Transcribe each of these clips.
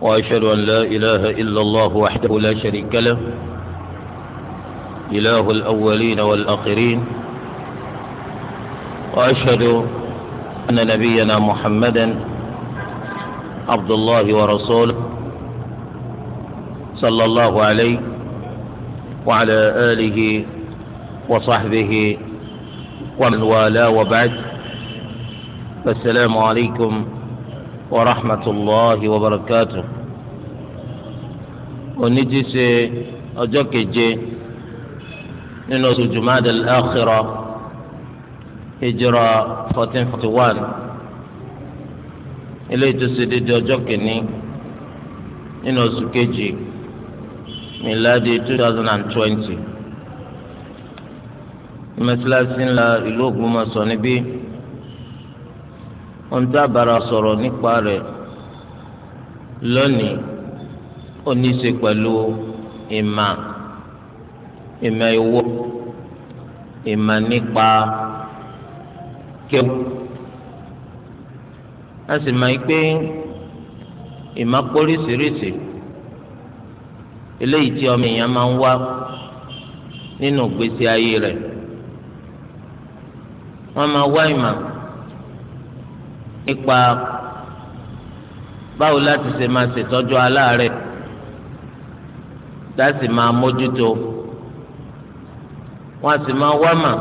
وأشهد أن لا إله إلا الله وحده لا شريك له إله الأولين والآخرين وأشهد أن نبينا محمدا عبد الله ورسوله صلى الله عليه وعلى آله وصحبه ومن والاه وبعد السلام عليكم ورحمة الله وبركاته onídìí ṣe ọjọ́ keje nínú oṣù jumada al-akhira hijira fourteen forty one ilé ìtòsí dídí ọjọ́ kìíní nínú oṣù kejì miladi two thousand and twenty mẹsàlásí ńlá ìlú Ògbómọ̀ṣọ́ níbí ohun tá a bára sọ̀rọ̀ nípa rẹ̀ lónìí ó ní í ṣe pẹ̀lú ìmà ìmà ìwọ ìmà nípa kéwù a sì máa ń pé ìmà póríṣiríṣi eléyìí tí ọmọ èèyàn máa ń wá nínú ìgbésí ayé rẹ̀ wọ́n máa wá ìmà nípa báwo láti ṣe máa ṣètọ́jú aláàárẹ̀ láti máa mójútó wọn a sì máa wá mà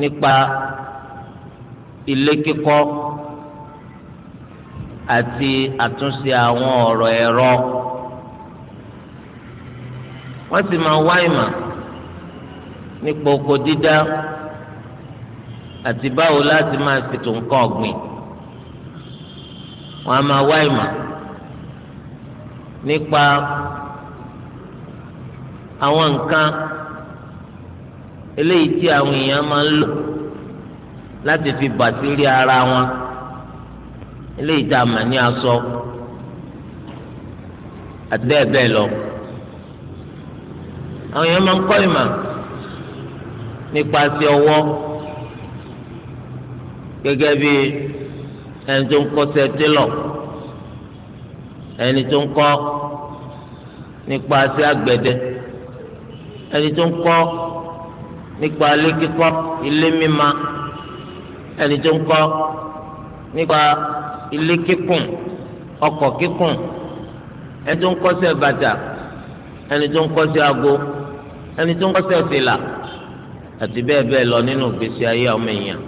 nípa ilé kíkọ́ àti àtúnṣe àwọn ọ̀rọ̀ ẹ̀rọ wọ́n sì máa wá ìmọ̀ nípa oko dídá àti báwo láti máa ṣètò nǹkan ọ̀gbìn wọn a máa wá ìmọ̀ nípa àwọn nǹkan eléyìí tí àwọn èèyàn máa ń lò láti fi bàtírí ara wọn eléyìí tá a mà ní aṣọ àti bẹ́ẹ̀ bẹ́ẹ̀ lọ àwọn èèyàn máa ń kọ́ ìmọ̀ nípa sí ọwọ́ gẹ́gẹ́ bí ẹni tó ń kọ́ṣẹ́ télọ̀ ẹni tó ń kọ́ nípa sí àgbẹ̀dẹ ẹni tó ń kọ́ nípa ilé kíkọ́ ilé mímá ẹni tó ń kọ́ nípa ilé kíkùn ọkọ̀ kíkùn ẹni tó ń kọ́ṣẹ́ bàtà ẹni tó ń kọ́ṣẹ́ ago ẹni tó ń kọ́ṣẹ́ fìlà àti bẹ́ẹ̀ bẹ́ẹ̀ lọ nínú ìgbésí ayé ọmọ èèyàn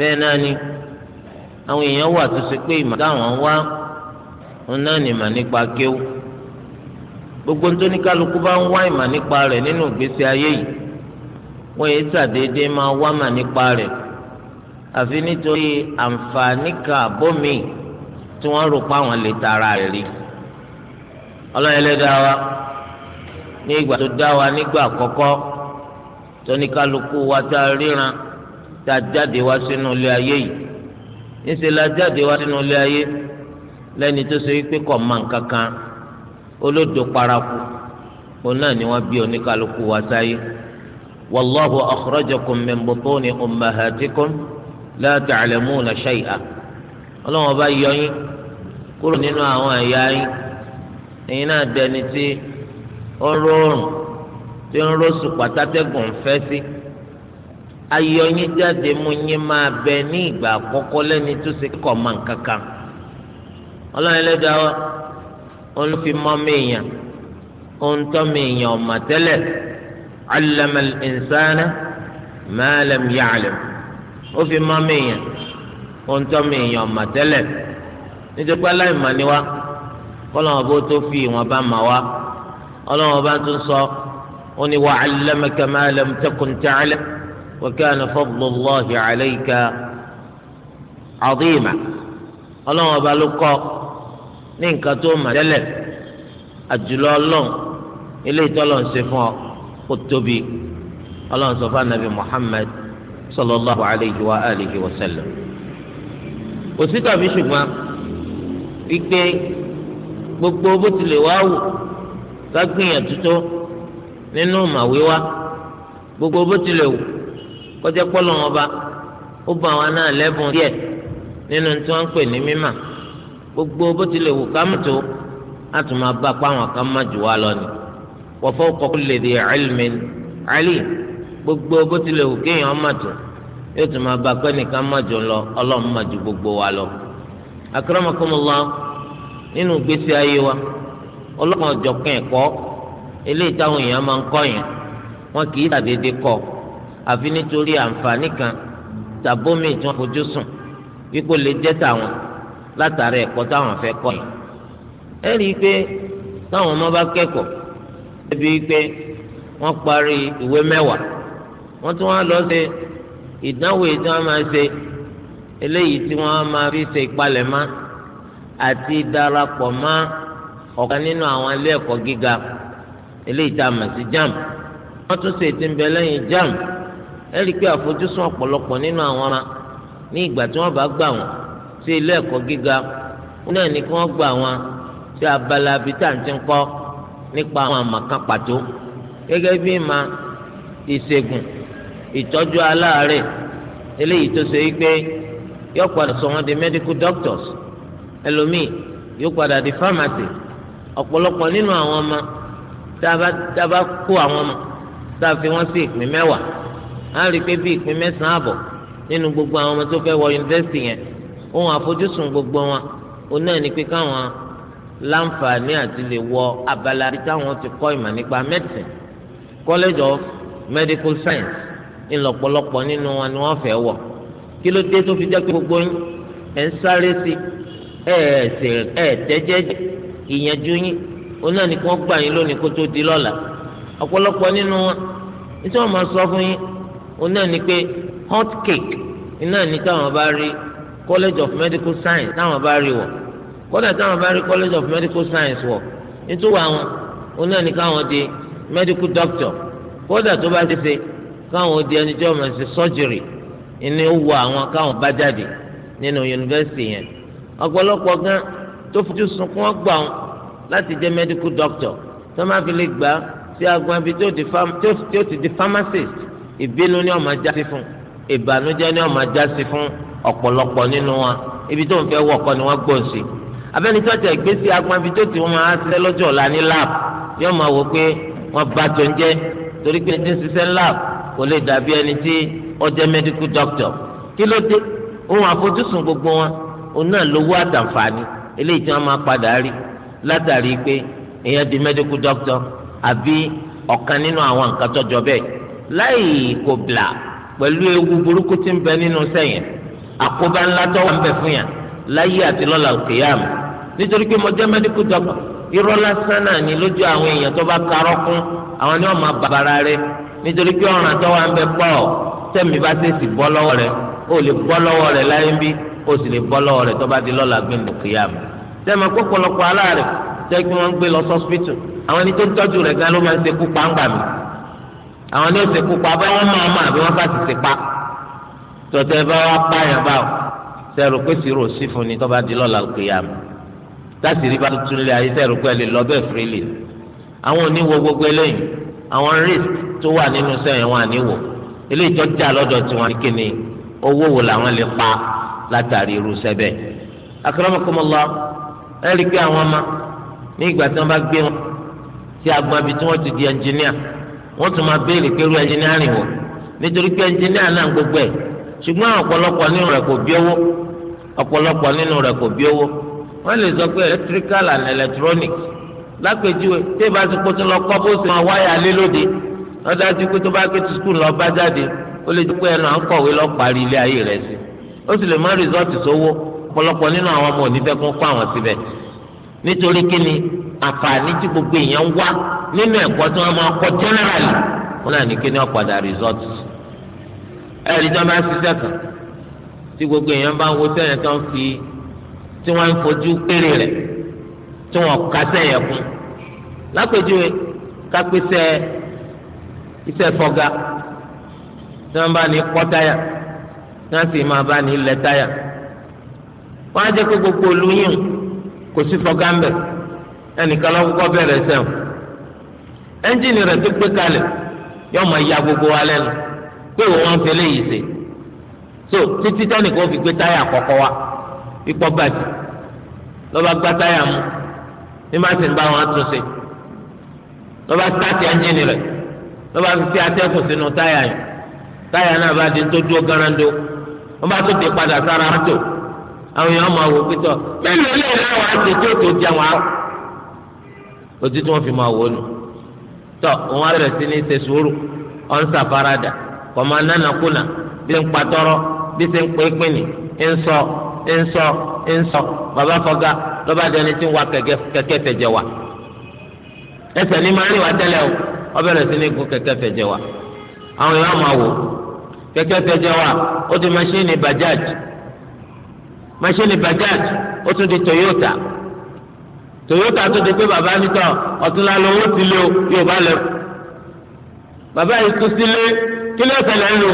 bẹ́ẹ̀ náà ni àwọn èèyàn wà tó ṣe pé ìmọ̀ táwọn wá wọn náà ní nípa gbogbo ń tó ní kálukú bá ń wá ìmọ̀ nípa rẹ̀ nínú ìgbésí ayé wọ́n yìí máa wá mà nípa rẹ̀ àfi nítorí àǹfààní kan àbómi tí wọ́n rò pa àwọn lè tara rẹ̀ rí ọlọ́yẹlẹ́dá wa ní ìgbà tó dá a tá a jáde wá sínú ilé ayé yìí níṣẹ́ la jáde wá sínú ilé ayé lẹ́ni tó ṣe wípé kò mọ̀ nǹkan olódò paraku òun náà ni wọ́n bí oníkálukú wá sáyé wàlláhu akhrajakum min butuni ummahatikum la ta'lamuna ọlọ́wọ́n bá yọ kúrò nínú àwọn ẹ̀yà yín ẹ̀yin náà dẹni tí ó ń rọrùn tí ń rọ́ṣù pàtàkì fẹ́ sí. Si ayọ̀ yín jáde mú yín máa bẹ ní ìgbà àkọ́kọ́ lẹ́ni tó ṣe kọ̀ máa ń kankan ọlọ́run ẹlẹ́dàá wa òun fi mọ́ mìíyàn òun tọ́ mìíyàn ọ̀mà tẹ́lẹ̀ allamal insana ma lam ya'lam ó fi mọ́ mìíyàn òun tọ́ mìíyàn ọ̀mà tẹ́lẹ̀ nítorí pé aláìmọ̀ ni wá kọ́lọ́wọ́n bó tó fi ìwọ̀n bá mà wá ọlọ́wọ́n bá tún sọ ó ní wa allamaka ma lam takun وكان فضل الله عليك عظيما ọlọ́run ọba ló kọ́ ní nǹkan tó mà tẹ́lẹ̀ àjùlọ ọlọ́run ilé ìtọ́lọ̀ ń ṣe fún ọ kó tóbi ọlọ́run sọ fún anabi muhammed sallallahu alayhi wa alihi wa sallam. òsì tàbí ṣùgbọ́n wípé gbogbo bó tilẹ̀ wá wù ká gbìyànjú tó nínú màwé wa gbogbo bó tilẹ̀ wù kọjá pọlọ wọn ba ó bá wọn náà lẹ́bùn díẹ̀ nínú tí wọ́n ń pè ní mímà gbogbo bó tilẹ̀ wù ká mọ̀tò láti máa bá pa àwọn kan má jù wá lọ ni wa fawqa lè dhi ilmin gbogbo bó tilẹ̀ wù kéèyàn mọ̀tò yóò tún máa bá pẹ́ nìkan má jù lọ ọlọ́run má gbogbo wa lọ. nínú gbèsè ayé wa ọlọ́kan ọ̀jọ̀kan ẹ̀kọ́ eléyìí táwọn èèyàn máa ń kọ́ yẹn kì àfi nítorí àǹfààní kan tàbómi tí wọ́n fojú sùn wípé lè jẹ́ tàwọn látàrí ẹ̀kọ́ táwọn fẹ́ kọ́ yìí. ẹ rí i pé táwọn ọmọ bá kẹ́kọ̀ọ́ ẹbí pé wọ́n parí ìwé mẹ́wàá wọ́n tún wá lọ ṣe ìdánwò tí wọ́n máa ṣe eléyìí tí wọ́n máa fi ṣe ìpalẹ̀mọ́ àti darapọ̀ mọ́ ọ̀kan nínú àwọn ilé ẹ̀kọ́ gíga eléyìí tá a mọ̀ sí JAMB wọ́n tún ṣe ti ń bẹ lẹ́yìn JAMB ẹ rí i pé àfojúsùn ọ̀pọ̀lọpọ̀ nínú àwọn ọmọ ní ìgbà tí wọ́n bá gbà wọ́n sí ilé ẹ̀kọ́ gíga wọn náà ní kí wọ́n gbà wọ́n sí abala bíi tá à ń ti ń kọ́ nípa àwọn àmọ̀kan pàtó gẹ́gẹ́ bí ma ìṣègùn ìtọ́jú aláàárẹ̀ eléyìí tó ṣe é pé yóò padà sọ wọn di medical doctors ẹlòmíì yóò padà di pharmacy ọ̀pọ̀lọpọ̀ nínú àwọn ọmọ tá a bá kó àwọn ọmọ tá a fi wọ́n sí ìpín mẹ́wàá á rí i pé bí ìpín mẹ́sàn-án àbọ̀ nínú gbogbo àwọn ọmọ tó fẹ́ wọ yunifásitì yẹn ohun àfojúsùn gbogbo wọn òun náà ni pé káwọn láǹfààní àti lè wọ abala táwọn ti kọ́ ìmọ̀ nípa medicine college of medical science ńlọ́pọ̀lọpọ̀ nínú wọn ni wọ́n fẹ́ wọ̀ kí ló dé tó fi jẹ́ pé gbogbo yín ẹ̀ ń sáré sí ẹ̀ tẹ́jẹ́jẹ́ ìyànjú yín òun náà ni kí wọ́n gbà yín lónìí kó tó di lọ́la ọ̀pọ̀lọpọ̀ nínú wọn ní tí wọ́n máa sọ fún yín òun ni pé hot cake iná ní táwọn bá rí college of medical science táwọn bá rí wọ̀ kódà táwọn bá rí college of medical science wọ̀ nítorí àwọn òun náà ni káwọn di medical doctor kódà tó bá ṣeṣe káwọn di ẹni tí wọn máa ṣe surgery ìní ó wọ àwọn káwọn bá jáde nínú yunifásitì yẹn ọ̀pọ̀lọpọ̀ gan tó fojú sunkún ọgbà wọn láti jẹ́ medical doctor tó máa fi lè gbà sí agbọn ibi tí ó ti di pharmacist ìbínú ni ó máa jásí fún ìbànújẹ́ ni ó máa jásí fún ọ̀pọ̀lọpọ̀ nínú wa ibi tó ń fẹ́ wọ̀ kọ́ ni wọ́n gbọ̀n sí abẹ́ni tó tẹ̀ gbé agbọn ibi tó ti wọ́n máa ṣiṣẹ́ lọ́jọ́ ọ̀la ní lab yóò máa wò pé wọ́n bá tó ń jẹ́ torí pé ẹni ń ṣiṣẹ́ lab kò lè dàbí ẹni tí ó jẹ́ medical doctor kí ló dé ohun àfojúsùn gbogbo wọn òun náà lówó àtàǹfààní eléyìí tí wọ́n máa padà rí látàrí pé ìyẹn di medical doctor àbí ọ̀kan nínú àwọn nǹkan tó jọ láì kò bla pẹ̀lú ewu burúkú tí ń bẹ nínú sẹ́yìn àkóbá ńlá tó wà ń bẹ fún yàn láyé àti lọ́la kìyàmù nítorí pé mo jẹ́ mẹ́díkù dọ́kọ̀ irọ́ lásán náà ni lójú àwọn èèyàn tó bá karọ́ kún àwọn ni wọ́n máa bàbára rẹ nítorí pé ọ̀ràn tó wà ń bẹ pọ̀ tẹ̀mí bá tẹ̀sí bọ́ lọ́wọ́ rẹ ó lè bọ́ lọ́wọ́ rẹ láyé ń bí ó sì lè bọ́ lọ́wọ́ rẹ tó bá di lọ́la gbẹ̀mọ̀ kìyàmù tẹ̀mí pọ̀pọ̀lọpọ̀ aláàrẹ̀ jẹ́ kí wọ́n gbé lọ sọ́sìpítù àwọn ẹni tó ń tọ́jú rẹ̀ gan ló máa ń ṣekú pàǹgbà mi àwọn ní ó ti pupa bá wọn máa máa bí wọn bá ti ti pa tọ́tẹ́ bá wá pààyàn báwò sẹ́rù pé sírò sí fún ni tọ́ba di lọ́la al-qiyāmah láti rí bá tuntun lé ayé sẹ́rù pé ẹ lè lọ bẹ́ẹ̀ fírílì àwọn oníwo gbogbo eléyìí àwọn risk tó wà nínú sẹ́yìn wọn àníwò eléyìí tó jà lọ́dọ̀ tiwọn ní kíni owó wo làwọn lè pa látàrí irú sẹ́bẹ̀. akramakumullah ẹ rí i pé àwọn ọmọ ní ìgbà tí wọ́n bá gbé wọn tí wọ́n wọ́n tún máa béèrè pé irú ẹnjìnírìn wọ̀ nítorí pé ẹnjìnírìn náà gbogbo ẹ̀ ṣùgbọ́n ọ̀pọ̀lọpọ̀ nínú rẹ̀ kò bí owó ọ̀pọ̀lọpọ̀ nínú rẹ̀ kò bí owó wọ́n lè sọ pé electrical and electronics, lápèjúwe tí ìbá ti kó tó lọ kọ́ bó ṣe máa wáyà lé lóde lọ́dọ̀ àti pé tó bá pé ti skul lọ bá jáde ó lè dúpẹ́ ẹnu à ń kọ̀wé lọ parí ilé ayé rẹ̀ sí ó sì lè má rìsọ́ọ̀tì sówó ọ̀pọ̀lọpọ̀ nínú àwọn ọmọ òní fẹ́ kún kó àwọn síbẹ̀ nítorí kíni àǹfààní tí gbogbo èèyàn ń wá nínú ẹ̀kọ́ tí wọ́n máa kọ́ jẹ́nẹ́rálì wọn náà ní kí ni ọ̀padà rìsọ́ọ̀tì ẹ̀rí tí wọ́n bá ṣiṣẹ́ kan tí gbogbo èèyàn bá ń wo sẹ́yìn tó ń fi tí wọ́n ń fojú péré rẹ̀ tí wọ́n ka sẹ́yìn kún lápèjúwe kápẹ́sẹ́ iṣẹ́ fọ́gá tí wọ́n bá ní kọ́ táyà tí wọ́n sì máa bá ní lẹ̀ táyà wọ́n á jẹ́ pé gbogbo olóyún kò sí fọ́gá ń bẹ̀ ẹnìkan lọ́kọ́kọ́ bẹ̀rẹ̀ sẹ́wọ̀n ẹ́ńjìnì rẹ̀ tó gbé kalẹ̀ yọ ọmọ ya gbogbo wa lẹ́nu pé òun wọn fẹ́ léyìí ṣe so títí tẹ́nìkan fi gbé táyà wa ikpọ́ bàjẹ́ lọ́ba gba táyà mu ní má ń bá wọn tún fi sínú táyà yìí táyà náà bá di tó dúró gánadó bá tó di padà sára tó àwọn èèyàn máa wò pé tọ́ tó ojú tí wọ́n fi máa wò nù tọ́ òun á sí ní farada kọ̀mọ nánàkúnà bí ń patọ́rọ́ bí ṣe ń pé pínì ń sọ ń sọ ń sọ bàbá fọgá lọ́ba dẹni tí wa wa ẹsẹ̀ ní máa ń rìn o wọ́n bẹ̀rẹ̀ sí ní gun kẹ̀kẹ́ fẹ̀jẹ̀ wa àwọn èèyàn máa fẹjẹ wa ó di mashini bajaj mashini bajaj ó tún di Toyota Toyota tó ti pé bàbá nìkan ọ̀túnla lọ́wọ́ ti lé o yóò bá lẹ̀. bàbá yìí kú sílé kí ló ṣẹlẹ̀ ń lò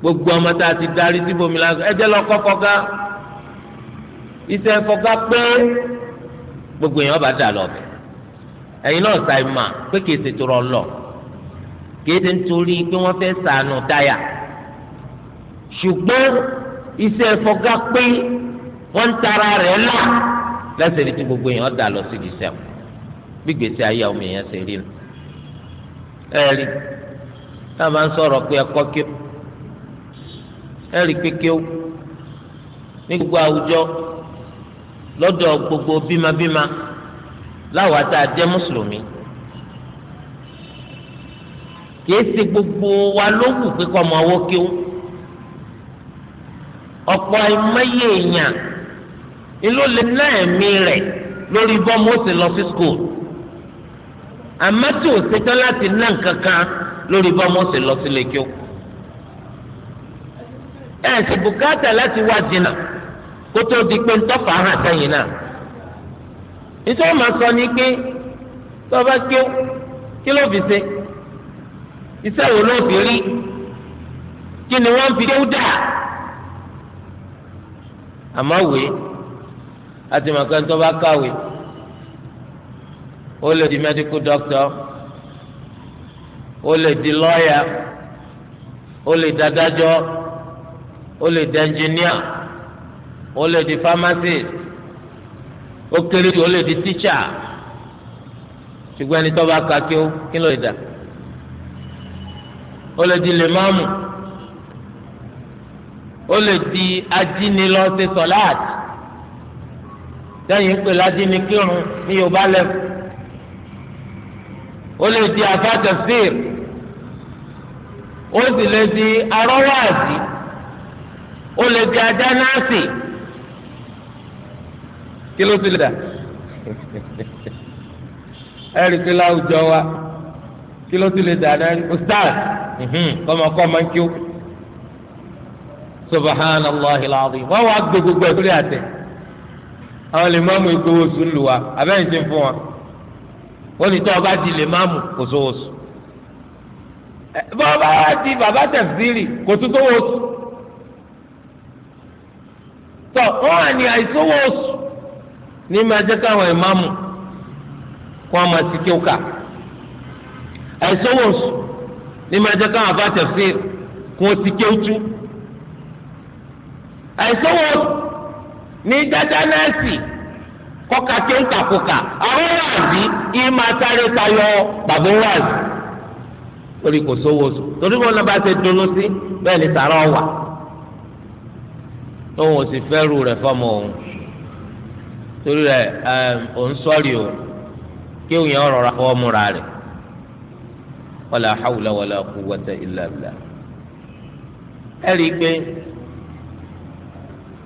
gbogbo ọmọ tá a ti darí síbòmí lásán ẹ jẹ́ lọ kọ́ fọ́gá iṣẹ́ fọ́gá pé gbogbo èèyàn bá dà lọ́bẹ̀ ẹ̀yin náà ṣàì mà pé kìí ṣe torọ lọ kìí ṣe nítorí pé wọ́n fẹ́ sànù táyà ṣùgbọ́n iṣẹ́ fọ́gá pé wọ́n ń tara rẹ̀ náà lẹ́sẹ̀ ní tí gbogbo èèyàn dà lọ síbi sẹ́wọ̀n bí gbèsè ayé àwọn èèyàn ṣe rí nu. ẹ rí tá a máa ń sọ̀rọ̀ pé ẹkọ́ kí ó ẹ rí pé kí ó ní gbogbo àwùjọ lọ́dọ̀ gbogbo bímabíma láwàá tá a jẹ́ mùsùlùmí kìí ṣe gbogbo wa ló wù pé kọ́ ọmọ owó kí ó ọ̀pọ̀ ẹ̀mẹ́yẹ èèyàn ìlú lè lẹ́ẹ̀mí rẹ̀ lórí bọ́ọ̀mù ó sì lọ sí school àmọ́ tí ò ṣetán láti ná nǹkan kan lórí bọ́ọ̀mù ó sì lọ sílé kí ó ẹ̀ sì bùkátà láti wá jìnnà kó tó di pé ntọ́fà hàn sẹ́yìn náà nítorí màá sọ ni pé tó o bá kí ó kí ló fi ṣe iṣẹ́ wo ló fi rí kí ni wọ́n fi kéwú dà àmọ́ wèé àti màkà ń tó bá kàwé ó lè di medical doctor ó lè di lawyer ó lè di adájọ́ ó lè di engineer ó lè di pharmacist ó kéré jù lè di teacher ṣùgbọ́n ẹni tó bá ka kí ó kí ló lè dà ó lè di lèmọ́ọ̀mù ó lè di ajínilọ́sẹ̀ sọ̀láàtì sẹ́yìn ń pè ládé ní kírun ní yorùbá lẹ́fù ó lè di àfa tafsir ó sì lè di arọ́wáàsì ó lè di ajá náàsì kí ló ti lè dà ẹ̀rí pé láwùjọ wa kí ló ti lè dà náà ustaz mhm, kọ́mọkọ́ máa ń kí ó subahánàlá ìlànà wọ́n wá gbogbo ẹ̀ lórí àtẹ̀ àwọn lè máàmù ìgbowó oṣù ń lù wá abẹ́yìn ti ń fún wọn ó ní tó ọba di lè máàmù kò sówó oṣù bọ́ọ̀ bá di bàbá tẹ̀síìrì kò tún sówó oṣù tọ́ wọ́n wà ní àìsówó ní máa jẹ́ káwọn ìmáàmù kó wọn máa ti kí ó kà àìsówó ní máa jẹ́ káwọn àbá tẹ̀síìrì kó wọn ti kí ó tú àìsówó ní jẹjẹrẹsì kọkà tí ń kàkùkà àwọn wáàzì yìí máa sáré tayọ bàbá wáàzì torí kò sówó sùn torí wọn náà bá ṣe dunu sí bẹ́ẹ̀ ni sàrà ò sì fẹ́ ru rẹ̀ òun torí rẹ̀ òun o kí òun yẹn rọra fọwọ́ múra rẹ̀ wala hawla wala quwwata illa billah pé.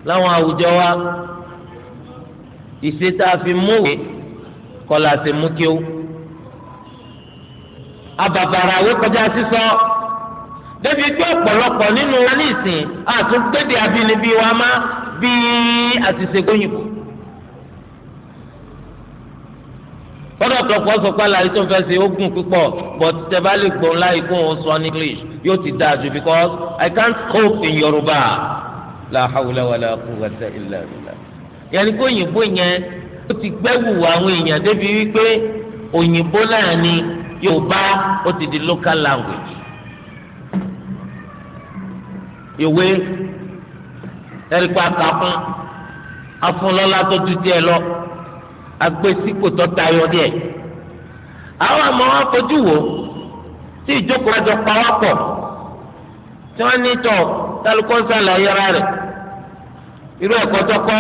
láwọn àwùjọ wa ìṣe tá a fi múwèé kọlà sí mú kí ó abàbàrà àwọn kọjá sísọ débi pé ọ̀pọ̀lọpọ̀ nínú wa ní ìsìn àtúngbèdè abínibí wa má bí àtìsègóyìnbó. kọ́dọ̀ tó kọ́ sọ tó ń fẹ́ ṣe ogun púpọ̀ but tẹ̀bá lè láì kó o sọ ní English yóò ti dáa ju because I can't cope in Yorùbá la hawla wala quwwata illa billah yẹn kó òyìnbó yẹn ó ti gbẹ́wù àwọn èèyàn débi wípé òyìnbó náà ni yorùbá ó ti di local language ìwé ẹ̀ríkọ́ àkàkùn afúnlọ́lá tó tu tiẹ̀ lọ agbésípò tó tayọ díẹ̀ àwọn àmọ́ wọn fojú wò tí ìjókòó ẹjọ́ pawọ́pọ̀ tí wọ́n ní tọ̀ tálùkọ́ sálà rẹ̀ irú ẹ̀kọ́ tọkọ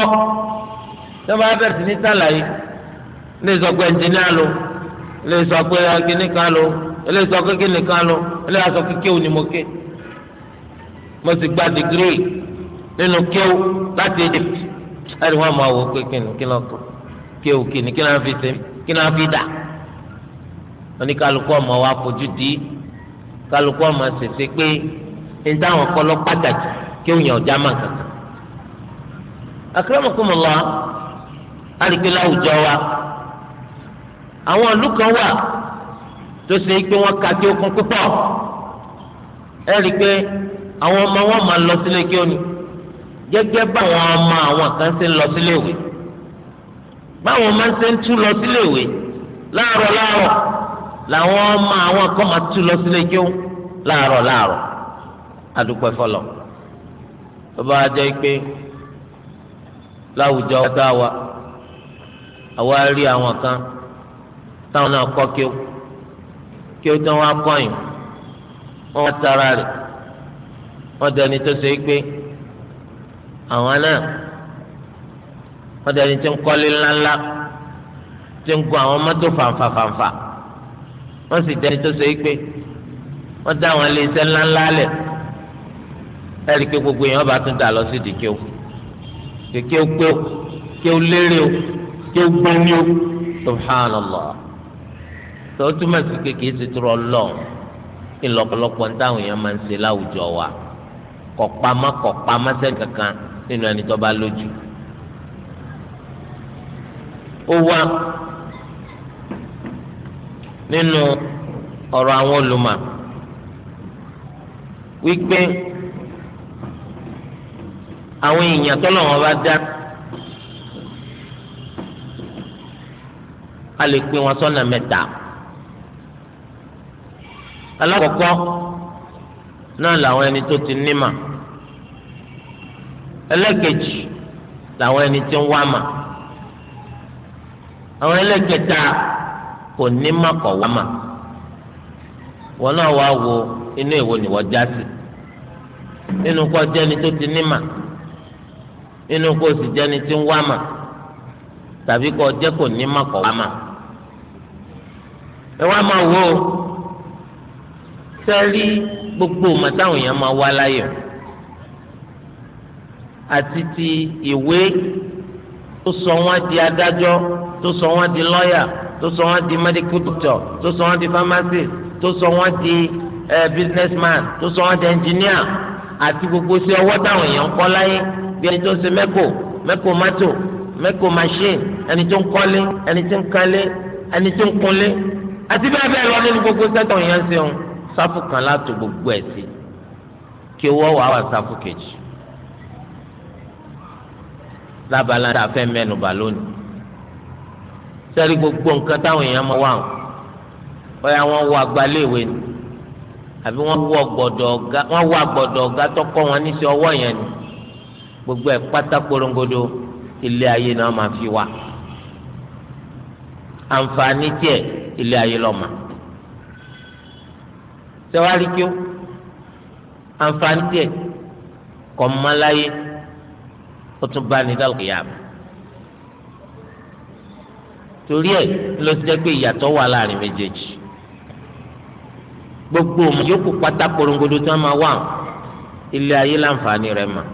tó bá bẹ̀rẹ̀ sí ní sàlàyé lè sọ pé ẹnjìníà lò lè sọ pé akínníkan lò lè sọ pé kínníkan lò lè sọ pé kéwù ni mo ké mo sì gba dìgírì nínú kéwù láti Egypt ẹni wọn máa wò ó pé kíni kí ló kọ kéwù kíni kí náà fi ṣe kí náà fi dà oníkálukú ọmọ wa fojú di kálukú ọmọ ṣẹṣẹ pé ní táwọn kọ́ pàtàkì kéwù yẹn ọjà máa kankan akramakumullah alìpé láwùjọ wa àwọn ìlú kan wà tó ṣe pé wọ́n ka kí okun púpọ̀ ẹ rí i pé àwọn ọmọ wọn máa lọ sílé kí ó ní gẹ́gẹ́ báwọn ọmọ àwọn kan ṣe ń lọ sílé ìwé báwọn máa ń ṣe ń tú lọ sílé ìwé láàárọ̀ láàárọ̀ làwọn ọmọ àwọn kan máa tú lọ sílé kí ó láàárọ̀ láàárọ̀ adúpẹ́ fọlọ́ tó bá jẹ́ pé láwùjọ dá wa àwa rí àwọn kan táwọn náà kọ́ kí ó kí ó tán wá kọ́yìn wọ́n wá tara rẹ̀ wọ́n dẹni tó ṣe é pé àwọn náà wọ́n dẹni tó ń kọ́lé ńláńlá tó ń gun àwọn mọ́tò fàǹfà fàǹfà wọ́n sì dẹni tó ṣe pé wọ́n dá àwọn iléeṣẹ́ ńláńlá lẹ̀ ẹ̀rí pé gbogbo èèyàn bá tún dà lọ sí ìdíkẹ́ òkú kéke pé o ké o lérè o ké o gbóni o subhanallah tó túmọ̀ sí kéke ti tọrọ lọ ńlọpọlọpọ táwọn èèyàn máa ń ṣe láwùjọ wa kọ̀pamọ́ kọ̀pamọ́ sẹ́ǹkankan nínú ẹni tó bá lójú. ó wá nínú ọ̀rọ̀ àwọn olùmọ̀ wípé. àwọn èèyàn tọ́lọ̀ wọn bá dá a lè pín wọn sọ́nà mẹ́ta alákọ̀ọ́kọ́ náà làwọn ẹni tó ti nímà ẹlẹ́kẹ̀jì làwọn ẹni tí ń wá mà àwọn ẹlẹ́kẹta kò nímà kọ̀ wá mà wọn náà wá wo inú èwo ni wọ́n já sí nínú kọ́ jẹ́ni tó ti nímà. inú kó o sì jẹni tí ń wá mà tàbí kó o jẹ kò ní mà kọ wá mà ẹ wá máa wo sẹ́rí gbogbo màtáwọn èèyàn máa wá láyọ̀ àti ti ìwé tó sọ wọ́n di adájọ́ tó sọ wọ́n di lọ́ọ̀yà tó sọ wọ́n di medical doctor tó sọ wọ́n di pharmacist tó sọ wọ́n di eh, businessman tó sọ wọ́n di engineer àti gbogbo sí ọwọ́ táwọn èèyàn kọ́ láyé bí ẹni tó ń ṣe mẹ́kò mẹ́kò mátò mẹ́kò machine ẹni tó ń kọ́lé ẹni tó ń kálé ẹni tó ń kunlé àti bẹ́ẹ̀ bẹ́ẹ̀ lọ nínú gbogbo sẹ́tọ̀ yẹn ń sẹ́wọ̀n sáfù kan látò gbogbo ẹ̀ sí kí owó wàá wà sáfù kejì lábala tá a mẹ́nu bà lónìí sẹ́rí gbogbo nǹkan táwọn èèyàn máa wà ó bóyá wọ́n wọ agbaléèwé ni àbí wọ́n wọ gbọ̀dọ̀ ọ̀gá wọ́n wọ agbọ̀dọ̀ ọ̀gá tọkọ wọn níṣẹ́ ọwọ́ yẹn ni gbogbo ẹ̀ pátá korongodo ilé ayé náà máa fi wá àǹfààní tiẹ̀ ilé ayé lọ́mọ sẹ́wárí kí ó àǹfààní tiẹ̀ kọ́ mọ́láyé ó tún bá ní dálùkì yá mi torí ẹ̀ ló ti jẹ́ pé ìyàtọ̀ wà láàrin méjèèjì gbogbo òmùyókù pátá korongodo tí wọ́n máa wà ilé ayé láǹfààní rẹ̀ máa.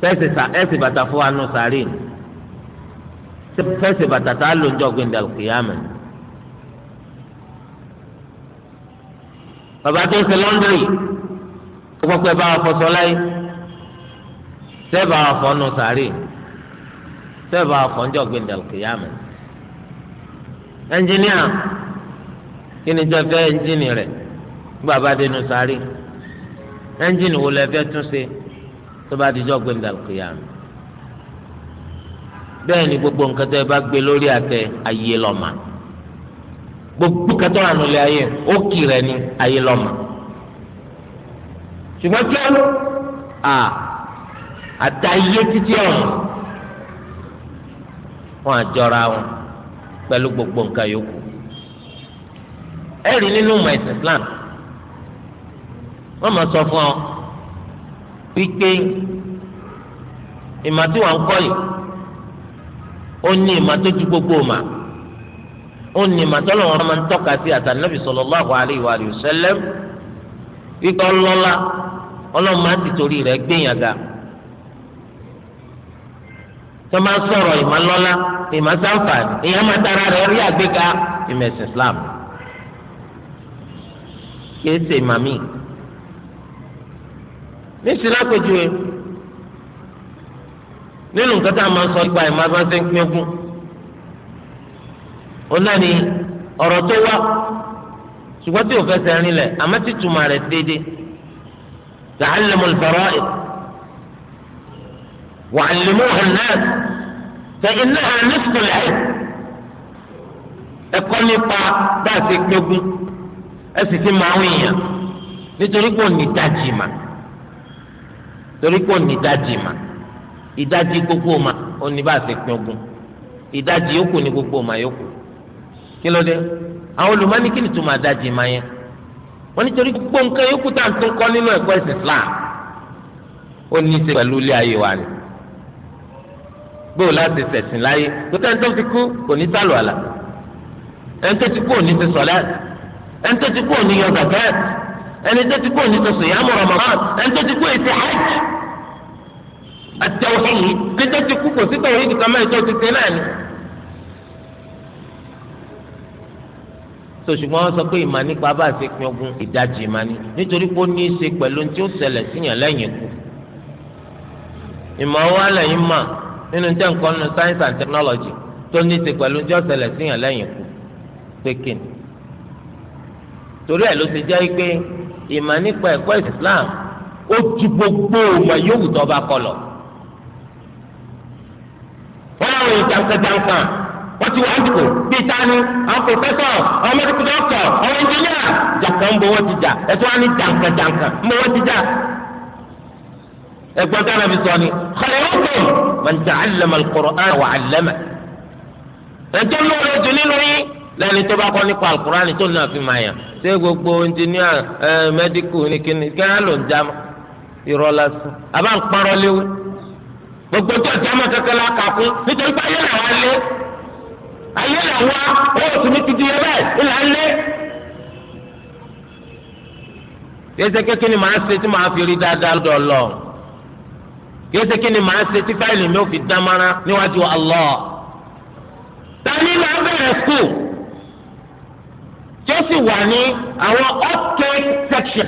fẹsẹ̀ bàtà fún wa nù sàárè fẹsẹ̀ bàtà tá a lò ń jọ gbẹndà kìyàmẹ. bàbá tó ń ṣe lọ́ndìrì gbogbo ẹ bá wà fọṣọ láyé sẹ́ẹ̀bà wà fọ́ nù sàárè sẹ́ẹ̀bà wà fọ́ ń jọ gbẹndà kìyàmẹ. ẹnjìníà kí ni jẹ́ fẹ́ ẹnjìnì rẹ̀ bàbá dénú sàárè ẹnjìnì wo lẹ fẹ́ tún ṣe tó bá dijọ́ gbẹ̀ngà kìyàm bẹ́ẹ̀ ni gbogbo nǹkan tó ẹ bá gbé lórí àtẹ ayé lọ́mà gbogbo kẹtọ́ ànulẹ̀ ayé ó kì rẹ̀ ní ayé lọ́mà ṣùgbọ́n tí wọ́n à àtàyé títí ọ̀hún wọn àjọra wọn pẹ̀lú gbogbo nǹkan yòókù ẹ̀rí nínú ìmọ̀ ẹ̀sìn Islam wọ́n máa sọ fún ọ. wípé ìmọ̀ tí wọ́n ń kọ́ yìí ó ní ìmọ̀ tó ju gbogbo mà ó ní ìmọ̀ tó lọ́wọ́ máa ń tọ́ka sí àtànàbì ma alaihi wa sallam wípé ọlọ́lá ọlọ́run máa ti torí rẹ̀ gbìyàn ga tó máa sọ̀rọ̀ ìmọ̀ lọ́lá ìmọ̀ máa rẹ̀ rí àgbéga ní ìsìlápẹ̀jùwe nínú nǹkan tá a máa ń sọ nípa ìmọ̀ abáṣe ń pín ogún ó náà ní ọ̀rọ̀ tó wá ṣùgbọ́n tí ò fẹsẹ̀ rinlẹ̀ àmọ́ tí tùmọ̀ rẹ̀ déédéé tàálẹ̀mọ̀ al-fara'id wa'allimuha an-nas fa innaha nisfu al-'ilm ẹ̀kọ́ nípa bá a ṣe pín ogún sì ti máa ń yàn nítorí pé ò ní dájì máa torí pé òní ìdajì mà ìdajì gbogbo mà òní bá ṣe pín ogún ìdajì yòókù ní gbogbo mà yòókù kí ló dé àwọn olùmọ́ni kí ni tó máa dájì mà yẹn wọ́n nítorí gbogbo nǹkan yòókù tá à ń tún kọ́ nínú ẹ̀kọ́ ẹ̀sìn Islam ó ní í ṣe pẹ̀lú ilé ayé wa ni gbóò láti ṣẹ̀sìn láyé tó tẹ́ tó ti kú kò ní sálù àlà ẹni tó ti kú òní ti sọ̀lẹ́ ẹni tó ti kú òní yọ ẹni tó ti kú òní ti sùn yàmù Ramadan ẹni tó ti kú èsì hajj àtẹwéyìn níjọ́ ti kú kò sí tẹ̀wéyìn nìkan mẹ́rin tó ti ṣe náà ni. sòṣùgbọ́n wọ́n sọ pé ìmọ̀ nípa bá a ṣe pin ogun ìdajì ìmọ̀ ni nítorí pé ó ní í ṣe pẹ̀lú ohun tí ó ṣẹlẹ̀ síyàn lẹ́yìn ikú. ìmọ̀ wa lẹ́yìn mà nínú jẹ́ nǹkan nínú science and technology tó ní í ṣe pẹ̀lú ohun tí ó ṣẹlẹ̀ síyàn lẹ́yìn ikú pé kíni. torí ẹ̀ ló ti jẹ́ pé ìmọ̀ nípa ẹ̀kọ́ Islam ó ju gbogbo ìmọ̀ yòówù tó bá kọ wọn àwọn èèyàn jàǹkàjàǹkà wọn ti wà àdìgbò bíi tani àwọn pòfẹsọ àwọn mẹdíkù dọkítọ àwọn ẹnjìníà jàǹkà ń bọ wọn ti jà ẹtọ wọn ni jàǹkàjàǹkà ń bọ wọn ti jà ẹgbọn gánà fi sọ ni khayrukum man ta'allama al-Qur'an wa 'allama ẹjọ lóore jù nínú yín lẹni tó bá kọ́ nípa alukurani tó náà fi máa yàn ṣé gbogbo ẹnjìníà ẹ mẹdíkù ní kíni kí gbogbo tó ìjà máa kankan la kà fún nítorí pé ayé làwọn alé ayé làwọn owó tún ní títí yẹ bẹ́ẹ̀ ńlá alé. yéésẹ kékeré ni màá ṣe tí màá fi rí dáadáa lọ́dọ̀ lọ yéésẹ kékeré ni màá ṣe tí fáìlì mi ò fi dámárá níwájú Allah tani máa bẹ̀rẹ̀ skul tí ó sì wà ní àwọn uptake section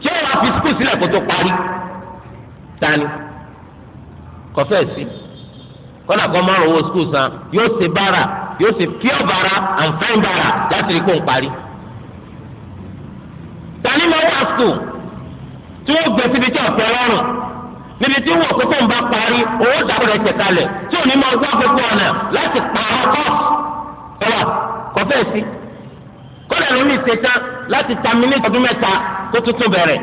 tí ó wà fi skul sílẹ̀ kó tó parí tani. kọfẹ́ sí kọ́nà kan máa ń owó skul san yóò ṣe bára yóò ṣe pure bára and fine bára láti rí kó ń parí. tani máa wá skul tí wọ́n gbé síbi tí ọ̀tẹ̀ lọ́rùn níbi tí wọ́n kókó ń bá parí owó dàgbọ́dọ̀ ẹ̀jẹ̀ kalẹ̀ tí ò ní máa wá gbogbo ọ̀nà láti pààrọ̀ kọ́ọ̀sì ẹ̀wà kọfẹ́ sí kọ́nà ló ní ìṣẹ̀tàn láti ta mílíọ̀nù ọdún mẹ́ta tó tuntun bẹ̀rẹ̀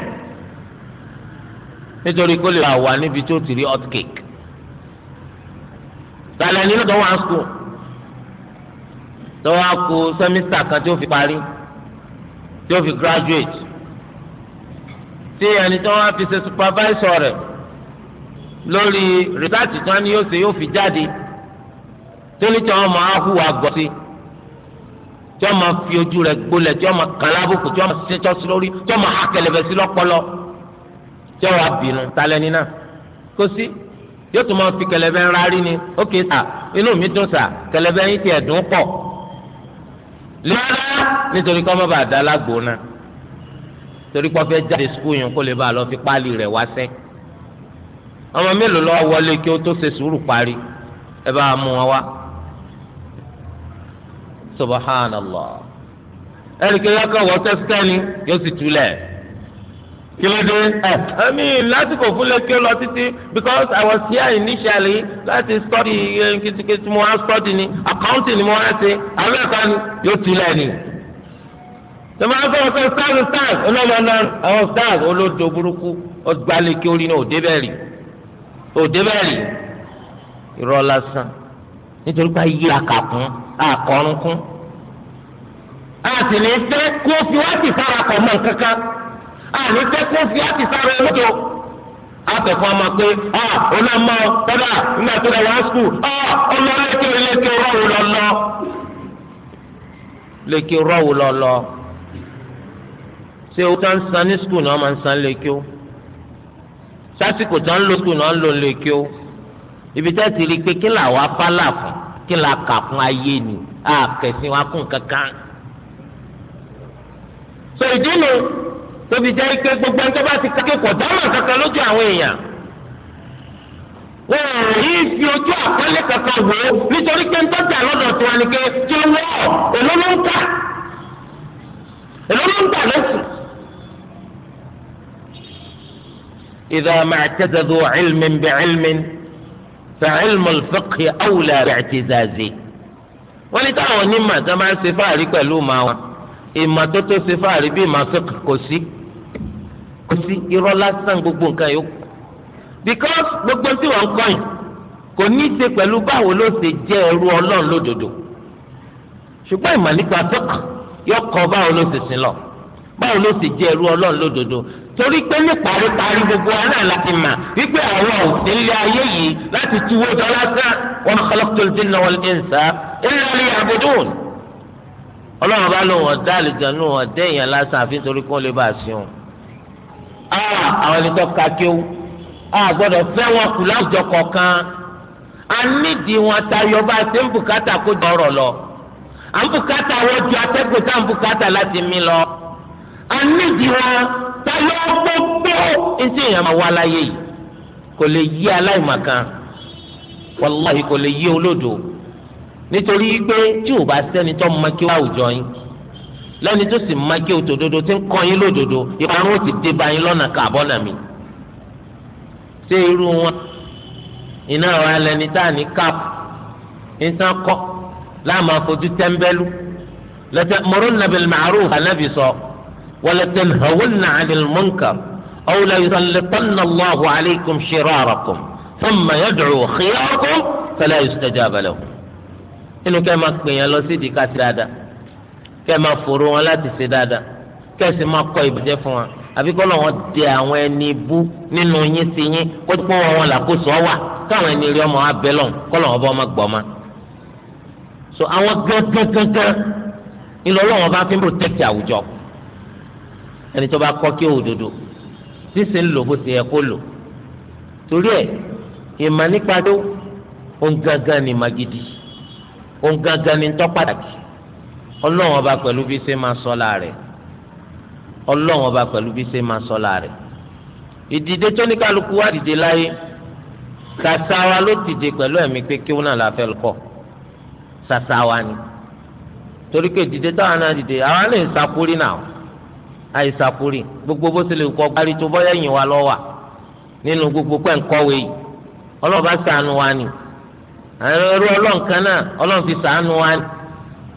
nítorí kó lè wà níbi tó ti rí hot cake tàlẹ́ nínú tó wà ń sùn tó wà kú sẹ́mísítà kan tí ó fi parí tí ó fi graduate tí ẹni tó wà fi ṣe supervisor rẹ̀ lórí rìsáàtì tí wọ́n ní yóò ṣe yóò fi jáde tó ní tí wọ́n máa hùwà gọ̀ sí tí wọ́n máa fi ojú rẹ̀ gbolẹ̀ tí wọ́n máa kàn lábùkù tí wọ́n máa ṣe tọ́sí lórí tí wọ́n máa hakẹlẹ̀bẹ̀ sí lọ́pọlọ tí wọ́n wà bínú tàlẹ́ nínú kò sí. yóò tún máa fi kẹlẹbẹ ni ó kì í sà inú mi dùn sà kẹlẹbẹ yín tiẹ̀ dùn pọ̀ lẹ́yìn nítorí kọ́ mọ́ bá da lágbo náà fi páálí rẹ̀ wá sẹ́ ọmọ mélòó lọ́wọ́ wọlé kí ó tó ṣe sùúrù parí ẹ bá mú wọn wá subhanallah ẹnì kejì wọ́n kí ló dé. ẹ mi lásìkò fúnlẹ̀ ké lọ títí because I was here initially láti study eh, kìtìkìtì mo wá study ni accounting ni mo wá ṣe àwọn ni yóò tilẹ̀ ni. tẹ̀mọ́ àwọn sọ̀rọ̀ sọ stars stars ọlọ́lọ́lọ́ àwọn stars olódo burúkú ọgbàlẹ̀ kí orí náà òde bẹ́ẹ̀ rí òde bẹ́ẹ̀ rí irọ́ lásán nítorí pé ayé àkàkún àkọrùnkún. a sì ní fẹ́ kó fi wá sí farakọ̀ mọ́ kankan àní pé kó fi á ti sáré lódò àtẹ̀kọ́ ọmọ pé ọ ọ̀nà mọ kọ́dà nígbà tó lọ wá skul ọ ọmọ lẹ́kẹ̀ lẹ́kẹ̀ rọ́wù lọ́lọ́ lẹ́kẹ̀ rọ́wù lọ́lọ́ ṣé o tá ń san ní skul náà máa ń san lẹ́kẹ̀ o sásìkò tá ń lo skul náà ń lo lẹ́kẹ̀ o ibi tá ti rí i pé kí là wá pálá fún kí là kà fún ayé ni àkẹ́sìn wa kún kankan. sọ ìdí nu tóbi jẹ́ ike gbogbo ẹni tó bá ti kékeré dáhùn kankan lójú àwọn èèyàn wọn ò yí fi ojú àpẹẹlẹ kankan wò ó nítorí pé ń tọ́jà lọ́dọ̀ tó wọn ni pé tí ó wọ̀ èló ló ń tà èló ló ń tà lọ́sùn. إذا ما اعتززوا علم بعلم فعلم الفقه أولى باعتزازه wọ́n ní táwọn onímọ̀ àti ọmọ ṣe fáàrí pẹ̀lú màá wọn ìmọ̀ tó tó kò sí irọ́ lásán gbogbo nǹkan yòókù because gbogbo tí wọ́n ń kọ́ yìí kò ní í ṣe pẹ̀lú báwo ló ṣe jẹ́ ẹrú ọlọ́run lódodo ṣùgbọ́n ìmọ̀ nípa tọ́kàn yọ kọ́ báwo ló ṣe sin lọ báwo ló ṣe jẹ́ ẹrú ọlọ́run lódodo torí pé ní paríparí gbogbo wa náà láti mà wípé àwọn òsín lé ayé yìí láti tuwó jọ lásán wọn khalaqtul jinna wal náà ọ̀dẹ́yìn lásán àfi nítorí kó lè bá a sí òun. Ah, àwọn ẹni tó ka kéwú a gbọ́dọ̀ fẹ́ wọn kù láwùjọ kọ̀ọ̀kan a nídìí wọn tayọ bá a ṣe ń bùkátà kó jọ ọ̀rọ̀ lọ à ń bùkátà wọn ju atẹ́gùn tá à ń bùkátà láti mí lọ a nídìí wọn tayọ gbogbo ntí èèyàn máa wá láyé yìí kò lè yí aláìmọ̀kan wàláhì kò lè yí olódo nítorí pé tí ò bá sẹ́ni tó mọ kí wọ́n àwùjọ yín lẹ́ni tó sì máa kí òtòdodo tí ń kọ́ yín lódodo ìparun ó ti dé bá yín lọ́nà kàbọ́nà mi. ṣé irú wọn iná ọ̀rọ̀ alẹ́ni tá à ní káàpù nǹkan kọ́ láàmú afojú tẹ́ḿbẹ́lú لتأمرن بالمعروف النبي صلى ولتنهون عن المنكر أو ليسلطن الله عليكم شراركم ثم يدعو خياركم فلا يستجاب لهم. إنه كما قيل لو kẹ́ ẹ máa fòrò wọn láti ṣe dáadáa kẹ́ ẹ sì máa kọ ìbàjẹ́ fún wọn àbí kọ́ lọ́wọ́ di àwọn ẹni bú nínú yín sí yín kó tó pọ́n wọn làkóso ọ̀wà káwọn ẹni rí ọmọ abẹ́ lọ́n kọ́ lọ́wọ́ bá ọmọ gbọ́ ma. so àwọn gángangangan ńlọ lọ́wọ́ bá fi ń protect àwùjọ ẹni tó bá kọ́ kí òdodo sísè ń lò bó ti yẹ kó lò torí ẹ ìmọ̀ nípa tó ohun gangan ni màgídì ohun gangan ni ń tọ́ pàtàkì ọlọ́run ọba pẹ̀lú bí ṣe máa sọ́la rẹ̀ ọlọ́run ọba pẹ̀lú bí ṣe máa sọ́la rẹ̀ ìdìde tó ní kálukú wá dìde láyé sàṣàwa ló dìde pẹ̀lú ẹ̀mí pé kí wọn náà la fẹ́ kọ́ sàṣàwa ni torí pé ìdìde táwọn náà dìde àwọn náà ń sakúrì náà àìsàkúrì gbogbo bó tilẹ̀ kọ́ gbárí tó bọ́yá yìn wá lọ́wà nínú gbogbo pẹ́ǹkọ́wé yìí ọlọ́run bá ṣàánú wa ni ẹ̀rọ ọlọ́run náà ọlọ́run fi ṣàánú wa ni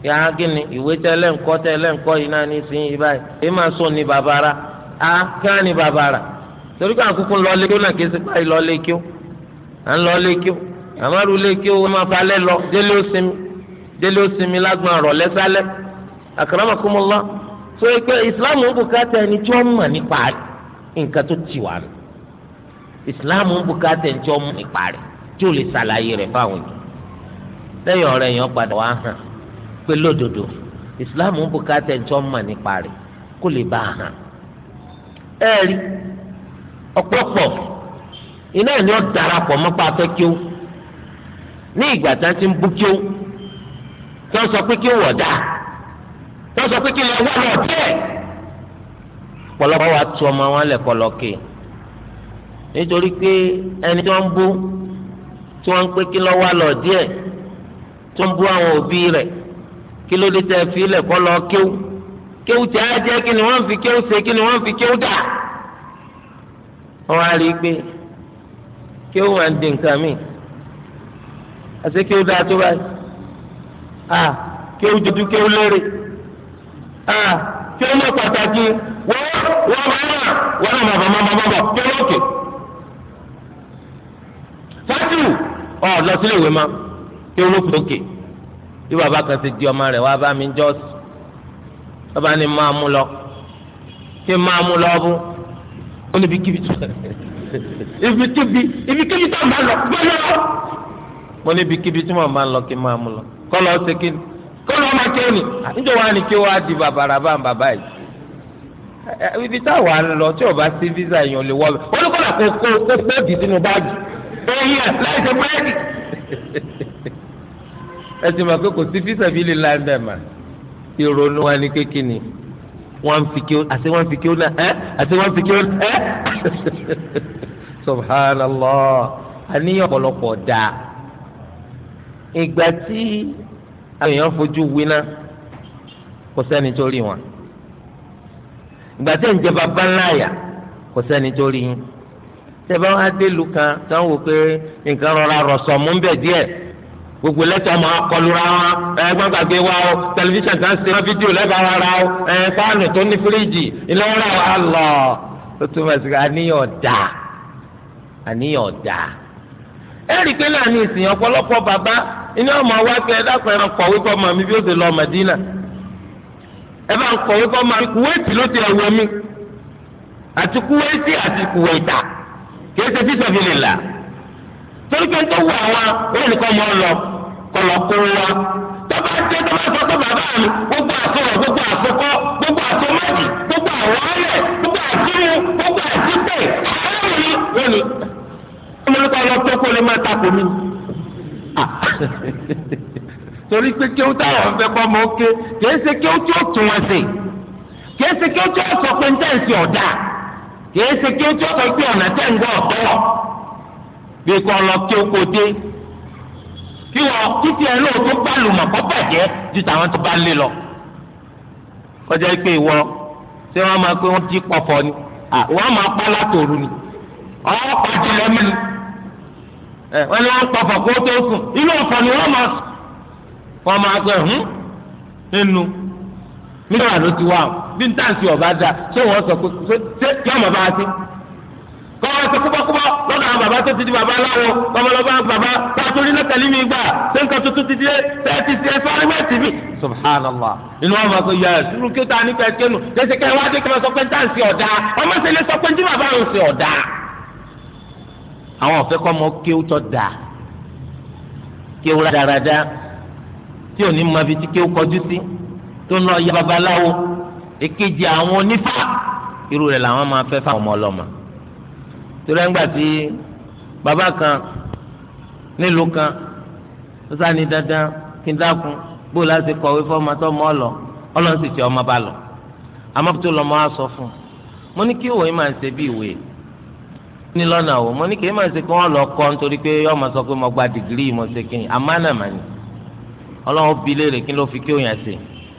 yà á gini ìwé tẹ́lẹ̀ ńkọ́ tẹ́lẹ̀ ńkọ́ yìí náà ní sìn yìí báyìí èyí babara á ká ní babara torí ká àkókò ń lọ lé náà kí báyìí lọ lé à ń lọ lé máa lọ délé so pé islamu ń ẹni tí wọ́n mọ̀ nípa nǹkan tó ti wà nù ẹni tí nípa tí lè ṣàlàyé pé lódodo islam ń bùkátà ẹ̀ ń tọ́ mọ̀ nípa rẹ̀ kó lè bá a hàn ẹ rí ọ̀pọ̀pọ̀ iná ẹ̀ ni ó darapọ̀ mọ́pá afẹ́ kí ó ní ìgbà tí wọ́n ti ń bú kí ó tí wọ́n sọ pé kí ó wọ̀ dáa tí wọ́n sọ pé kí lè wọ́n lọ díẹ̀ ọ̀pọ̀lọpọ̀ wa tu ọmọ wọn lẹ̀kọ́ lọ́kè nítorí pé ẹni tí wọ́n ń bú tí wọ́n ń pé kí lọ́wọ́ lọ díẹ̀ tó ń bú àwọn òbí rẹ̀ kí ló dé tẹ́ fi ilẹ̀ kọ́ lọ kéwú kéwú tẹ́ á jẹ́ kí ni wọ́n fi kéwú ṣe kí ni wọ́n fi kéwú dà wọ́n á rí i pé kéwú máa ń di nǹkan mi àti kéwú dáa tó báyìí à kéwú dúdú kéwú lérè à kéwú mọ̀ pàtàkì wọ́n wọ́n máa ń rà wọ́n náà máa bọ̀ máa bọ̀ bọ̀ kéwú òkè sáájú ọ̀ lọ sílé ìwé ma kéwú ló fi òkè bí bàbá kan ti di ọmọ rẹ̀ wá bá mi jọ́ọ̀sì bàbá ni máa mú lọ kí máa mú lọ bú ó níbi kíbi tó ibi kíbi ibi kíbi tó máa lọ gbé lọ. mo níbi kíbi tí mo máa lọ kí máa mú lọ kọ́ lọ ṣe kí ni kọ́ lọ máa ké ni ah, níjọ wa ni kí wọ́n di bàbàrà bá ń bàbá yìí eh, ibi táwa ń lọ tí o bá sí visa yẹn ò lè wọ ọ olùkọ́ làkókò kó pé òdì sínú báàgì ó yẹ láì ṣe búrẹ́dì. ẹsìn máa pé kò sí físàbílì láńbẹ mà ìrònú wa ní kékeré ni wọn fi kí ó àti wọn fi kí ó náà ẹ àti wọn fi kí ó náà ẹ subhanallah àníyàn ọ̀pọ̀lọpọ̀ dáa ìgbà tí àwọn èèyàn fojú winá kò sẹ́ni tó rí wọn ìgbà tí ìjọba bá ńlá yà kò sẹ́ni tó rí yín tẹ́ bá wọn dé lu kan táwọn wò pé nǹkan rọra rọ̀ sọ̀mú ń bẹ̀ díẹ̀. gbogbo lẹ́tọ̀ ọmọ akọlura wọn ẹ gbàgbàgbé wa o tẹlifíṣàn tá ṣe wọn fídíò lẹ́bàá ra o ẹ fáànù tó ní fíríjì ìlọrin àwọn àlọ́ tó túmọ̀ sí àníyàn dà àníyàn dà ìsìn ọ̀pọ̀lọpọ̀ bàbá iná ọmọ wa kẹ ẹ dákun ẹran kọ̀wé mi bí ó ṣe lọ ẹ bá kọlọ kó wa tọ́ba ṣe tọ́ba sọ́kọ́ bàbá mi gbogbo àfọwọ́ gbogbo àfọkọ́ gbogbo àfọmọ́jì gbogbo àwọ̀ọ́lẹ̀ gbogbo àdínú gbogbo àdínpẹ̀ àwọn mi wọ́n ni ọmọ nípa kó lè má takò mí. torí pé kí ó táwọn ń kọ́ ọmọ òkè kìí ṣe kí ó tí ó tún wọn sí kìí ṣe kí ó tí ó sọ pé ń tẹ̀sí ọ̀dà kìí ṣe kí ó tí ó sọ pé ọ̀nà tẹ̀ ń gbọ́ ọ̀tọ̀ bí kò lọ kí dé kí wọn títí ẹ lóò tó gbàlùmọ̀ kọ́ bàjẹ́ ju tàwọn tó bá lé lọ. ọjà ìpè ìwọ ṣé wọn máa pé wọn jí pọfọ ni wọn máa pa látòru ni ọwọ́ pàjẹ́ lẹ́mú ni wọn ní wọn pọfọ kó tó sùn inú ọ̀fọ̀ ni wọn máa sùn wọn máa gbẹ hùn nínú mílíọ̀nù ló ti wá o bí n tàǹtì ọ̀bá dà ṣé wọn sọ pé ṣé yọ̀ọ̀mọ̀ bá a ti kọ́ ọ sọ kúbọ́kúbọ́ bàbá tó ti di bàbá aláwọ̀ babalọ́ba bàbá pàtórí náà tẹ̀lé gbà ṣé nǹkan tuntun ti di ẹ tẹ́tí ti ẹ sọ́ọ́rí mẹ́ subhanallah inú wọn máa sọ yà ẹ sùúrù kí ó ta ní pẹ̀kẹ́nu jẹ́sẹ̀ kẹ́ wá dé kí wọ́n sọ pé táà ń ṣe ọ̀dà ọmọ ṣe lè sọ pé tí bàbá ń ṣe ọ̀dà. àwọn ọ̀fẹ́ kọ́ mọ kéwú tọ́ da kéwú rádaràda tí ò ní mọ ibi tí kéwú kọjú sí tó ń lọ ya babaláwo èkejì àwọn onífà irú rẹ̀ làwọn máa fẹ́ fáwọn ọmọ ọlọ́mọ torí ẹ̀ gbà tí Baba kan nílùú kan ó sáni dandan kí n dákun bó láti kọ̀wé fọ́ọ̀mù tó mọ́ ọ lọ ọlọ́run sì ti ọmọ bá lọ àmọ́ tó lọ́mọ á sọ fún un mo ní kí ìwé máa ṣe bí ìwé ní lọ́nà o mo ní kí ìwé máa ṣe kí wọ́n lọ kọ́ nítorí pé ọmọ sọ pé mo gba dìgírì mo ṣe kí n àmánà ọlọ́run ó léèrè kí ló fi kí òyìn àṣẹ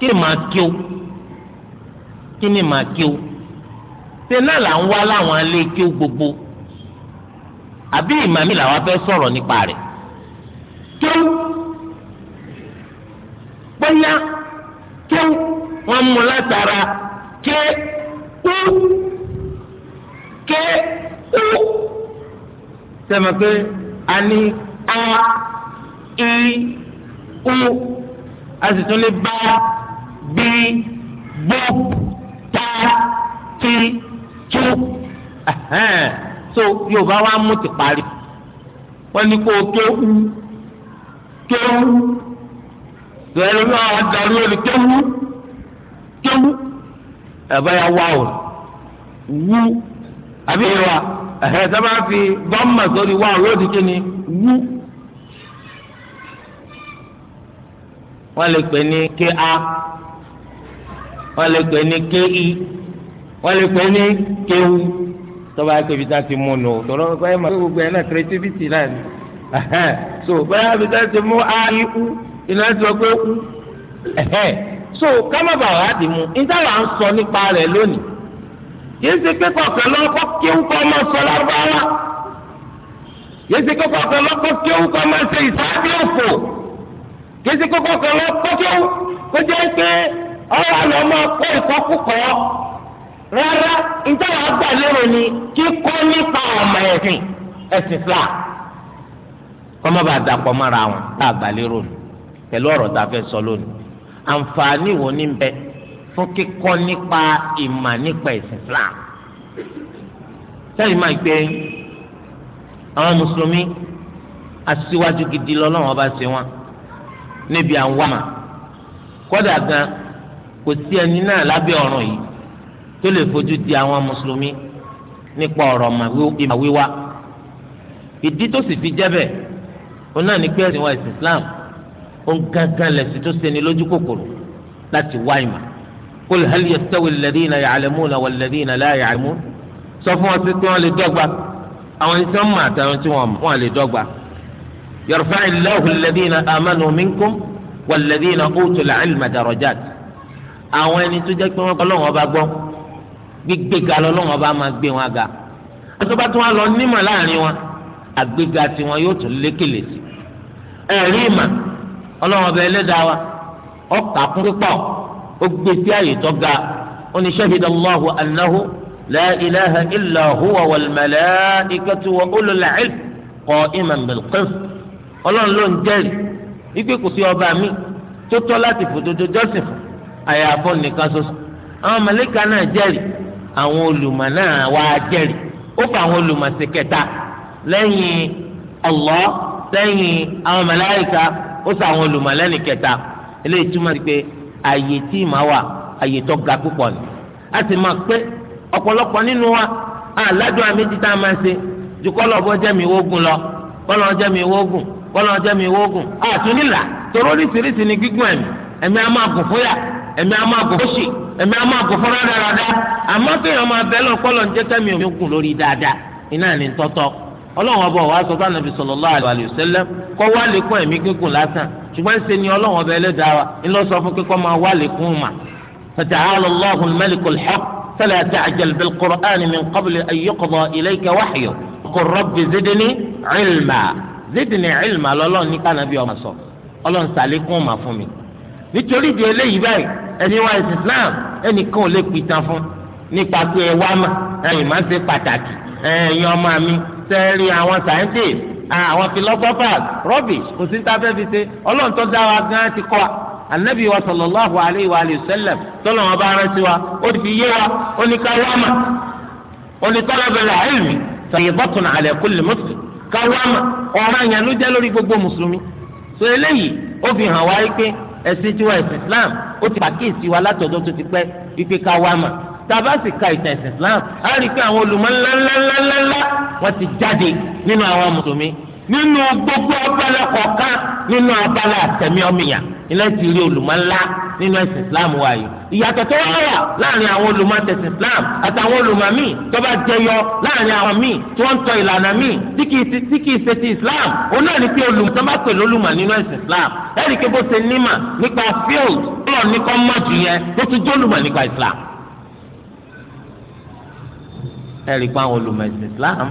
kí ni màá kí o kí ni màá kí o ṣe náà là ń wá láwọn alẹ́ kí o gbogbo àbí ìmàmí làwa fẹ́ sọ̀rọ̀ nípa rẹ̀ kí o bóyá kí o wọ́n mú látara kí o kí o sẹ́mi pé a ní a i u a sì tún ní bá a. bí gbó tá ti tú so yorùbá wa mú ti parí wọn ní kó tó wú tó wú náà wọ́n darí tó wú tó wú ẹ̀bá ya wá o wú àbí wa? ẹ̀hẹ́ sábà fi wá o yóò di kí ni wú. wọ́n lè pè ní kéì wọ́n lè pè ní kéwù tọ́ba yẹ kó ibi tá a ti mú nù tọ́lọ́ báyìí máa gbogbo ẹ̀ náà creativity náà ni so báyìí ibi tá a ti mú àìkú iná ti sọ pé kú so kámábà wà á ti mú níta-là ń sọ nípa rẹ̀ lónìí yéé ṣe pé kọ̀ọ̀kan lọ́kọ́ kéwù kọ́ máa sọ lárúbáwá yéé ṣe pé kọ̀ọ̀kan lọ́kọ́ kéwù kọ́ máa ṣe ìsáájú òfò yéé ṣe pé kọ̀ọ̀kan lọ́kọ́ kéwù kó jẹ́ pé ọwọ́ àlọ́ máa kó ìkọ́kùkọ́ rárá ìjọba àgbàlérò ni kíkọ́ nípa ọmọ ẹ̀sìn ẹ̀sìn Islam kọ́mọ́ bá dàpọ̀ mọ́ra wọn tá àgbàlérò ni pẹ̀lú ọ̀rọ̀ tá a fẹ́ sọ lónìí àǹfààní wo ni ń bẹ fún kíkọ́ nípa ìmọ̀ nípa ẹ̀sìn Islam sẹ́yìn máa gbé àwọn mùsùlùmí aṣíwájú gidi lọ́lọ́wọ́n bá ṣe wọn níbi àwọn wàmà kódà gan-an kò sí ẹni náà lábẹ́ ọ̀ràn yìí tó lè fojú di àwọn mùsùlùmí nípa ọ̀rọ̀ ìmọ̀ wíwá ìdí tó sì fi jẹ́ bẹ́ẹ̀ òun náà ní pé ẹ̀sìn wa ẹ̀sìn Islam òun gangan lẹ̀sìn tó ṣeni lójú kòkòrò láti wá ìmọ̀ kul hal yastawi alladhina ya'lamuna walladhina la ya'lamun sọ fún wọn sí pé wọn lè dọ́gba àwọn ẹni tí wọn mọ̀ àtàwọn tí wọn wọn lè dọ́gba yarfa'illahu alladhina amanu minkum walladhina utul àwọn ẹni tó jẹ́ pé wọ́n kọ́ lọ́wọ́ ọba gbọ́ gbígbéga lọ́wọ́ ọba máa gbé wọn ga àtọ́ba tí wọ́n lọ nímọ̀ láàrin wọn àgbéga tiwọn yóò tún lékele sí ẹ̀rí ìmọ̀ ọlọ́wọ́ ọba ẹlẹ́dàá wa ọkà fún pípọ̀ ó gbé sí àyè tó ga ó ní shahida Allahu annahu la ilaha illa huwa wal malaikatu wa ulul ilm qa'iman bil ọlọ́run ló ń jẹ́rìí wípé kò ọba mi tó tọ́ láti fòdodo jọ́sìn fún àyàfó nìkan ṣoṣo àwọn màlàíkà náà jẹ́rìí àwọn olùmọ̀ náà wá jẹ́rìí ó fà àwọn olùmọ̀ sí kẹta lẹ́yìn Allah lẹ́yìn àwọn màlàíkà ó sọ àwọn olùmọ̀ lẹ́ni kẹta eléyìí túmọ̀ sí pé àyè tí ì wà àyè tó ga púpọ̀ ni a sì máa pé ọ̀pọ̀lọpọ̀ nínú wa aládùn àmì títà máa wógun lọ wógun wógun àtúnilà ni gígùn ẹ̀mí ẹ̀mí a máa gùn ẹ̀mí a máa gòkó sí ẹ̀mí a máa gòkó rárára àmọ́ kéèyàn máa bẹ́ẹ̀ lọ kọ́ lọ ń jẹ́ kẹ́mi òun gùn lórí dáadáa iná ní tọ́tọ́ ọlọ́run ọba wa sọ fún anabi sallallahu alaihi wasallam kọ́ wá lékún ẹ̀mí gígùn lásán ṣùgbọ́n ṣe ni ọlọ́run ọba ẹlẹ́dàá wa ńlọ sọ fún kíkọ́ máa wá lékún mà fata'ala Allahu al-maliku al-haq fala ta'jal bil-qur'ani min qabli an yuqda ilayka wahyuhu qul rabbi ilma zidni ilma lọ́lọ́run ní kánabi ọmọ sọ ọlọ́run sàlékún mà fún mi nítorí ìdí eléyìí báyìí ẹni wá ẹ̀sìn Islam ẹnìkan ò lè pìtàn fún nípa pé ẹ wá mà ẹ̀yìn máa ń ṣe pàtàkì ẹ̀yin ọmọ mi sẹ́ẹ̀rì àwọn scientist àwọn philosophers rubbish kò sí níta fẹ́ fi ṣe ọlọ́run tó dá wa gan ti kọ́ wa anabi wa sallallahu alayhi wa sallam tọ́lọ̀ wọn bá rántí wa ó ti fi yé wa ó ní ká wá mà ó ní tọ́lọ̀bẹ̀lẹ̀ àìlùmí sayyidatun ala kulli muslim ká wá mà ọ̀ràn yẹn ló jẹ́ lórí gbogbo mùsùlùmí so eléyìí ó fi hàn wá yí pé ẹ̀sìn tiwa ẹ̀sìn islam ó ti pàkíyèsí wa látọ̀dọ̀ tó ti pẹ́ ipe ká wá mà tàbá sì ka ìtàn ẹ̀sìn islam á rí i pé àwọn olùmọ̀ ńláńláńláńlá wọ́n ti jáde nínú àwọn mùsùlùmí nínú gbogbo abala kọ̀ọ̀kan nínú abala àtẹ̀mí ọmọnìyàn ilẹ̀ ti rí olùmọ̀lá nínú ẹ̀sìn islam wa yìí ìyàtọ̀ tó wà láàrin àwọn olùmọ̀tẹ̀sìn islam àtàwọn olùmọ̀mí tó bá jẹyọ láàrin àwọn míì tí wọ́n ń tọ ìlànà míì tí kìí ṣe ti islam òun náà ní pé olùmọ̀ tó bá pè lólùmọ̀ nínú ẹ̀sìn islam ẹ̀rí kí bó ṣe nímà nípa field tó lọ ní kọ́ mọ́jú yẹn tó ti jólùmọ̀ nípa islam ẹ̀rí pa àwọn olùmọ̀ ẹ̀sìn islam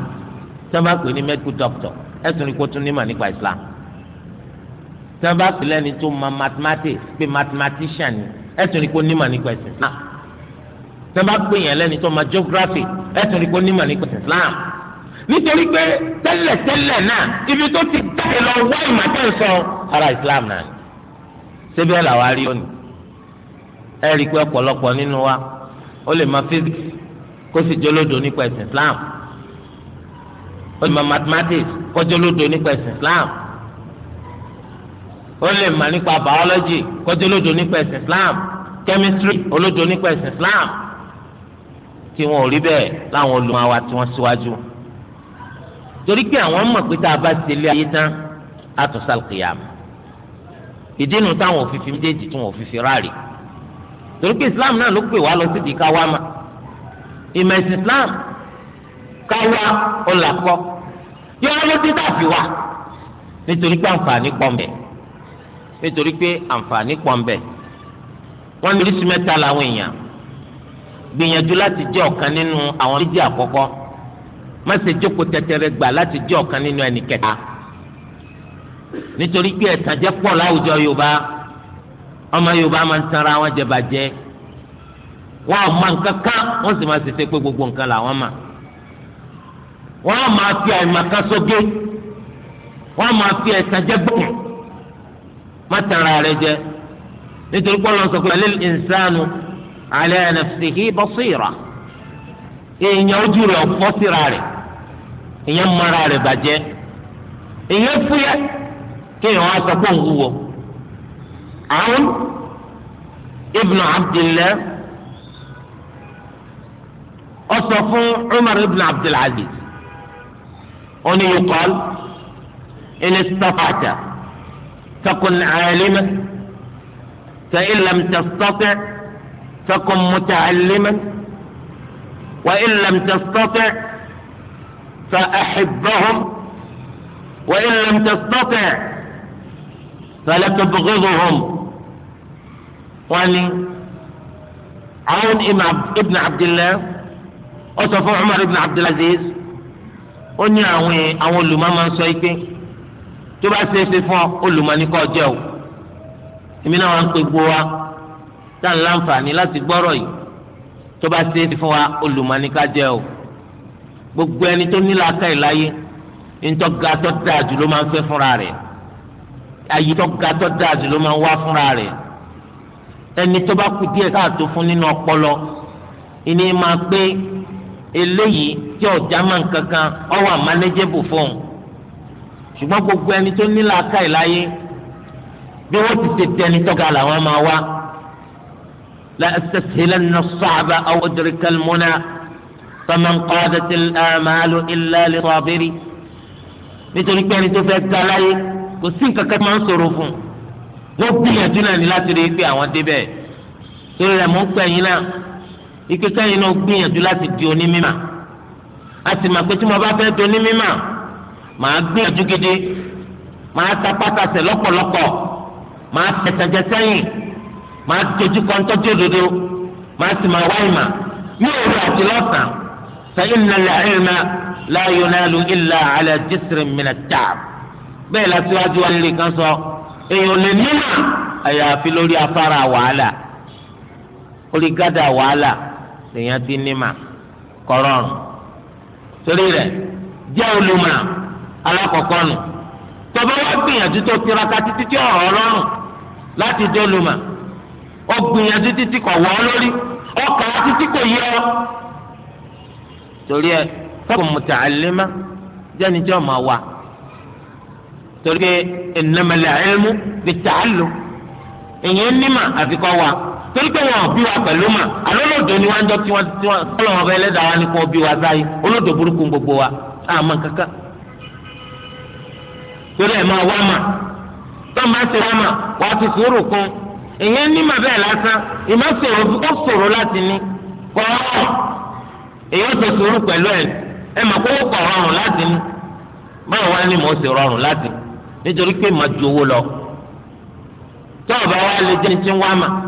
tó bá pè ní medical doctor ẹ̀sùn ní kó tún ní mà nípa islam tí wọ́n bá pè lẹ́ni tó ma mathematics pé mathematician ni ẹ̀sùn ní kó ní mà nípa islam tí wọ́n bá pè yẹn lẹ́ni tó ma geography ẹ̀sùn ní kó ní mà nípa islam nítorí pé tẹ́lẹ̀tẹ́lẹ̀ náà ibi tó ti dáre lọ wá ìmọ̀tẹ́sọ ara islam náà ni ṣebí ẹ̀ làwọn arí lónìí ẹ̀ rí i pé ọ̀pọ̀lọpọ̀ nínú wa ó lè ma physics kó sì jólódò nípa islam ó lè mọ mathematics kọjọ́ lódò nípa ẹ̀sìn Islam ó lè mọ nípa biology kọjọ́ lódò nípa ẹ̀sìn Islam chemistry olódò nípa ẹ̀sìn Islam tí wọn ò rí bẹ́ẹ̀ láwọn olùmọ̀ wa tí wọ́n síwájú torí pé àwọn mọ̀ pé tá a bá ti lé ayé tán á tún sàlùkìyàmù ìdínú táwọn òfìfì méjèèjì tí wọn òfìfì ráàlì torí pé Islam náà ló pè wá lọ síbi ká wá ma ìmọ̀ ẹ̀sìn Islam káwa ọ̀làkọ́ yọ̀ọ́ ló dé tàbí wa nítorí pé àǹfààní pọ̀ mbẹ̀ nítorí pé àǹfààní pọ̀ mbẹ̀ wọ́n lè oríṣi mẹ́ta làwọn èèyàn gbìyànjú láti jẹ́ ọ̀kan nínú àwọn méjì àkọ́kọ́ má ṣe jókòó tẹ́tẹ́rẹ́ gbà láti jẹ́ ọ̀kan nínú ẹnì kẹta nítorí pé ẹ̀tànjẹ́ pọ̀ láwùjọ yorùbá ọmọ yorùbá máa ń tanra wọn jẹ bàjẹ́ wọn ò mọ nǹkan kan wọ́n sì máa ṣe ṣe pé gbogbo nǹkan làwọn máa wọn á máa fi àìmọ̀kan sóge wọn á máa fi ẹ̀sán jẹ́ gbọ̀n má tẹ̀ra rẹ jẹ nítorí pọ́lọ́ sọ pé alẹ́ ìnsánu alẹ́ ẹ̀nàfìsìkì basira èèyàn ojú rẹ̀ ọ̀pọ̀ síra rẹ̀ èèyàn mara rẹ̀ bàjẹ́ èèyàn fúyẹ́ kéèyàn wá sọ pé òun àwọn ibnu abdillah ọsọ fún umar ibnu abdulaziz. أن يقال إن استطعت فكن عالما فإن لم تستطع فكن متعلما وإن لم تستطع فأحبهم وإن لم تستطع فلا تبغضهم واني عون ابن عبد الله وصف عمر بن عبد العزيز ó ní àwọn àwọn olùmọ̀ máa ń sọ pé tó bá ṣe é ṣe fún ọ olùmọ̀ ní kò jẹ́ o èmi náà wà ń pe gbogbo wa tá à ń láǹfààní láti gbọ́rọ̀ yìí tó bá ṣe é ṣe fún wa olùmọ̀ ní ká jẹ́ o gbogbo ẹni tó ní làákàyè láyé ntọ́ ga tọ́ dáa jù ló máa ń fẹ́ fúnra rẹ̀ ayé tọ́ ga tọ́ dáa jù ló máa ń wá fúnra rẹ̀ ẹni tó bá kú díẹ̀ káàtó fún nínú ọpọlọ ìní máa pé eléyìí tí ọjà máa ń kankan ọwọ́ àmánéjébù fóun ṣùgbọ́n gbogbo ẹni tó ní làákàyè láyé bí wọ́n ti tètè ẹni tọ́ga làwọn máa wá la astashlanna as-sa'ba aw udrika al-muna faman qadat al-a'malu illa li-sabiri nítorí pé ẹni tó fẹ́ ga láyé kò sí nǹkan kan máa ń sọ̀rọ̀ fún un gbìyànjú náà ní láti rí i pé àwọn débẹ̀ torí rẹ̀ mọ́ ń pẹ̀yìn náà ike sẹ́yìn náà gbìyànjú láti di onímímà a sì mà pé tí mo bá fẹ́ di onímímà màá gbìyànjú gidi màá ta pátasẹ̀ lọ́pọ̀lọpọ̀ màá tẹ̀sẹ̀jẹ sẹ́yìn màá dojú kan tọ́jú òdodo màá sì máa wá ìmà mi ò rà lọ́sàn fa inna al-ilma la yunalu illa ala jisrin min at-ta'ab bẹ́ẹ̀ lásìwájú wa nílé kan sọ èèyàn lè nímà àyàfi lórí afárá wàhálà orí wàhálà. lèyàn ti ní kọrọrùn torí rẹ jẹ́ olùmọ̀ alákọ̀ọ́kọ́ nù tọba wa gbìyànjú tó tiraka títí tí láti dé olùmọ̀ ó gbìyànjú títí kọ̀ wọ́ lórí ọkà títí kò yẹ ọ torí ẹ fọkùn ọmọ wa torí nímà wa. torí pé wọn ò bí wa pẹ̀lú mà àlọ́ lòdò ni wọ́n á jọ tí wọ́n tí wọ́n kọ́lọ̀ wọn wa ni kò bí gbogbo wa àmọ́ kankan torí ẹ̀ máa wá ṣe wá kan ìyẹn bẹ́ẹ̀ lásán ìmọ̀ sòrò sòrò láti ní sòrò pẹ̀lú ẹ̀ ẹ̀ mà kó kọ̀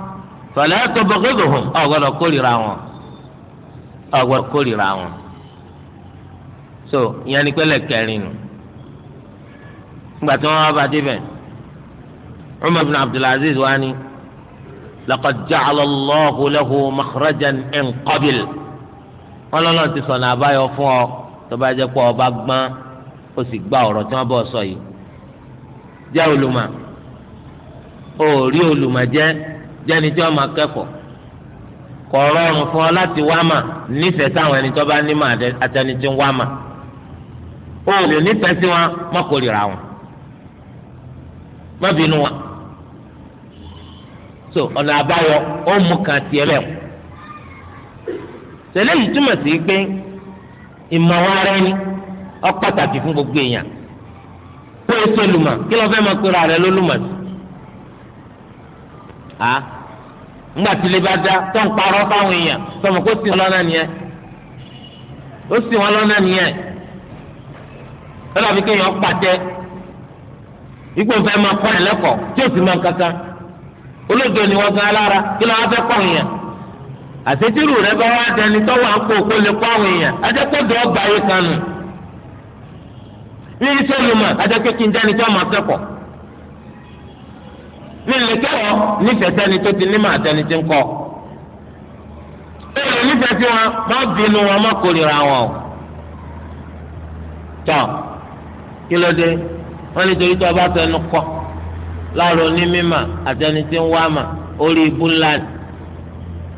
fala tabghiduhum ọ̀ gbọ́dọ̀ kórìíra wọn ọ̀ gbọ́dọ̀ kórìíra wọn so ìyẹn ni pẹ́lẹ́ kẹrin nù nígbà tí wọ́n wá bá débẹ̀ Umar bin Abdul Aziz wa ni laqad ja'ala Allahu lahu makhrajan in qabil wọn lọ́nà ti sọ̀nà àbáyọ fún ọ tó bá jẹ́ pé ọba gbọ́n ó sì gba ọ̀rọ̀ tí wọ́n bọ̀ sọ yìí jẹ́ olùmọ̀ ó rí olùmọ̀ jẹ́ jẹni tí wọ́n máa kẹ́kọ̀ọ́ kò rọrùn fún ọ láti wá mà nífẹ̀ẹ́ sáwọn ẹni tó bá ní mà àtẹni tí ń o lè nífẹ̀ẹ́ sí wọn so ọ̀nà ó mú kan tiẹ̀ lẹ̀ tẹ̀lé yìí túmọ̀ sí pé ọ pàtàkì fún gbogbo èèyàn pé èso lùmọ̀ kí lọ́ọ́ fẹ́ máa pera rẹ a ńgbà tí lè bá dá tó ń parọ́ fáwọn èèyàn tọmọ kó si wọn lọ́nà nìyẹn ó sì wọn lọ́nà nìyẹn ó dàbí kéèyàn pàtẹ ipò fẹ́ máa kọ́ ẹ̀ tí ó sì máa kankan olóògbé ni wọ́n gan alára kí ló wá fẹ́ kọ́ èèyàn àtẹ̀tìrù rẹ bá wá dẹni tọ́wọ́ àpò kó lè kọ́ àwọn èèyàn ajẹ́kọ̀dọ̀ ọgbà yìí kanu nù ní ìṣòlùmọ̀ ń dẹni tí mi lè kẹ́wọ̀n tó ti nímọ̀ tẹni tí ń kọ èrò nífẹ̀ẹ́ sí wọn má bínú wọn má kórìíra wọn o tọ́ kí ló dé wọ́n nítorí tó o bá kọ kọ́ láàrọ̀ onímọ̀ àtẹni tí ń wá mà orí ibú ńlá ni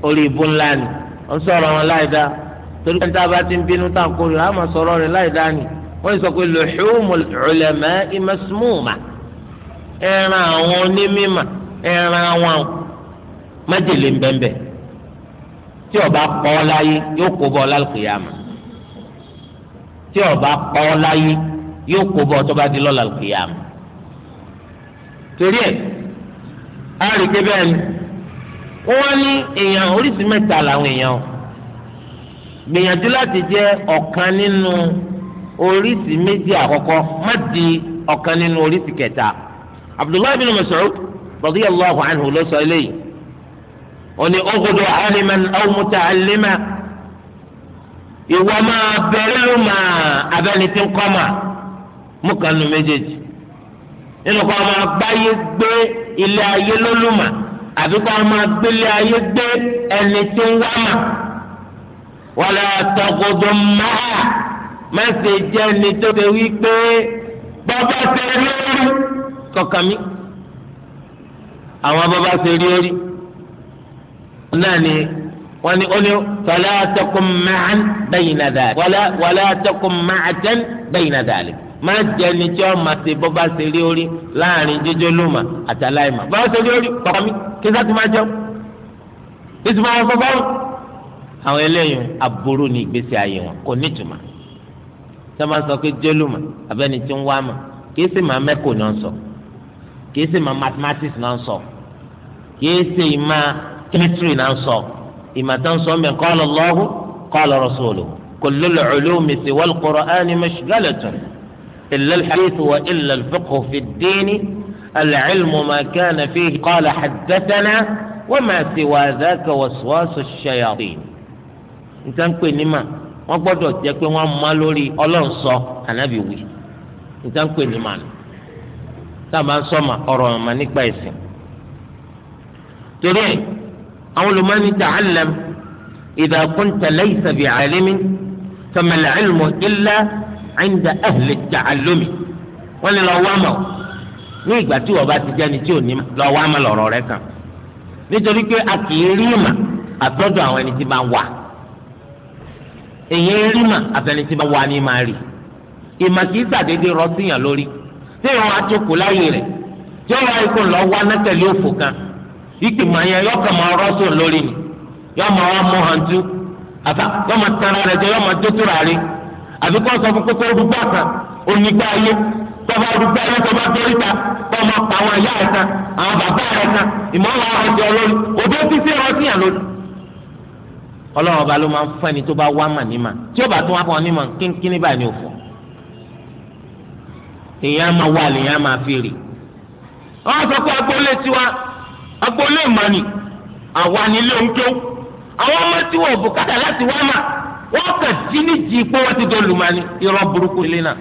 orí ibú ńlá ni wọn láì dá torí pé bá ti ń ẹran àwọn onímọ̀ ẹran àwọn májèlé ńbẹ́ńbẹ́ tí ọba pọ̀ ọ́ láyé yóò kó bọ́ lálùkìyàmà tí ọba pọ̀ ọ́ láyé yóò kó bọ́ di lọ́la lùkìyàmà torí ẹ̀ á bẹ́ẹ̀ ni wọ́n ní èèyàn oríṣi mẹ́ta làwọn èèyàn o láti jẹ́ ọ̀kan nínú oríṣi méjì abdullahi bin mas'ud radiyallahu anhu ló sọ eléyìí ó ní ọgọdọ aliman aw muta'allima ìwọ máa bẹ̀rẹ̀ ló máa abẹni tí ń kọ́ mà mú kan nu méjèèjì nínú kọ́ máa gbáyé gbé ilé ayé lólùmọ̀ àbí kọ́ máa gbélé ayé gbé ẹni tí ń wá mà wala taqdum ma'a má ṣe jẹ́ ẹni tó ṣe wí pé bàbá ṣe rí kọkànmí àwọn bàbá ṣe rí orí náà ni wọ́n ní ọ́nà wàlá àtẹkùn mẹ́hán bẹ́yìn náà dàlẹ́ wàlá àtẹkùn mẹ́hán bẹ́yìn náà dàlẹ́ má jẹni tí wọn máa ṣe bọ́bá ṣe rí orí láàrin jíjó lùmọ̀ àtàláìmà bọ́bá ṣe rí orí kọkànmí kí sá ti máa jẹun kí sì máa fọ́ àwọn eléyìí aburú ni ìgbésí ayé wọn kò nítumọ̀ sọ ma sọ pé jólùmọ̀ abẹ́ni tí ń wá mọ̀ kì sì máa mẹ́kò náà sọ. So kìí ṣe ma mathematics náà sọ kìí ṣe ìmà chemistry náà sọ ìmà tó ń sọ mẹ qala Allahu qala rasuluhu kullul ulumi siwal qur'ani mashghalatun illa al-hadith wa illa al-fiqh fi ad-din al-ilmu ma kana fihi qala haddathana wa ma siwa dhaka waswasu ash-shayatin nta ń pè ní ma wọ́n gbọ́dọ̀ jẹ́ pé wọ́n mọ lórí Ọlọ́run sọ ànábì wí pè ní ma nù táàmà ń sọmà ọ̀rọ̀ ọmọ nípa ẹ̀sìn torí ẹ àwọn olùmọ̀ọ́ni ta'allam idha kunta laysa bi'alimin famal ilmu illa 'inda ahli ta'allumi wọ́n lè lọ wá mọ̀ ní ìgbà tí wọ́n bá ti jẹ́ni tí ò ní lọ wá mọ̀ lọ́rọ̀ rẹ kan nítorí pé a kì í rí ìmọ̀ àtọ́dọ̀ àwọn ẹni tí máa wà èyí rí ìmọ̀ àtẹni tí máa wà ní máa rí ìmọ̀ kì í ṣàdédé rọ síyàn lórí tí ìrún àjòkò láyé rẹ̀ tí ọ̀rọ̀ ikú lọ wá nẹ́tẹ̀lé òfò kan ìgbìmọ̀ yẹn yọ kàn máa rọ́ṣọ̀ lórí ni yọ máa wá mú hàntú àbá yọ máa tẹ̀ra rẹ̀ jẹ yọ máa dótó rà rí àbí kọ́ sọ fún kókó dùgbà kan onígbà ayé tọ́ba dùgbà ayé tọ́ba dórí ta tọ́ máa pa àwọn ìyá rẹ̀ kan àwọn bàbá rẹ̀ kan ìmọ̀ràn ọ̀rọ̀ jẹ lórí òde títí ìrántí yẹn lórí. ọlọ́run ọba ló máa ń fún tó bá wá mà nímà tí ó bá tún wá fún ni òfò èèyàn máa wà lèèyàn máa fi rì wọ́n sọ pé agboolé tiwa agboolé ìmọ̀ni àwa nílé oúnjẹ àwọn ọmọ tí wọ́n bùkátà láti wá mà wọ́n kàn jí níjì pé wọ́n ti dolùmọ̀ni irọ́ burúkú ilé náà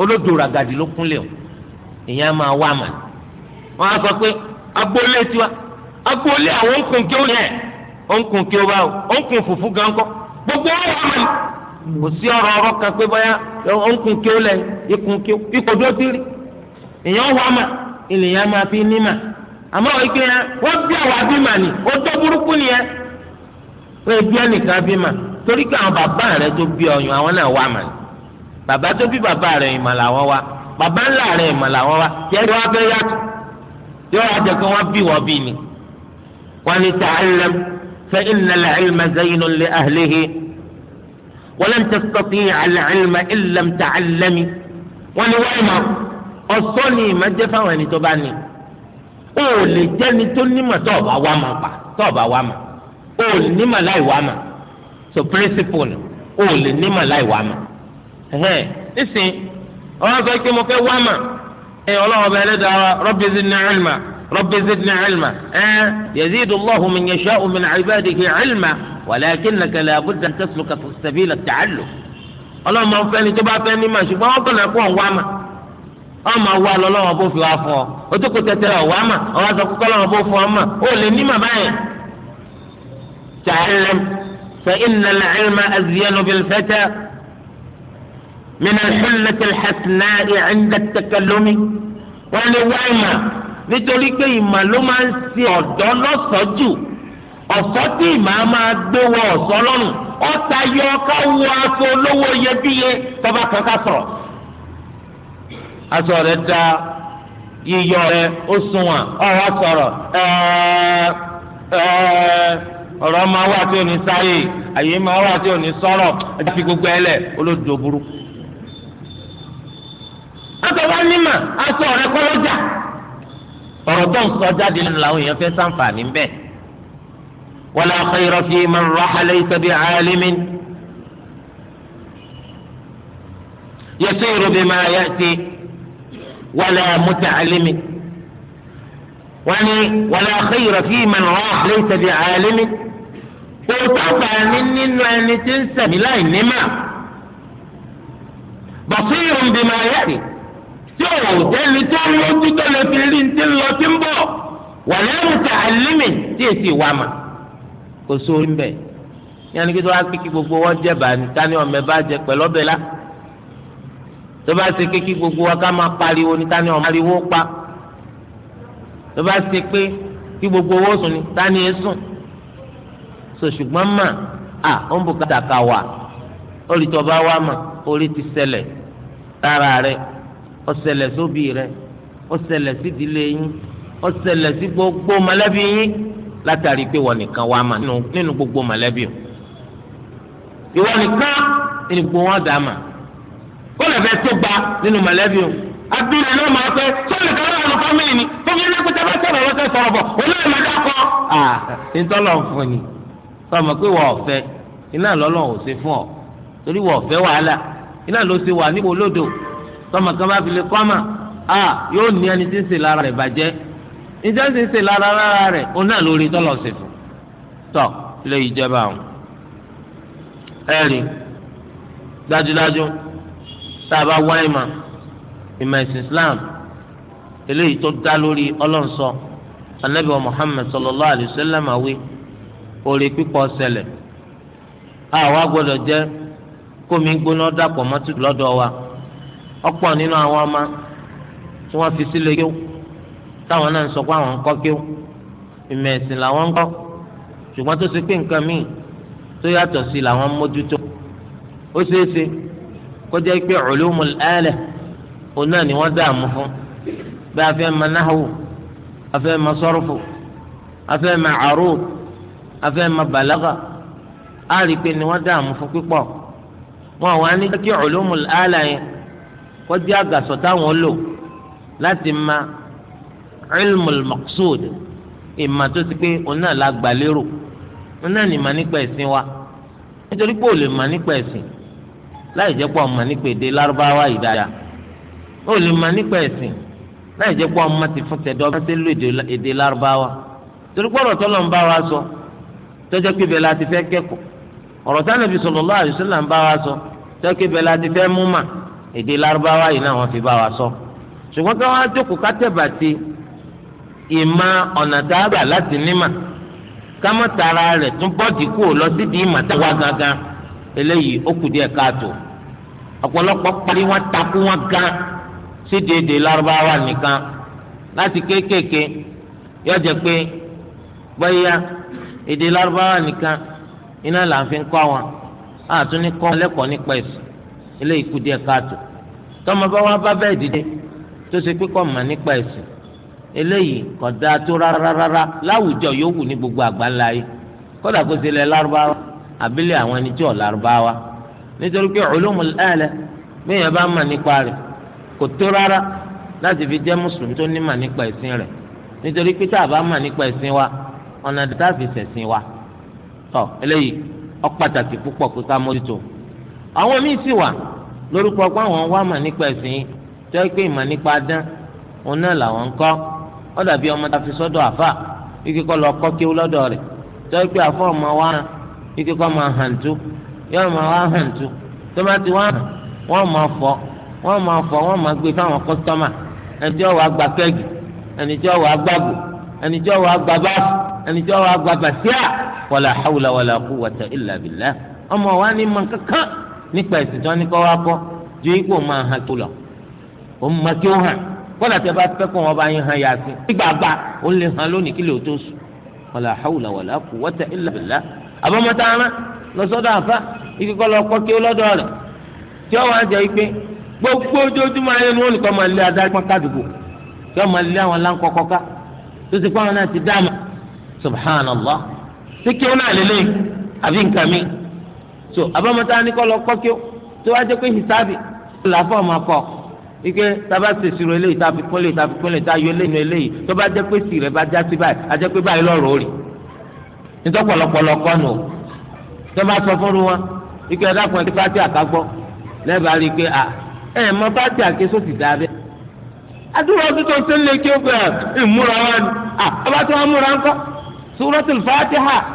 olódò ràgàdì ló kúnlẹ̀ o èèyàn máa wá mà wọ́n sọ pé agboolé tiwa agboolé àwọn òǹkùnkí ó òǹkùnkí ó bá òǹkùn fùfú gbogbo kò sí ọ̀rọ̀ ọ̀rọ̀ kan pé bóyá ó kí ó lẹ ikun kí ó fi ní mà ike yẹn wọ́n bí àwọn abímà ni ó tó burúkú nìyẹn wọ́n ebi ẹnìkan abímà torí pé àwọn bàbá rẹ tó bí ọyàn àwọn náà wà mà ni bàbá tó bí bàbá rẹ ìmọ̀ walam tastati'i al-'ilma illam ta'allami wọ́n ní wọ́n mọ̀ ọ̀sọ́ ni ìmọ̀ jẹ́ fáwọn ẹni tó bá ní o ò lè jẹ́ni tó nímọ̀ tó ọ̀bá wá mà pa tó ọ̀bá wá mà o ò lè nímọ̀ láì wá mà so principle o ò lè nímọ̀ láì wá mà nísìnyí ọ̀rọ̀ sọ pé mo fẹ́ wá mà ẹ ọlọ́wọ́ bẹ́ẹ̀ lẹ́dàá rabbi zidni ilma rabbi zidni ilma ẹ yazidu Allahu man walakinnaka la budda tasluka sabila ta'allum ọlọ́run máa ń fẹ́ ni tó bá fẹ́ ní mà ṣùgbọ́n wọ́n kàn kó ọ̀wá mà wọ́n máa wá lọ lọ́wọ́ bó fi wá fọ́ ọ tó kó tẹ́tẹ́ ọ̀wá mà ọ̀wá sọ kókó lọ́wọ́ bó fọ́ ọ mà ó lè ní màmá yẹn. تعلم فإن العلم أزين بالفتى من الحلة الحسناء عند التكلم ولوعما nítorí pé ìmọ̀ ló máa ń ṣe ọ̀dọ́ lọ́sọ̀ọ́ jù ọ̀sọ́ tí màá máa gbé wọ ọ̀sọ́ lọ́rùn ọ̀tá yọ ká wọ aṣọ olówó iyebíye tọ́ba kan sọ̀rọ̀. aṣọ rẹ da yíyọ rẹ ó sunwọ̀n ọwọ. sọ̀rọ̀ ọ̀rọ̀ máa wà tí ò ní sáyè àyè máa wà tí ò ní ولا خير في من راح ليس بعالم يسير بما يأتي ولا متعلم ولا خير في من راح ليس بعالم وتبع مني أن تنسى بلا إنما بصير بما يأتي تو تلي تلو تلو تلو تلو تلو ولا متعلم تيسي وما kò sórí mbẹ yanni kí tó wá kékeré gbogbo wọn jẹ bàní tani ọmọ ẹ bá jẹ pẹ̀lú ọbẹ̀ la tó bá ṣe kékeré gbogbo wọn ká máa pariwo ni tani ọmọ ariwo pa tó bá ṣe pé kí gbogbo wọn sùn ni tani ẹ sùn so ṣùgbọ́n mà á ó ń bùkátà ká wà olùtọ́ bá wà mà orí ti ṣẹlẹ̀ lára rẹ ó ṣẹlẹ̀ sóbì rẹ ó ṣẹlẹ̀ sídìílé yín sí gbogbo mọ̀lẹ́bí yín. látàrí pé wọ́n nìkan wá mà nínú gbogbo mọ̀lẹ́bí o ìwọ nìkan nínú gbogbo wọn dà mà lè fẹ́ tó gba nínú mọ̀lẹ́bí o náà máa kan náà ni bá sọ̀rọ̀ lọ́sẹ̀ sọ̀rọ̀ bọ̀ olóyè máa ntọ́lọ̀ fún ni sọmọ pé wọ́n ọ̀fẹ́ iná lọ́lọ́ ò sí fún ọ torí wọ́n níta sì ń ṣe lára lára rẹ̀ òun náà lórí tọ́lọ̀ ṣe fún tọ́ ilé ìjọba àwọn ẹ̀rí dájúdájú tá a bá wá ìmọ̀ ìmọ̀ Islam eléyìí tó dá lórí ọlọ́nsọ anabi wa Muhammad sallallahu alayhi wa sallam awi orí pípọ̀ ṣẹlẹ̀ àwa gbọ́dọ̀ jẹ́ kómi gbóná dàpọ̀ mọ́tò lọ́dọ̀ wa ọ̀pọ̀ nínú àwọn ọmọ tí wọ́n fi sílẹ̀ yóò táwọn náà ń sọ pé àwọn ń kọ́ kéwù ìmọ̀ ẹ̀sìn làwọn ń kọ́ ṣùgbọ́n tó ṣe pé nǹkan míì tó yàtọ̀ sí làwọn mójútó ó ṣeé ṣe kó jẹ́ pé ulumul ala òun náà ni wọ́n dààmú fún bí a fẹ́ mọ̀ nahwu a fẹ́ mọ̀ sarfu a fẹ́ mọ̀ arud a fẹ́ mọ̀ balagha á rí i pé ni wọ́n dààmú fún pípọ̀ wọn àwọn ní kí ulumul ala yẹn kó jẹ́ àgàsọ̀ táwọn lò láti máa ilmul maqsud ìmọ̀ tó ti pé òun náà la gbà lérò òun náà ní ìmọ̀ nípa ẹ̀sìn wa nítorí pé ò lè mọ̀ nípa ẹ̀sìn láì jẹ́ pé ọmọ nípa èdè lárúbáwá ìdáyà ò lè mọ̀ nípa ẹ̀sìn láì jẹ́ pé ọmọ ti fún tẹ̀dọ́ bá ti lò èdè lárúbáwá torí pé ọ̀rọ̀ tọ́lọ̀ ń bá wa sọ tọ́jọ́ pé bẹ́ẹ̀ la ti fẹ́ kẹ́kọ̀ọ́ ọ̀rọ̀ tánàbí sallallahu alaihi wasallam ń ìmọ̀ ọ̀nà dábàá láti nímà kámọ́tara rẹ̀ tún bọ́ọ̀dì kú lọ síbi ìmọ̀ tá a wá gangan eléyìí ó kù díẹ̀ káàtó ọ̀pọ̀lọpọ̀ parí wọn takú wọn gan sídi èdè lárúbáwá nìkan láti kéékèèké yóò jẹ́ pé bóyá èdè lárúbáwá nìkan iná là ń fi kọ́ wọn àtún ní kọ́ lẹ́kọ̀ọ́ nípa ẹ̀sìn eléyìí kù díẹ̀ káàtó tọ́mọ bá wọn bá bẹ́ẹ̀ dìde tó ṣe pé kọ́ mọ̀ nípa ẹ̀sìn eléyìí kò dáa tó rárárárá láwùjọ yòówù ní gbogbo àgbáńlá yìí kódà kó ṣe lẹ lárúbáwá àbílẹ̀ àwọn ẹni tí ò lárúbáwá nítorí pé ulumul ala bẹ́ẹ̀ bá mà nípa rẹ̀ kò tó rárá láti fi jẹ́ mùsùlùmí tó ní mà nípa ẹ̀sìn a bá mà nípa wa ọ̀nà fi wa tọ́ eléyìí ọ pàtàkì púpọ̀ kó mójútó àwọn míì sì wà lórúkọ pé àwọn mà nípa ẹ̀sìn ó dàbí ọmọ tá a fi sọ́dọ̀ àfà ike kọ́ lọ kọ́ kéwú lọ́dọ̀ rẹ̀ tọ́jú pé àfọ́ ọmọ wa hàn ike kọ́ máa hàn tú yóò máa wá hàn tú tó bá ti wá hàn wọ́n máa fọ́ wọ́n máa fọ́ wọ́n máa gbé fáwọn kọ́sítọ́mà ẹni tí ọwọ́ agba kẹ́gì ẹni tí ọwọ́ agba bò ẹni tí ọwọ́ agba báfù ẹni tí ọwọ́ agba bàtíà wàlà hàwùlà wàlà quwwata illa billah ọmọ wa ni mọ kankan nípa ẹ̀sìn tí wọ́n kọ́ ju ipò máa hàn tó lọ kódà tẹ bá fẹ́ kó wọn bá yín hàn yàtí gbàgbà ó lè hàn lónìí kí lè tó sùn wàlà hàwùlà wàlà kù wọ́tà ilà bìlà àbámọ́tà ara lọ́sọ́dọ̀ àfa ike kọ́ kọ́ kí ó lọ́dọ̀ rẹ̀ tí ó wàá jẹ́ gbogbo ojoojúmọ́ ayé ni wọ́n nìkan máa lé adarí pọ́n kádùgbò tí wọ́n máa lé àwọn ká tó ti pọ́n náà ti dáàmú subhanallah tí kí ó náà mi so ni kọ́ kí ọ ike tába ṣèṣirò eléyìí tá a fi kún eléyìí a fi kún eléyìí a yọ tó bá pé bá a pé báyìí lọrọ ó nítorí pọ̀lọpọ̀lọ kọ́ nù o tó bá sọ fún wọn ike ẹ̀dá kan ẹ̀ pátí àkágbọ́ lẹ́bàá rí i pé a ẹ mọ pátí àkésó ti dà bẹ́ẹ̀. tó ń sẹ́ni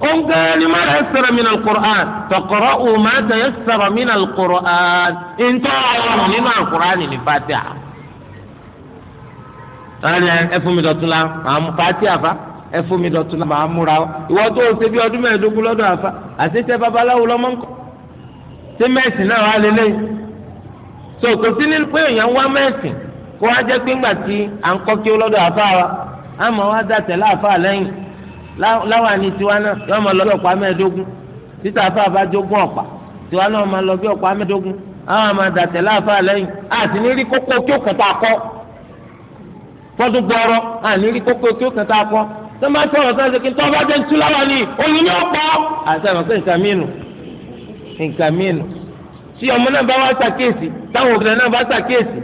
ongan ni ma yasara min alqur'an taqra'u ma tayasara min alqur'an ntọ́ ọ̀rọ̀ nínú alqur'an ní fatiha. láàrin ẹ fún màá mú fatiha fa ẹ fún mi dọ̀tun màá múra wa ìwọ tó o ṣe bí ọdún mẹ́ẹ̀ẹ́dógún lọ́dọ̀ àfa àṣetẹ babaláwo lọ́mọ ńkọ́ ṣé mẹ́ẹ̀sì náà wà lélẹ́yìn so kò sí ní pé èèyàn wá mẹ́ẹ̀sì kó wá jẹ́ pé ńgbà tí à ń kọ́ kí ó lọ́dọ̀ àfa wa àmọ́ wá dàtẹ̀ láàfa lẹ́yìn láwọn àní tiwa náà yóò máa lọ bí ọ̀pá mẹ́ẹ̀ẹ́dógún títà afá àbájógún ọ̀pá tiwa náà máa lọ bí ọ̀pá mẹ́ẹ̀ẹ́dógún àwọn àmà dàtẹ̀ láàfà lẹ́yìn àti ní rí kókó kí ó kàn tá a àní rí kókó kí ó kàn tá a kọ́ tó máa sọ̀rọ̀ sọ́ọ́ ṣe kí tó ni òyìn ní ọ̀pọ̀ àtàwọn pé nǹkan mí nù nǹkan mí nù tí ọmọ náà bá wá ṣàkíyèsí táwọn òbí náà bá ṣàkíyèsí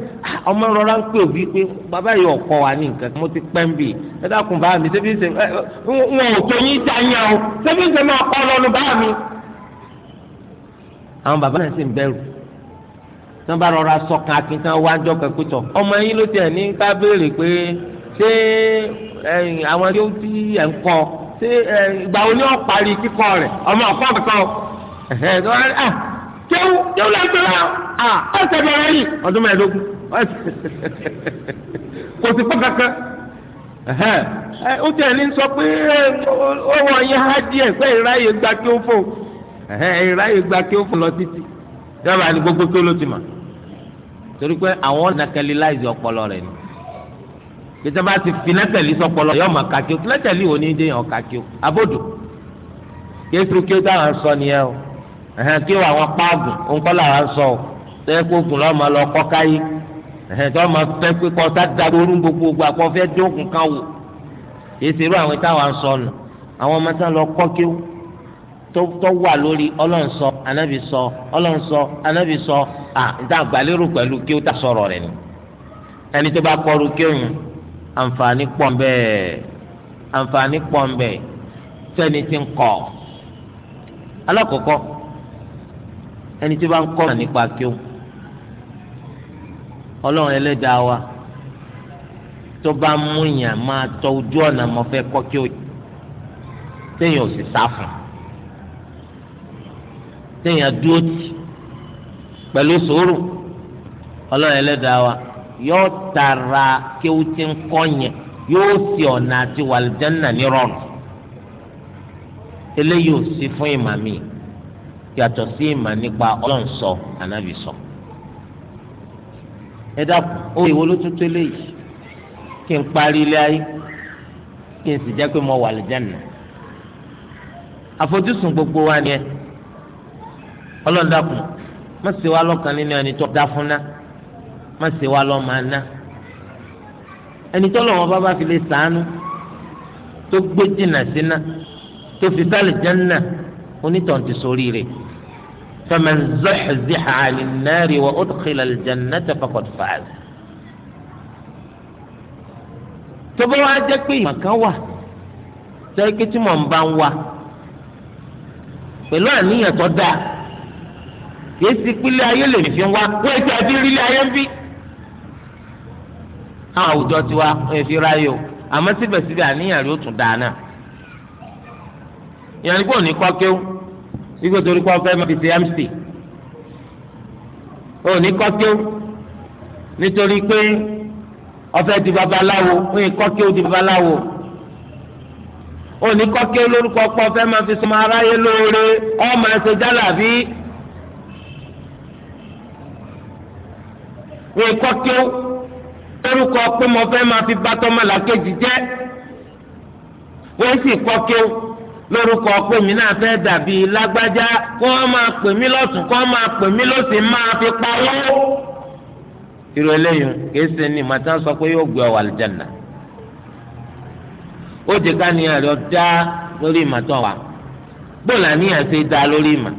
ọmọ rọra ń pè òbí pé bàbá yìí ọkọ wa ní nǹkan mo ti pẹ́ ń bì ẹ dákun bá mi ṣébí ṣe wọn ò tó yín já o ṣébí ṣe máa kọ́ lọ́nu bá mi. àwọn bàbá náà sì ń bẹ̀rù tí wọ́n bá rọra sọkàn akin tí wọ́n wá jọ kẹ́kọ̀tọ̀ ọmọ yín ló tiẹ̀ ní ká béèrè pé ṣé àwọn tí ó ti ẹ̀ ń kọ́ ṣé ìgbà wo ni wọ́n parí kíkọ́ rẹ̀ ọmọ ọ̀kọ́ kankan kéwù kéwù lẹ́gbẹ̀ẹ́ wa ọ̀sẹ̀ bẹ̀rẹ̀ yìí ọdún mẹ́ẹ̀ẹ́dógún. kò sí fún kankan ó tẹ̀lé sọ pé ó wọ yẹn há díẹ̀ pé ìráyè gba kí ó fò gba kí ó fò lọ títí dábàá ni gbogbo kí ó ló ti mà torí pé àwọn nàkàlíláìsì ọpọlọ rẹ ni gbèsè bá ti sọpọlọ dé yàn kéésù kí ó dáhà sọ nìyẹn o kí ẹ̀hẹ́ tí wọ́n máa fẹ́ pé kọ́ sá da lórí gbogbo gbà kọ́ fẹ́ dókun kan wò èsì irú àwọn táwa ń sọnù àwọn ọmọ tán lọ kọ́ kí ó tó wà lórí ọlọ́nsọ anábì sọ ọlọ́nsọ anábì sọ à níta àgbàlérò pẹ̀lú kí ó ta sọ̀rọ̀ rẹ̀ ni ẹni tó bá kọ́ ru kí òun àǹfààní pọ̀ ń bẹ́ẹ̀ àǹfààní pọ̀ ń bẹ́ẹ̀ fẹ́ni tí ń kọ́ alákọ̀ọ́kọ́ ẹni tó bá ń kọ́ nípa kí òun ọlọ́run ẹlẹ́dàá wa tó bá mú yàn máa tọ ojú ọ̀nà mọ́ fẹ́ kọ́ kí ó téèyàn ò sì sá fún téèyàn dúró tì pẹ̀lú sùúrù ọlọ́run ẹlẹ́dàá wa yóò tara kí ó ti ń kọ́ yẹn yóò sì ọ̀nà àti wàlìjánà ní eléyìí ò sí fún ìmàmì yàtọ̀ sí ìmà nípa ọlọ́run sọ ànábì sọ. So ẹ dákun ó ìwo ló tún tó léyìí kí n parí ilé ayé kí n sì jẹ́ pé mo wà lẹ́jẹ̀nà àfojúsùn gbogbo wa ni ẹ ọlọ́dàkùn má ṣe wá lọ́kàn nínú ẹni tó dá fún ná má ṣe wá lọ́ máa ná ẹni tó lọ́wọ́ bá bá fi lè sàánú tó gbé jìnnà síná tó fi sálẹ̀ jẹ́nà onítọ̀ ti sórí rẹ̀. فمن زحزح عن النار وأدخل الجنة فقد فعل tó bá wá jẹ́ pé ìmọ̀ kan wà sẹ́kí tí mò ń bá ń wá pẹ̀lú àníyàn tó dáa kìí sí pílẹ̀ ayé lè fi wá wọ́n ti àti rílẹ̀ ayé ń bí. àwọn àwùjọ tiwa wọ́n fi ráyè o àmọ́ síbẹ̀síbẹ̀ àníyàn rẹ̀ ó tún dáa náà ìyànjú kò ní kọ́ kéwù wípé torí pé ọfẹ́ máa fi ṣe mc ò ní kọ́kíó nítorí pé ọfẹ́ di babaláwo ó ní kọ́kíó di babaláwo ò ní kọ́kíó lórúkọ pé ọfẹ́ máa fi sọmọ aráyé lóore ó máa ṣe jálàbí. ní kọ́kíó orúkọ pé mo fẹ́ máa fi bá tọ́mọ làkejì jẹ́ wọ́n sì kọ́kíó. lórúkọ pé mi náà fẹ́ dàbí lágbájá kó máa pè mí lọ́tún kó máa pè mí maa máa fi pawó. irú eléyìí kìí ni màtá sọ pé yóò gbé ọ wà ó jẹ ká ní àrẹ ọdá lórí ìmàtọ́ wa bóòlù àníyàn ṣe dá lórí ìmà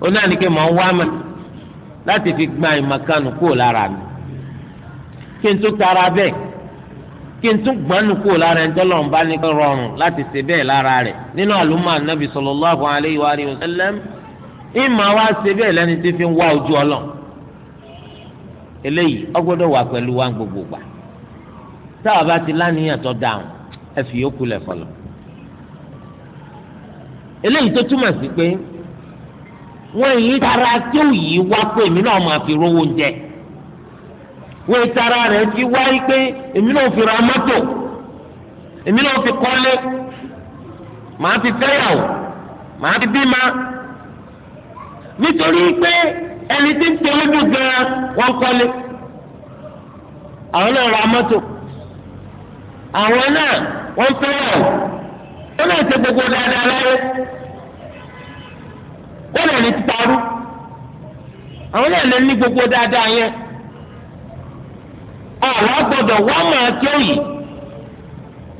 ó náà ní kí ń wá fi gba ìmàkánù kúrò lára mi kí n tó tara kí n tún gbọ́nù lára ẹni tọ́lọ̀ bá ní rọrùn láti ṣe bẹ́ẹ̀ lára rẹ̀ nínú àlùmọ́ ànábì sallallahu wa alihi wa sallam ìmọ̀ wa ṣe bẹ́ẹ̀ lẹ́ni tí fi ń wá ojú ọlọ́ eléyìí wà pẹ̀lú wa gbogbo gbà táwa bá ti tó dáhùn ẹ fi yókù lẹ̀ fọlọ́ eléyìí tó túmọ̀ sí pé wọ́n yìí tara tó yìí wá pé èmi náà máa fi rówó wọ́n tara ti wá ikpe èmi náà fi ra mọ́tò èmi náà fi kọ́lé màá fi fẹ́yàwó màá fi bímọ nítorí pé ẹni tí ń tẹ́lẹ́dù gan-an wọ́n kọ́lé àwọn náà ra mọ́tò àwọn náà wọ́n o wọ́n náà ṣe gbogbo dáadáa láyé wọ́n náà ní àwọn náà lè ní gbogbo ọ̀rọ̀ gbọ́dọ̀ wọ́n máa tó yìí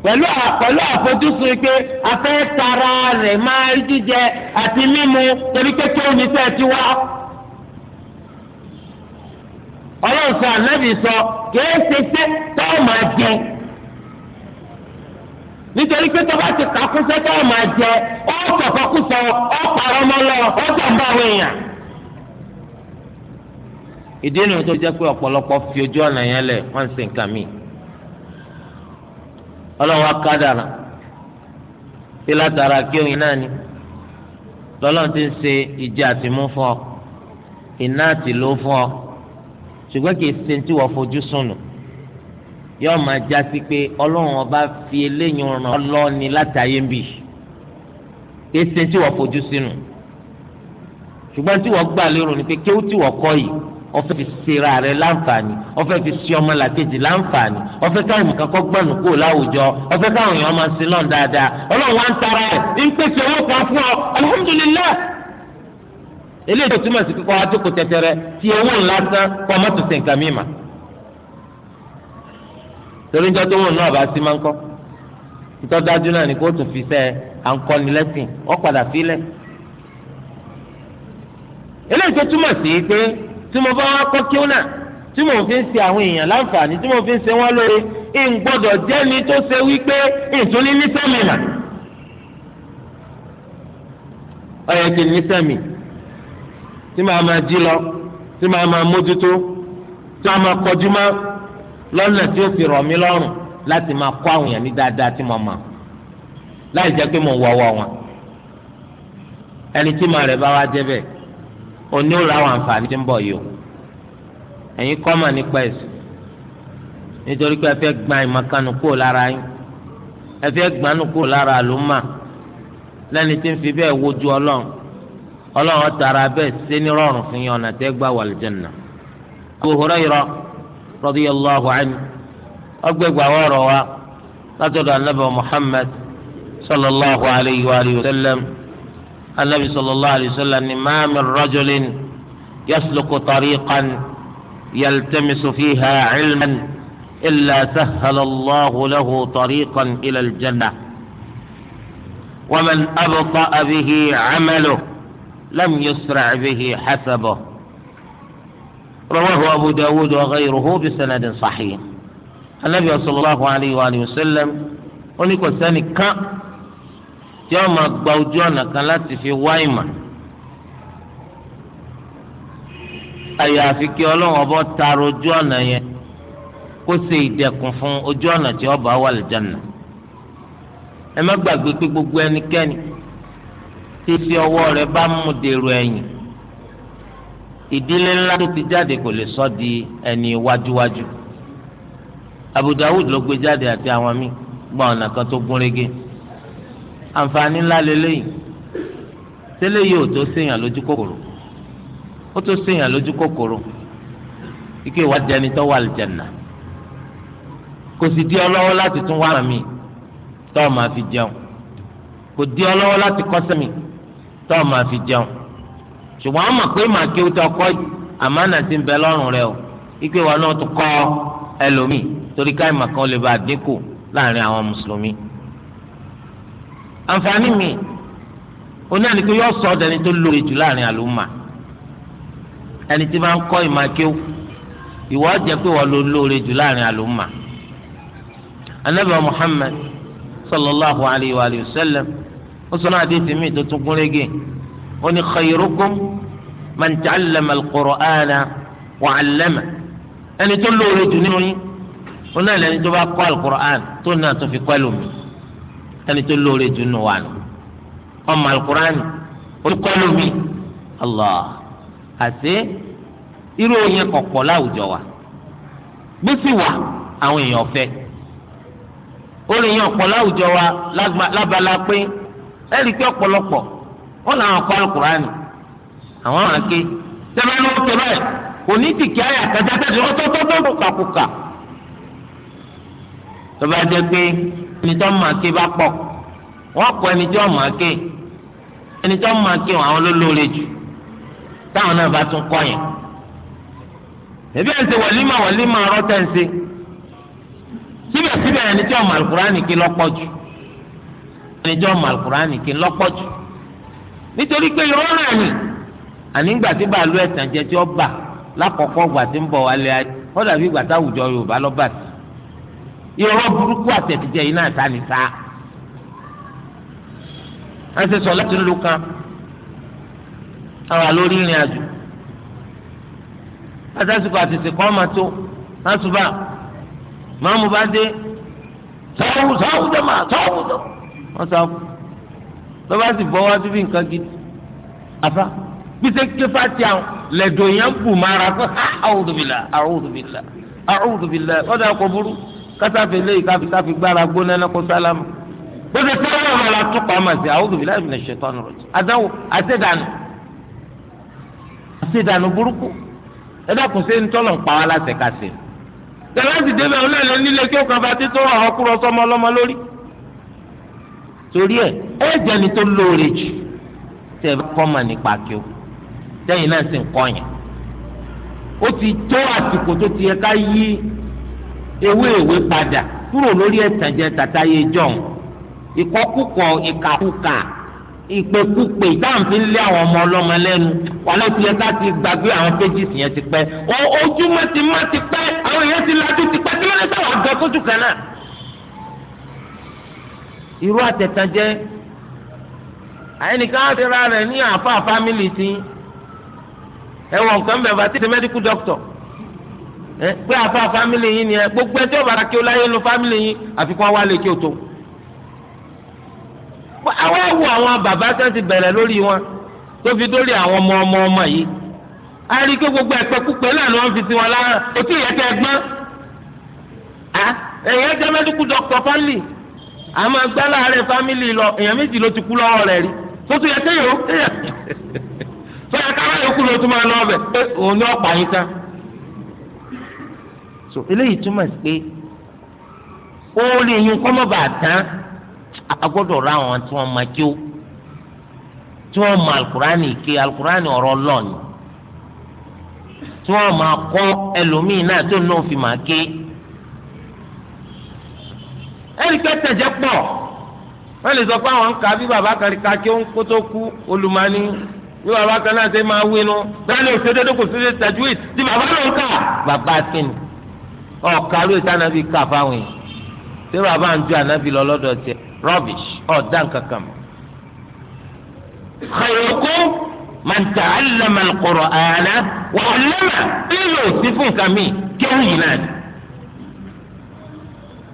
pẹ̀lú pẹ̀lú àfojúsùn pé afẹ́ tara rẹ̀ máa jíjẹ àti mímu torí omi ti wá. ànábì sọ pé máa jẹ nítorí pé tó bá ti kàkúnṣẹ́ táwọn máa jẹ ọ̀pọ̀ kọkúsọ ń bá ìdí nu tó jẹ́ pé ọ̀pọ̀lọpọ̀ fi ojú ọ̀nà yẹn lẹ̀ wọ́n ń sin nǹkan mi ọlọ́wọ́ akádàrà tí látara kí òyìn náà ni lọ́lọ́run ti ń ṣe ìjà àtìmú fún ọ iná àti ló fún ọ ṣùgbọ́n kì í ṣe tí wọ́n fojú sùnù yóò máa já sí pé ọlọ́run ọba fi eléyìí ràn ọ́ lọ́ni látàyé ń bì kì í ṣe tí wọ́n fojú sínú ṣùgbọ́n tí wọ́n gbà lérò ni pé kéwú tí wọ́n kọ́ yìí ọfẹ́ fi ṣera rẹ̀ láǹfààní ọfẹ́ fi ṣe ọmọ làkejì láǹfààní ọfẹ́ káwọn nǹkan kọ́ gbọ́nù kó láwùjọ ọfẹ́ káwọn èèyàn máa ṣe lọ́n dáadáa ọlọ́run wá ń tara ẹ̀ ń pèsè owó kan fún ọ alihamudulilayi eléyìí tó túmọ̀ sí kíkọ́ adókò tẹ́tẹ́rẹ́ tí owó ńlá sán kọ́ mọ́tò sí nǹkan mímà torí níjọ́ tó wọ̀ náà bá sí máa ń kọ́ ìtọ́jú náà ni kó fi sẹ́ à ń kọ́ni lẹ́sìn ọ́ padà fílẹ̀ eléyìí tó túmọ̀ sí pé tí mo bá wá kọ́ kíó náà tí mo fi ń ṣe àwọn èèyàn láǹfààní tí mo fi ń ṣe wọ́n lóore ń gbọ́dọ̀ jẹ́ni tó ṣe wípé ìtúní nísàmì mà ọ̀yẹ́ kì í nísàmì tí màá máa jí lọ tí màá máa mójútó tí màá máa kọjú mọ́ lọ́nà tí ó fi rọ̀ mí lọ́rùn láti máa kọ́ àwọn èèyàn ní dáadáa tí mo mọ̀ láì jẹ́ pé mo wọ́wọ́ wọn ẹni tí màá rẹ̀ bá wá jẹ́ bẹ́ẹ̀ oní òrà àwọn àǹfààní tí ń bọ̀ yìí o ẹ̀yin kọ́ mà nípa ẹ̀sìn nítorí pé ẹ fẹ́ ìmọ̀kanu kúrò lára yín ẹ fẹ́ kúrò lára lẹ́ni tí ń fi bẹ́ẹ̀ wojú ọlọ́run ọlọ́run tara bẹ́ẹ̀ ṣe ní rọrùn fún yín ọ̀nà tẹ́ gbà radiyallahu anhu ọgbẹ́gbà wọ́ọ̀rọ̀ wa látọ̀dọ̀ anábẹ́ Muhammad sallallahu alayhi wa sallam. النبي صلى الله عليه وسلم ما من رجل يسلك طريقا يلتمس فيها علما إلا سهل الله له طريقا إلى الجنة ومن أبطأ به عمله لم يسرع به حسبه رواه أبو داود وغيره بسند صحيح النبي صلى الله عليه وآله وسلم ونقول الثاني tí ọ máa gba ojú ọ̀nà kan láti fi wá ìmọ̀ àyàfi kí ọlọ́run ọba taara ojú ọ̀nà yẹn kó ṣe ìdẹ̀kùn fún ojú ọ̀nà tí ọba wà lẹ́jọ́nà ẹ má gbàgbé pé gbogbo ẹnikẹ́ni tí fi ọwọ́ rẹ bá mú dèrò ẹ̀yìn ìdílé ńlá sọ di ẹni wájúwájú Abu Dawud ló gbé jáde àti àwọn kan tó gúnrégé. àǹfààní ńlá lélẹ́yìn tẹ́lẹ̀ yóò tó séèyàn lójú kòkòrò ó tó séèyàn lójú kòkòrò ike wà jẹni tó wà lìjẹ̀nà kò sì di ọlọ́wọ́ láti tún wá mi tó o máa fi jẹun kò di ọlọ́wọ́ láti kọ́sẹ́ mi tó o máa fi jẹun ṣùgbọ́n a pé màá kí o tó kọ́ àmánà ti ń bẹ lọ́rùn rẹ o ike wà náà tó kọ́ ẹlòmíì torí káyìmọ̀ kan lè bá a láàrin àwọn mùsùlùmí àǹfààní mi oní àná kí yọ sọ ọ́ dẹni tó lóore jù láàrin àlùmà ẹni tí bá ń kọ́ ìmàkéwò ìwọ jẹ́ pé wọ́n ló lóore jù láàrin àlùmà anabi muhammad sallallahu alayhi wa sallam ó sọ náà déètì mi tó tún kún régé ó ní khayrukum man ta'allama al-qur'ana wa 'allama ẹni tó lóore jù nínú yín ó náà lẹni bá kọ́ al tó náà tó fi kọ́ ẹlòmíì ẹni tó lóore jù nù wà nù ọmọ alukurani olùkọ́lù mi allah àti irú oyin kọ̀pọ̀ láwùjọ wa bí sì wà àwọn èèyàn fẹ́ oríyìn ọ̀pọ̀ láwùjọ wa lábala pé ẹ̀rí pé ọ̀pọ̀lọpọ̀ wọn làwọn kọ́ alukurani àwọn àwọn ake tẹ́lẹ̀ ló tẹ́ báyìí ayé àtẹ́tẹ́tẹ́ ọ̀tọ̀tọ̀tọ̀ kàkùkà tó bá pé ẹni tó máa ké bá pọ̀ wọ́n pọ̀ ẹni tó máa ké ẹni tó máa ké wọn àwọn olólóore jù táwọn náà bá tún kọ́ yẹn ẹbí ẹ̀ ń ṣe wọ̀límà wọ̀límà rọ́tẹ̀ ń ṣe síbẹ̀síbẹ̀ ẹni tí ọmọ alukurani kí lọ́pọ̀ jù ẹni tí ọmọ alukurani kí lọ́pọ̀ jù nítorí pé yọ ọ́rọ̀ ẹ̀yìn ànígbà tí bàálù ẹ̀tàn jẹ tí ó bà lákọ̀ọ́kọ́ gbà tí ń bọ̀ wálé ayé irọ́ burúkú àtẹ̀tìjẹ́ yìí náà ta ni ta a ṣe sọ láti lu kan àwọn àlórí ìrìn àjò àtàsìkò àtẹ̀tẹ̀ kan máa tó lásùbà màmú bá dé sọ́wọ́ sọ́wọ́ jẹ́ máa sọ́wọ́ jọ wọ́n sọ lọ́ bá sì bọ́ wá bíbí nǹkan gidi àfa bí sẹ́kẹ́ fàtí àwọn lẹ́dọ̀ yẹn bù mára kó àwùdùbìlà àwùdùbìlà àwùdùbìlà ọ̀dà kò burú kásáfì lé káfí káfí gbára gbóná ẹnẹkó sálámù bó ṣe tẹ́ ọmọ ọmọ la tún pa ọmọ sí àwọn òbí láìpẹ́ ṣe tọ́nu rẹ̀ adáwò àṣedànù àṣedànù burúkú ẹ̀dàkùn ṣe ń tọ́lọ̀ ń pa wá láti ẹ̀ka sí i. tẹ̀láǹtì débẹ̀ ọlọ́ọ̀lẹ́ nílé kí ó kàn bá títọ́ àwọn kúrọ̀ sọmọ ọlọ́mọ lórí. torí ẹ ẹ jẹni tó lóore jù tẹ ẹ bá kọ́mà nípa kí o náà sì ń kọ́yàn. ó ti tó àsìkò tó ti yẹ ká yí ewé ìwé padà kúrò lórí ẹ̀tànjẹ tàtà yé jọ̀hún ìkọkúkọ ìkàkùkà ìpèkúpè táǹfì ń lé àwọn ọmọ ọlọ́mọ lẹ́nu wàhálà tí yẹn ká ti gbàgbé àwọn pages yẹn ti pẹ́ ojúmọ́ ti má ti pẹ́ àwọn èèyàn ti lajú ti pẹ́ tí wọ́n lè sáwọn àgbẹ̀ sójú kan náà. irú àtẹ̀tànjẹ àyẹnìkan àti ra rẹ̀ ní àfa fámìlì tí ẹ̀wọ̀n kan bẹ̀ bá ti di medical doctor pé àfa fámìlì yín ni ẹ gbogbo ẹjọ́ bàrà kí o láyé nu fámìlì yín àfikún wa lè kí o tó. àwọn ẹ̀wù àwọn bàbá tẹ́ ti bẹ̀rẹ̀ lórí wọn tó fi dórí àwọn ọmọ ọmọ ọmọ yìí a rí i pé gbogbo ẹ̀pẹ́ púpẹ́ náà ni wọ́n fi sí wọn lára òtí ìyẹn tẹ́ gbọ́n. ẹ̀yẹ́ jẹ́ mẹ́díkù dọ́kítọ̀ fámìlì àmọ́ gbálá rẹ̀ fámìlì lọ èèyàn méjì ló ti kú lọ́wọ́ rẹ̀ rí tó tún yẹ kéèyàn ó kéèyàn tó yẹ káwá yòókù ló tún máa so eléyìí túmọ̀ sí pé orí yín kọ́ mọ́ bàa tán a gbọ́dọ̀ ra àwọn tí wọ́n máa jó tí wọ́n mọ alukurani ké alukurani ọ̀rọ̀ lọ́ọ̀nù tí wọ́n máa kọ́ ẹlòmíì náà tó náà fi máa ké ẹnìkẹ́ tẹ̀jẹ̀ pọ̀ wọ́n lè sọ pé àwọn ń kà bí bàbá kan ká kí ó ń kó tó kú olùmọ̀ọ́ni bí bàbá kan náà ṣe máa wínú bẹ́ẹ̀ ni òṣèlú kò ṣe tajwid tí bàbá náà ń kà bàbá kí ni ọ̀kàrú ètò ànábì kà fáwọn yìí ṣé bàbá ń ju ànábì lọ lọ́dọ̀ tiẹ̀ rubbish ọ̀dà nkankan mọ́. khayrukum man ta'allama al-Qur'ana wa 'allama ilé fún nǹkan mi kéwù yìí náà ni.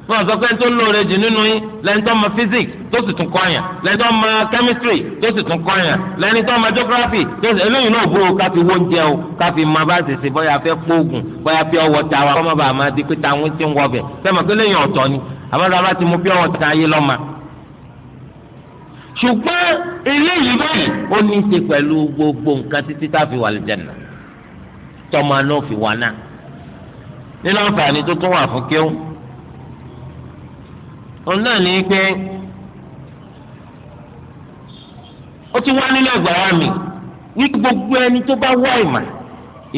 wọ́n pé ń tó lóore jù nínú yín lẹ́ńtọ́ mọ physics tó sì tún kọ́yàn lẹ́ni tó ma chemistry tó sì tún kọ́yàn lẹ́ni tó ma geography tó sì eléyìí náà búrò ká fi wóúnjẹ o ká fi bá ṣèṣe bóyá fẹ́ kóògùn bóyá fẹ́ ọwọ́ ta wa kọ́mọ́ bá a ma di pé táwọn ti ń wọbẹ̀ sẹ́mi pé lẹ́yìn ọ̀tọ̀ ni àbára bá ti mú bí ọwọ́ ta ayé lọ́ma. ṣùgbọ́n eléyìí báyìí ó ní í ṣe pẹ̀lú gbogbo nǹkan títí tá a fi wà lìjẹ̀nà tọ́mọ náà fi wà náà nínú àǹfààní tó tún wà fún ó ti wá nílẹ̀ gbàrà mi ní gbogbo ẹni tó bá wá ìmà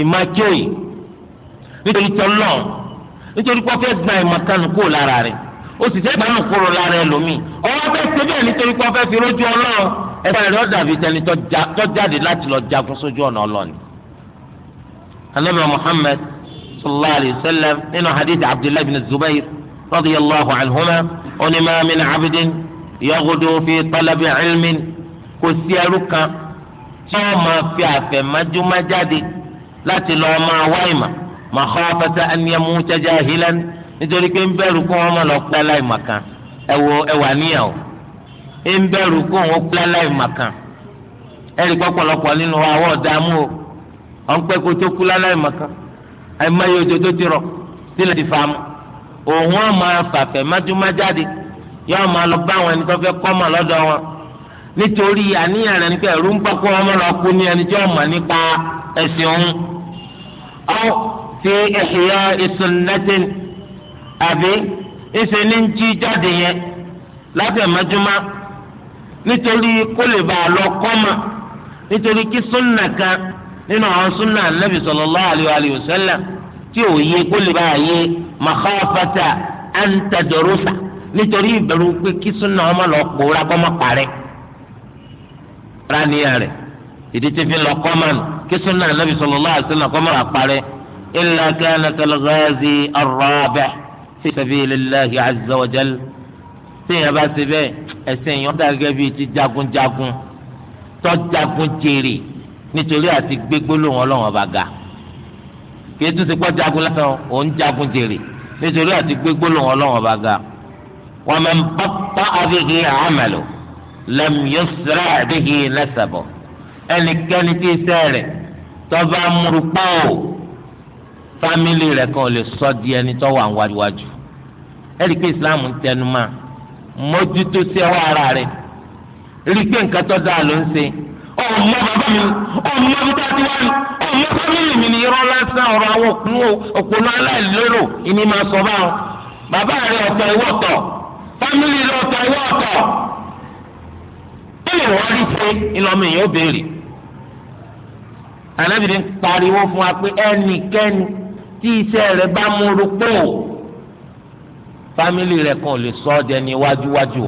ìmà jòyè nítorí tọ́lọ́ nítorí pé ó fẹ́ gba ìmà kanu kúrò lára rẹ̀ ó sì fẹ́ gbanú kúrò lára ẹlòmíì ọwọ́ bẹ́ẹ̀ ṣe bẹ́ẹ̀ nítorí pé ó fẹ́ fi rójú ọlọ́run ẹ̀fọ́ rẹ̀ ó dàbí tẹni tó jáde láti lọ jagun sójú ọ̀nà ọlọ́ni. anabi muhammed sallallahu alayhi wa sallam nínú hadith abdullahi bin zubair radiyallahu anhuma onímọ̀ min abidin yagudu kò sí ẹrú kan tí wọ́n máa fi àfẹ̀májúmá jáde láti ìmọ̀ nítorí pé ń bẹ̀rù kó wọn máa lọ pẹ́ aláìmọ̀kan ẹ wo ẹ wà níyàwó ń bẹ̀rù kó wọn pẹ́ aláìmọ̀kan ẹ̀rí pọ̀pọ̀lọpọ̀ nínú àwọ̀ ọ̀dààmú o ọ̀n pẹ́ kó tó kú láláìmọ̀kan tó ti rọ̀ sílẹ̀ ti fàámu òun á máa yóò máa lọ bá àwọn kọ́ lọ́dọ̀ wọn nítorí àníyàn rẹ̀ nípa ẹ̀rú ń bá kó ọmọ lọ kú ní ẹni tí ó mọ̀ nípa ẹ̀sìn òun. ọ fi ẹ̀yà ìsúnnẹ́tì àbí ìṣe ní ń jí jáde yẹn lábẹ́ nítorí kó lè bá a lọ kọ́mà nítorí kí súnnà kan nínú àwọn súnnà Ànábì sallallahu alaihi wa sallam tí ò yẹ kó lè bá a yẹ makhafata an tadrusa nítorí ìbẹ̀rù pé kí súnnà ọmọ lọ pòórá kọ́mọ parẹ́ ránìyàn rẹ̀ ìdí tí fi lọ kọ́mọ̀n kí sunna anabi sallallahu alaihi wasallam kọ́mọ̀n àparẹ́ illa kana kalghazi ar-rabi' fi sabilillahi azza wa jal tíyẹn bá ti bẹ́ẹ̀ ẹ̀sìn yẹn dàgẹ́ bíi ti jagunjagun tọ́jagun jèrè nítorí àti gbé gbólóhùn ọlọ́run ọba ga kí etu ti pọ́ jagun lásán òun jagun jèrè nítorí àti gbé gbólóhùn ọlọ́run ọba ga wa man batta bihi amalu lam yusra' bihi nasabu ẹnikẹ́ni tí iṣẹ́ rẹ̀ tọ́ba múrùpá o fámìlì rẹ̀ kan lè sọ di ẹni tó wà wájúwájú ẹ̀rí pé islam ń tẹnu mọ́ mójútó sí ẹwà ara rẹ̀ rí pé nǹkan tó dáa ló ń ṣe ọmọ bàbá mi ọmọ bàbá ti wá mi ọmọ fámìlì mi ni irọ́ lásán ọ̀rọ̀ àwọn òpónú aláìlérò ìní máa sọ báwọn bàbá rẹ̀ ọ̀tọ̀ ìwọ̀tọ̀ fámìlì rẹ̀ ọ̀tọ̀ ìwọ̀tọ̀ kí lè wọ́n rí ṣe ìlọmọ èèyàn ó béèrè anábìrin pariwo fún wa pé ẹnikẹ́ni tí iṣẹ́ rẹ̀ bá múru pé o fámìlì rẹ̀ kan ò lè sọ ọ́ dẹni wájúwájú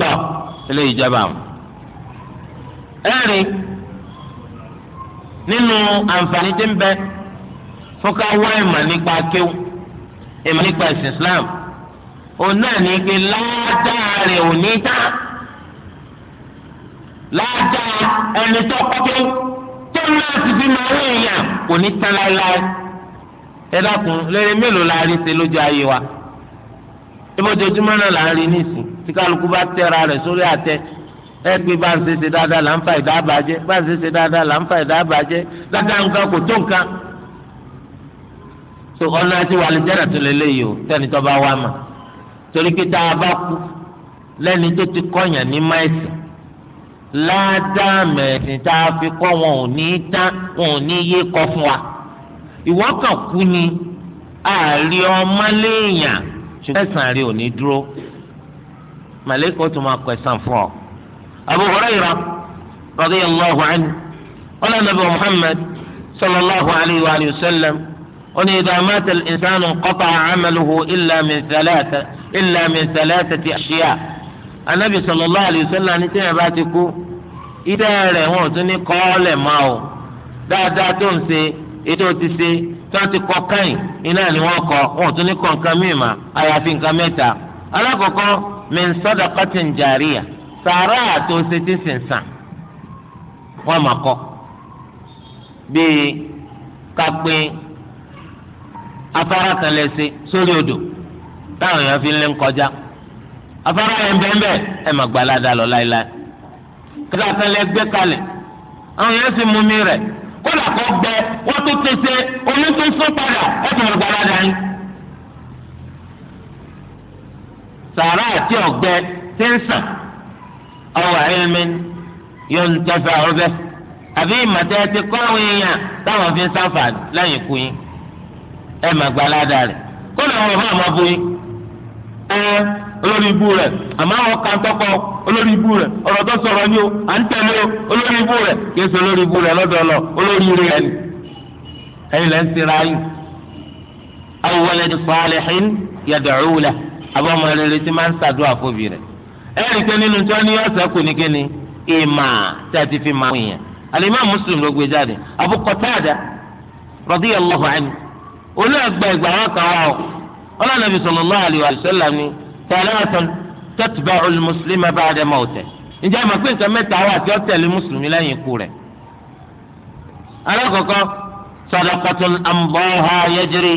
tọ́ ilé ìjọba ẹ̀rín nínú àǹfààní tí ń bẹ fúnka wá ìmọ̀ nípa kéwù ìmọ̀ nípa ìsìn Islam òun náà ní pé ládàá rẹ̀ ò ní tán. ládàá ẹni tó kọ́kẹ́ tó ń náà ti fi máa ń èèyàn kò ní tán láéláé. ẹ dákun lórí mélòó la rí ṣe lójú ayé wa ìbòjòjúmọ́ náà rí tí kálukú bá tẹ́ra rẹ̀ sórí àtẹ ẹ pé bá ń dáadáa o bá wá mà torí pé tá a bá kú lẹ́ni ládàmẹ̀sìn tá a fi kọ́ wọn ò ní tán wọn ò ní yé kọ́ fún wa ìwọ kàn kú ni àárí ọmọ léèyàn ṣùgbọ́n ẹ̀sán rí ò ní dúró màlẹ́kọ̀ tó máa kọ ẹ̀sán fún ọ. Abu Hurayra radiyallahu anhu ọ̀nà nàbẹ Muhammad sallallahu alayhi wa sallam ọ̀nà idha mata al-insanu qata'a amaluhu illa min thalatha illa min anabi sallallahu alaihi wasallam ní tẹ́yìn bá ti kú idá rẹ̀ wọn ò tún ní kọ́ọ́lẹ̀ mọ́ o dáadáa tó ń ṣe ètò ti ṣe tó ti kọ́ káyìn iná ni wọ́n kọ́ wọn ò tún ní kọ́ nǹkan míì mà àyàfi nǹkan mẹ́ta alákọ̀ọ́kọ́ min sadaqatin jariya sàárà tó ṣe ti sìn sàn wọ́n mà kọ́ bíi kápẹ́ afárá kan lẹ́sẹ̀ sórí odò táwọn èèyàn fi ń lé ń kọjá. afárá yẹn bẹ́ẹ̀ ẹ má gba aládàá lọ láéláé kódà kan lẹ gbé kalẹ̀ àwọn yẹn sì mú mi rẹ̀ kódà kó gbẹ wọ́n tó tẹsẹ̀ omi tó sún padà ẹ tó gba aládàá yín. sàrà àti ti ń sàn ọwọ́ ẹ̀mí yóò ń tẹ́fẹ́ ọ̀bẹ àbí ìmọ̀tẹ́ ti kọ́ àwọn èèyàn táwọn fi ń sáfà lẹ́yìn kú yín ẹ má gba aládàá rẹ̀ kódà wọn yín. olórí ibú rẹ̀ àmọ́ àwọn kan tọkọ olórí tó ni o à ń o olórí kéésì olórí olórí ẹni ẹni ń yìí. abọ́mọ rere ti máa ń nínú tí wọ́n ní ọ̀sẹ̀ kù ní kíni ìmà tí a ti fi máa wọ̀nyẹn alimami muslim ló gbé jáde Abu Qatada radiyallahu anhu olóògbé ìgbà wọn kàn ọ ọlọ́run nàbì ni tẹ̀lẹ́sán tẹ́tùbẹ́ olùmùsùlùmí bá dẹ̀ mọ̀ tẹ̀ ǹjẹ́ àmọ́ pé nǹkan mẹ́ta wà tí ó tẹ̀lé mùsùlùmí lẹ́yìn ikú rẹ̀. alákọ̀ọ́kọ́ sadaqatun ambaha yajri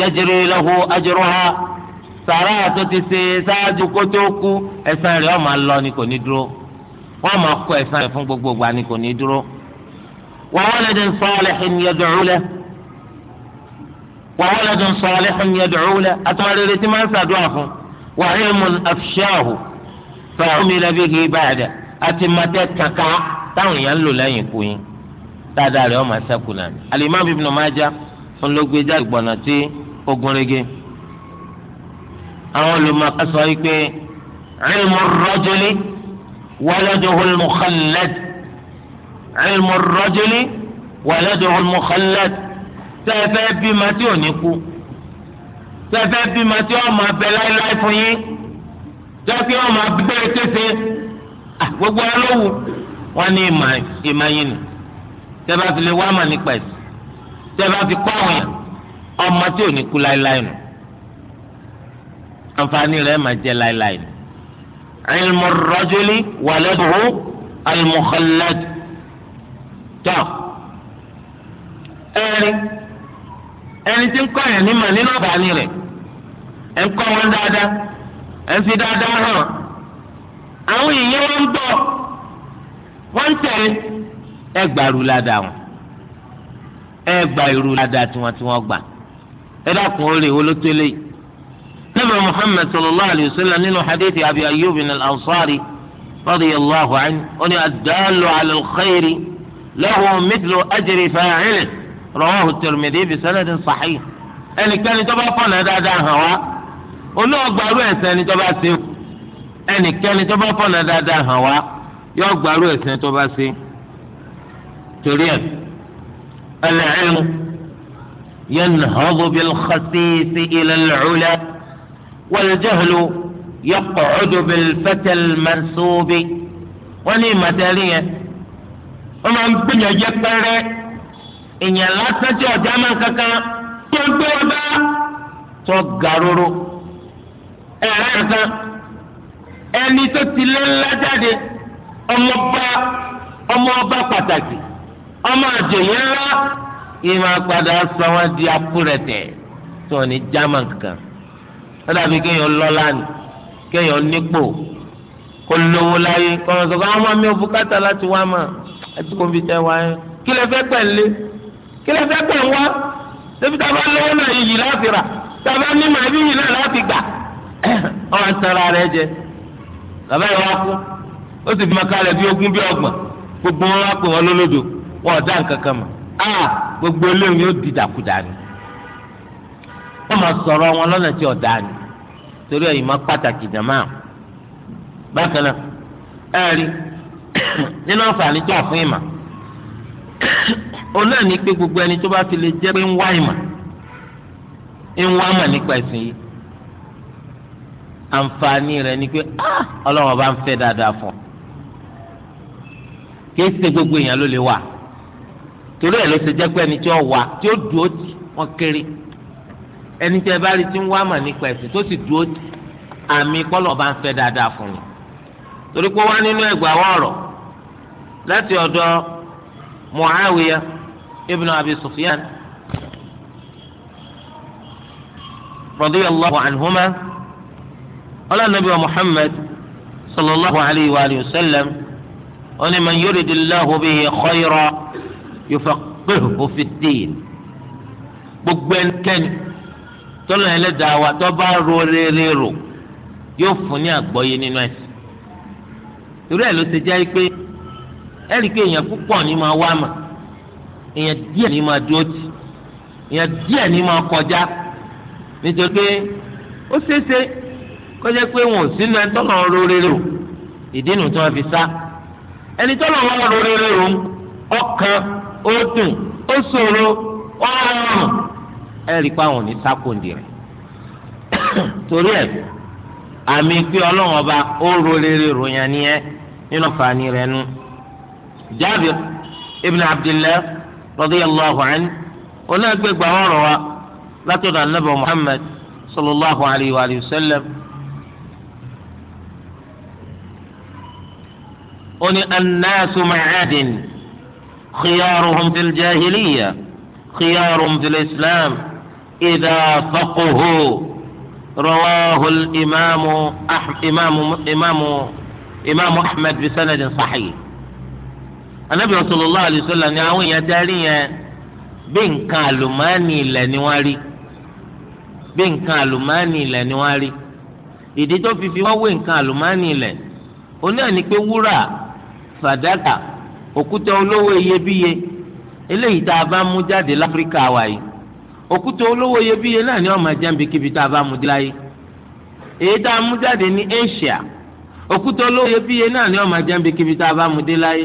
yajri lahu ajruha sàrà tó ti ṣe ṣáájú kó tó kú ẹ̀san rẹ̀ ó máa lọ ni kò ní dúró wọ́n máa kó ẹ̀san rẹ̀ fún gbogbo ìgbà ni kò ní dúró. wa waladun salihin yad'u lahu wa waladun salihin yad'u lahu àtàwọn rere tí máa ń ṣàdúrà fún un. وعلم أفشاه فعمل به بعد أتمتت كاكا تاون ينلو لا يكوين dáadáa rẹ̀ ọmọ asẹ́kù náà ni. alimami ibn Majah ń ló gbé jáde gbọ̀nà tí ogun rege. àwọn olùmọ̀ọ́ká sọ wípé ilmu rajuli waladuhul mukhallad ilmu rajuli waladuhul mukhallad tẹ́ ẹ fẹ́ bímọ tí ò ní kú tẹ́fẹ́ bímọ tí wọ́n máa bẹ láéláé fún yín tẹ́fẹ́ wọ́n máa gbé kése gbogbo ọlọ́wù wọ́n ní ìmọ̀ yín ni tẹ́fẹ́ bá fi lè wá mà nípa ẹ̀sìn tẹ́fẹ́ bá fi kọ́ àwọn yàn ọmọ tí ò ní kú láéláé nù àǹfààní rẹ̀ máa jẹ́ láéláé nù. ilmu rajuli waladuhu al-mukhallad tó ẹni tí ń kọ́ yẹn ní mà nínú àbáni rẹ̀ ẹ̀ ń kọ́ wọn dáadáa ẹ̀ ń fi dáadáa hàn àwọn èèyàn wọn ń bọ̀ wọ́n ń tẹ̀lé ẹ gbà irú ládàá wọn ẹ gbà irú ládàá tiwọn tí gbà ẹ dákun ó lè wọ́n ló tó léyìí. نبي محمد صلى الله عليه وسلم من حديث أبي أيوب الأنصاري رضي الله عنه أن الدال على الخير له مثل أجر فاعله رواه الترمذي بسند صحيح ẹnikẹ́ni tó bá fọ̀nà dáadáa hàn wá olóò gbàrú ẹ̀sẹ̀ ni tó bá ṣe ẹnikẹ́ni tó bá fọ̀nà dáadáa hàn wá yóò gbàrú ẹ̀sẹ̀ tó bá ṣe torí ẹ̀ al-ilmu yanhadu bil-khasisi ila al-ula wal-jahlu yaq'udu bil-fata al-mansubi wọ́n ní ìmọ̀tẹ́rì yẹn wọ́n máa ń gbìyànjẹ́ pẹ́rẹ́. èèyàn lásán tí ọjà máa ń kankan tó ń gbé wọn bá tó ga róró ẹ̀rọ nǹkan ẹni tó ti lé ńlá jáde ọmọọba ọmọọba pàtàkì ọmọ àjòyè ńlá ìmọ̀ àpàdà sọ wọn di apúrẹ̀tẹ̀ tó ní jámà kankan ó dàbí kéèyàn lọ́lá ni kéèyàn nípò kó lówó láyé kọ́ńtà sọ̀rọ̀ àwọn ah, ọmọ mi ò bùkátà láti wá mà àti kò fi tẹ̀ wáyé kí lè fẹ́ pẹ̀lẹ́. kí fẹ́ tàn wá débi tá a bá lọ́wọ́ náà láti rà tá a bá ní màá bí yìí náà láti gbà ọ̀rọ̀ sanra rẹ jẹ bàbá yìí wá kú ó fi máa kalẹ̀ bí ogún bí ọgbọ̀n gbogbo wọn wá pè wọn lólódò wọn gbogbo eléyìí yóò di ni máa sọ̀rọ̀ wọn lọ́nà tí ọ̀dà ni torí ẹ̀yìn máa pàtàkì jàmá bákan náà nínú àǹfààní tó àfún olóò ní pé gbogbo ẹni tó bá fi lè jẹ́ pé ń wá ìmọ̀ ń wá ìmọ̀ nípa ẹ̀sìn yìí àǹfààní rẹ̀ ni pé ah, ọlọ́run ọba ń fẹ́ dáadáa fún ọ gbogbo èèyàn ló lè wà torí ẹ̀ ló ṣe jẹ́ pé ẹni tí ó wà tí ó dúró tì wọ́n kéré ẹni tí ẹ bá rí tí ń wá ìmọ̀ nípa ẹ̀sìn tó sì dúró ti àmì kọ́lọ̀ ọba ń fẹ́ dáadáa fún mi torí pé wọ́n nínú láti ọ̀dọ̀ ibn abi sufyan radiyallahu anhuma ọlá nabi wa muhammad sallallahu alayhi wa alihi wa sallam oní man yuridillahu bihi khayra yufaqihu fid-din gbogbo ẹnikẹ́ni tọ́lọ́ ẹlẹ́dàá wa tó bá ro rere rò yóò fún ní àgbọ́yé nínú ẹ̀sìn irú ẹ̀ ló ti jẹ́ pé ẹ̀rí pé èèyàn púpọ̀ ní máa wá mà. ìyẹn díẹ̀ ní máa dúró tì ìyẹn díẹ̀ ní máa kọjá nítorí pé ó ṣeéṣe kọjá pé wọn ò sínú ẹni tọ́lọ̀ rere ìdí nu tí wọ́n fi sá rere ọkàn ó dùn ó ṣòro ẹ rí i pé àwọn ò ní torí ẹ̀ àmì pé ọba ó rere nínú àǹfààní nu radiyallahu anhu onáàgbégbà ọ̀rọ̀ wa látọ̀dọ̀ anábọ̀ muhammad sallallahu alayhi wa sallam oni annaasu macaadin khiyaaruhum fi ljahiliya khiyaaruhum fi lislam ida faquhu رواه الإمام أح... إمام إمام إمام أحمد بسند صحيح anabi sallallahu alaihi wasallam ni àwọn èèyàn darí yẹn bí nǹkan àlùmọ́ọ́nì ilẹ̀ ni wọ́n rí bí nǹkan àlùmọ́ọ́nì ilẹ̀ ni wọ́n rí ìdí tó fi fi wọ́n wé nǹkan àlùmọ́ọ́nì ilẹ̀ òun náà ni pé wúrà fàdákà òkúta olówó iyebíye eléyìí tá a bá mú jáde láfíríkà wa yìí òkúta olówó iyebíye náà ni wọ́n máa jẹ́ níbikíbi tá a bá mú dé láyé èyí tá a mú jáde ní Asia òkúta olówó iyebíye náà ni wọ́n máa jẹ́ níbikíbi tá a bá mú dé láyé.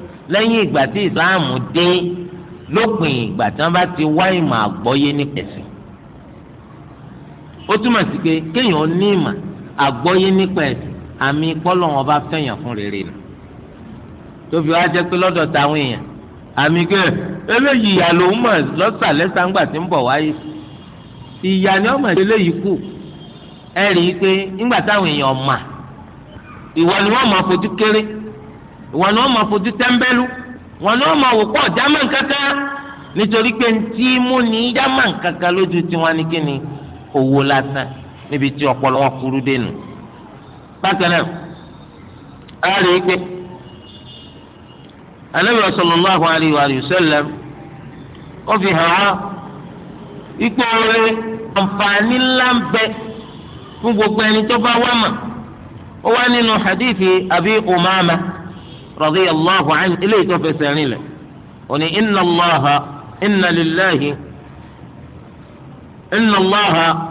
lẹ́yìn ìgbà tí islam dé lópin ìgbà tí wọ́n bá ti wá ìmọ̀ àgbọ́yé nípa ẹ̀sìn ó túmọ̀ sí pé kéèyàn ní ìmọ̀ àgbọ́yé nípa ẹ̀sìn àmì pọ́lọ̀ wọn bá fẹ̀yàn fún rere nù tóbi wá jẹ́ pé lọ́dọ̀ táwọn èèyàn àmì kẹ́ eléyìí ìyá ló mọ̀ lọ́sàlẹ̀ sàǹgbà tí ń bọ̀ wáyé ìyá ni ọmọ eléyìí kù ẹ pé nígbà táwọn èèyàn mà ìwà ìwọ ni wọ́n máa fojú tẹ́ńbẹ́lú wọn ni wọ́n máa wò pọ̀ german kankan nítorí pé ntí mú ní german lójú tiwọn ni kíni owó lásán níbi tí ọpọlọ wọn kúrú dénú. bákan náà a rí i anabi sallallahu alayhi wa sallam fi hàn án ipò oore àǹfààní ńlá fún gbogbo ẹni tó bá wá mà ó nínú رضي الله عنه إليه توفي ثاني له وني إن الله إن لله إن الله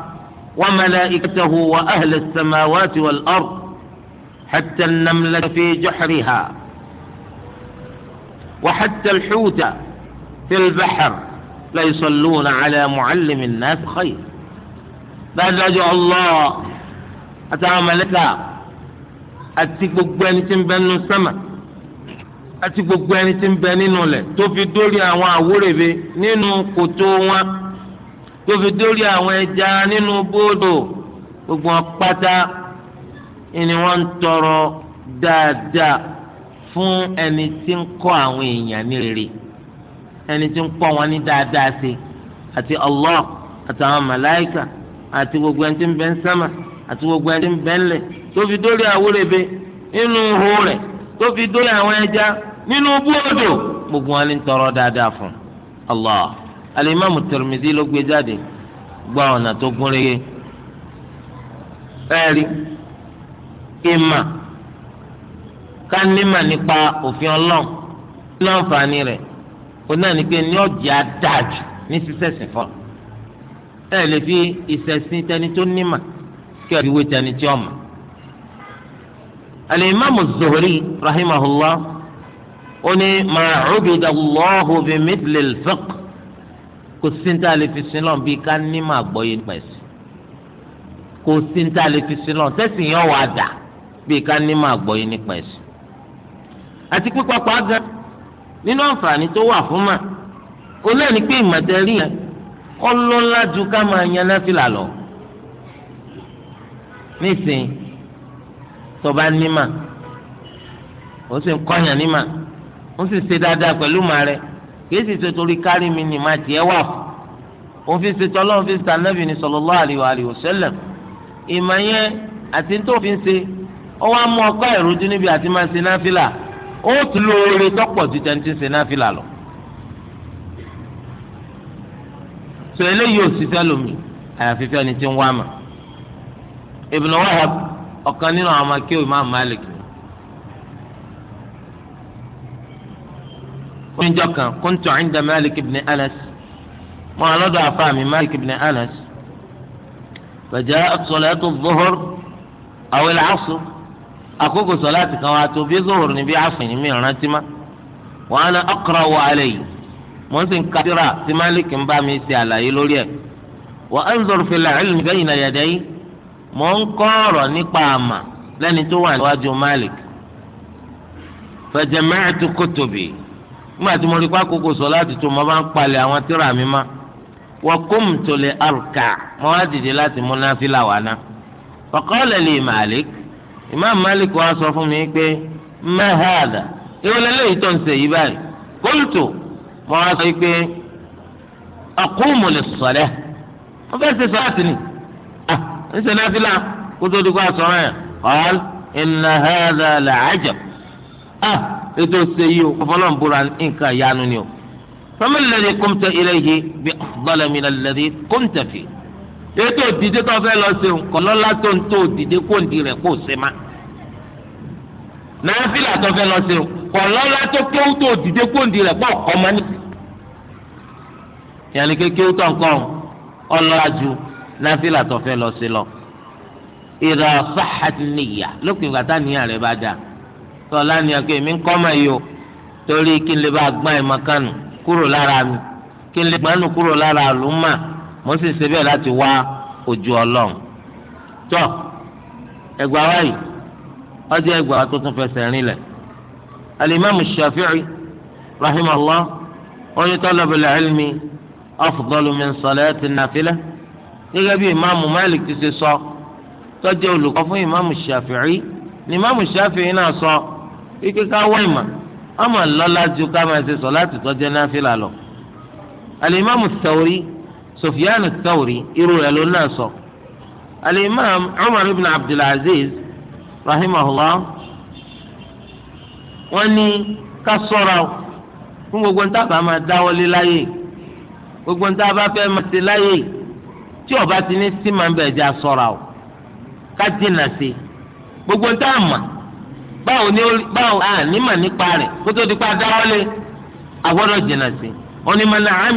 وملائكته وأهل السماوات والأرض حتى النملة في جحرها وحتى الحوت في البحر لا يصلون على معلم الناس خير بعد الله أتعملتها أتيك بني تنبنوا السمك àti gbogbo ẹni tí ń bẹ nínú lẹ̀ tó fi dórí àwọn àwórèbe nínú kòtò wọn tó fi dórí àwọn ẹja nínú bóódò gbogbo pátá ni wọn ń tọrọ dáadáa fún ẹni tí ń kọ́ àwọn èèyàn ní rere ẹni tí ń kọ́ wọn ní dáadáa sí àti Allah àtàwọn màláìkà àti gbogbo ẹni tí ń bẹ ń sámà àti gbogbo ẹni tí ń bẹ ń lẹ̀ tó fi dórí àwórèbe nínú ihò rẹ̀ tó fi dórí àwọn ẹja. nínú bú odò gbogbo wọn ntọrọ tọrọ dáadáa fún allah alimami Tirmidhi ló gbé jáde gba ọ̀nà tó gún régé ẹ̀rí ìmà kánímà nípa òfin ọlọ́run ní rẹ̀ ó náà ní pé ní ọ̀jẹ̀ adájú ní sísẹ̀sìn fún ẹ lè fi tẹni tó nímà kí ọ̀dìwé tẹni tí ọ̀mà. alimami Zuhri rahimahullah. ó ní màá rúbìdà lọ́hùn bí mídìlì fẹ́k kò sí níta lè fi sílọ̀ bí ká ní màá gbọ́ yé nípa ẹ̀sìn kò sí níta lè fi sílọ̀ tẹ́sí yẹn wà dà bí ká ní màá gbọ́ yé nípa ẹ̀sìn. àti pípa pàgà nínú àǹfààní tó wà fún mà ó pé ìmọ̀tẹ́rì yẹn ọlọ́lá ju ká máa yan náfìlà lọ nísìnyí tó bá nímà ó sì ń kọ́yàn nímà ń sì ṣe dáadáa pẹ̀lú màá rẹ kìí sì ṣe torí kárí mi ni màá tiẹ̀ wà fún òun fi ṣe tọ́lọ́run fi ṣe anábì ní sallallahu alaihi wa sallam ìmọ̀ yẹn àti tó fi ń ṣe ó wá mú ọkọ ìrújú níbi àti máa ṣe náfìlà ó tún lóore tọ́pọ̀ ju tẹ́ntì ṣe náfìlà lọ. sọ eléyìí ò ṣiṣẹ́ lómi àyàfi fẹ́ni tí ń wá mà Ibn Wahab ọ̀kan nínú àwọn akéwì Imam Malik níjọ́ kan kuntu inda Malik ibn Anas mo alọ́dọ̀ afa mi Malik ibn Anas faja'at salatu dhuhr aw al-'asr àkókò sọláàtì kan wà tó bí zuhur ni bí asr ni mi rántí ma wa ana aqra'u alayhi mo ń sìn kátìrà tí Malik ń bá mi ṣe àlàyé lórí ẹ̀ wa anzur fil 'ilmi bayna yadayi mo ń kọ́ ọ̀rọ̀ nípa àmà lẹ́ni tó wà níwájú Malik fajama'tu kutubi. mgbe tí mo rí pa lati láti tó mo bá ń palẹ̀ àwọn tíra mi ma wọ́n kó mi àrùkà mo wá dìde láti Malik Imam Malik wá sọ fún mi pé ma hadha nse yibari tó ń ṣe yí báyìí qultu mo wá sọ pé fẹ́ ṣe ni ah, ń ṣe náfìlà kótó dikọ́ àsọ̀rọ̀ yẹn ètò ṣe yìí o ọfọlọ́n búra nǹkan ìyanu ni o faman alladhi qumta ilayhi bi afdala min alladhi qumta fi ètò òdìdé tó fẹ́ lọ sí kọlọ́lá tó ń tó òdìdé kó ń di rẹ̀ kó ṣe má nàáfíà tó fẹ́ lọ sí kọlọ́lá tó kéwú tó òdìdé kó ń di rẹ̀ pọ̀ kọ́ mọ́ni yàní kékeré tó nǹkan ọlọ́lájú nàáfíà tó fẹ́ lọ sí lọ ìrà sọlá ni àgbẹ̀ èmi ń kọ́ mà yìí o torí kí n lè bá gbọ́n ẹ̀ mọ́kànnù kúrò lára mi kí n lè gbọ́n kúrò lára àlùmà mo sì ṣe bẹ́ẹ̀ láti wá ojú ọlọ́run. tọ́ ẹgbàá wáyìí ọjọ́ ẹgbàá tó tún fẹsẹ̀ rinlẹ̀ alimami shafi'i rahimahullah oní talabul ilmi afdalu min salati nafilah gẹ́gẹ́ bí imaamu malik ti ṣe sọ tọ́jú olùkọ́ fún imaamu shafi'i ni imaamu shafi'i náà sọ. So, ike ká wá ìmọ̀ ọmọ lọ́la ju kama máa sọ lati tó jẹ́ náfìlà lọ. alimami Thawri Sufyan Thawri irú rẹ̀ ló náà sọ. alimami Umar ibn Abdulaziz rahimahullah wọ́n ní ká sọ̀ra fún gbogbo níta bá máa láyè gbogbo níta bá fẹ́ máa ṣe láyè tí ọba ti ní sí máa ń bẹ̀ o ká sí gbogbo níta báwo ni báwo a nímọ̀ nípa rẹ̀ kó tó di pa jìnnà sí i onímọ̀lá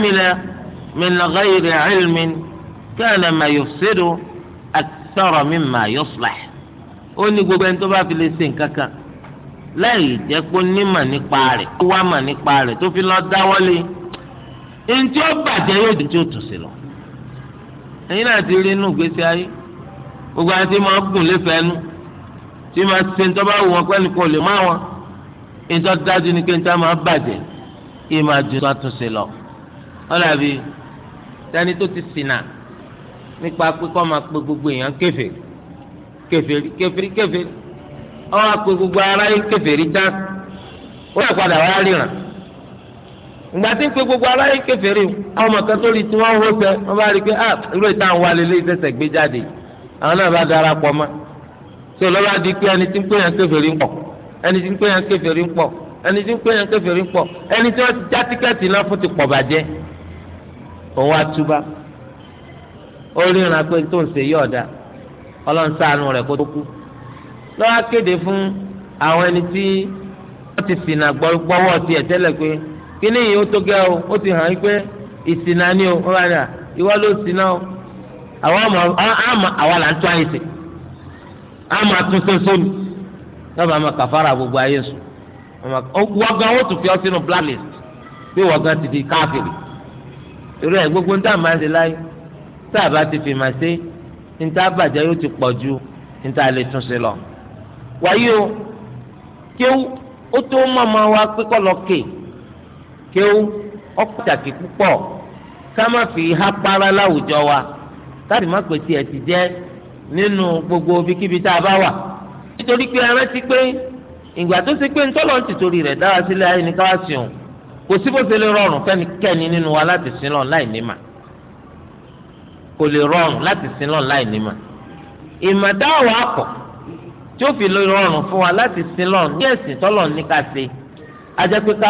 ma yufsidu akthara mimma yuslah ó ní gbogbo ẹni tó bá fi lè ṣe nǹkan kan jẹ́ pé nímọ̀ nípa rẹ̀ wá mọ̀ nípa rẹ̀ tó fi lọ dáwọ́lé ntí ó bàjẹ́ yóò di tí ó tún sí lọ. ẹ̀yin náà ti rí inú ìgbésí ayé gbogbo àti máa gùn lé tí máa ṣe ń tọ́ba wù wọn pẹ́ nìkan ò lè má wọn ìtọ́ dájú ni pé níta máa bàjẹ́ kí máa ju tó àtúnṣe lọ. ọ̀làbí tani tó ti ṣìnà nípa pé kọ́ máa pe gbogbo èèyàn kẹfẹ́ kèfèrí kèfèrí kèfèrí ọwọ́ àpè gbogbo ara yìí kèfèrí dá ó yà padà wá ríran ìgbà tí ń pe gbogbo ara yìí kèfèrí àwọn ọmọkan tó rí tí wọ́n ń wọ́n bá rí i pé ah irú ìta àwọn alẹ́ lè sẹ̀sẹ̀ gbé jáde àwọn náà bá darapọ̀ mọ́ so lọ́ba di pé ẹni tí ń pè yàn ń pọ̀ ẹni tí ń pè yàn ń pọ̀ ẹni tí ń pè yàn ń pọ̀ ẹni tí wọ́n ti já tíkẹ́ẹ̀tì náà fún ti pọ̀ bàjẹ́ òun àtúbà ó ríran pé tó ń ṣe yí ọ̀dà ọlọ́run rẹ̀ kó tó kéde fún àwọn ẹni tí wọ́n ti sìnà gbọ́wọ́ pé kíní yìí ó tó gẹ́ o ó ti hàn pé ìsìnà ni o á máa tún sẹ́sọ́ ni lọ́ba máa kàfàrà gbogbo ayé sùn wọ́n ó tún fi ọ sínú blacklist bí wọ́n ti di káfìrì torí ẹ̀ gbogbo níta máa ń ṣe láyé tá a bá ti fi máa ṣe níta bàjẹ́ yóò ti pọ̀ ju níta lè tún ṣe lọ. wáyé o kéwú ó tó mọ̀mọ́ wa pípọ̀ lọ kè kéwú ó pàtàkì púpọ̀ ká má fi hápára láwùjọ wa káàdì má pèsè ẹ̀ ti jẹ́ nínú gbogbo ibikíbi tá a bá wà nítorí pé ti pé ìgbà tó pé ntọ́lọ́ ti torí rẹ̀ dára sílẹ̀ ayé ní káwá kò sí ṣe lè rọrùn fẹ́nikẹ́ni nínú wa láti sin lọ́n láì ní kò lè rọrùn láti sin lọ́n láì ní ìmọ̀ dáwọ̀ fi lè rọrùn fún wa láti sin lọ́n ní ẹ̀sìn tọ́lọ̀ ní ká ṣe ajẹ́ pé ká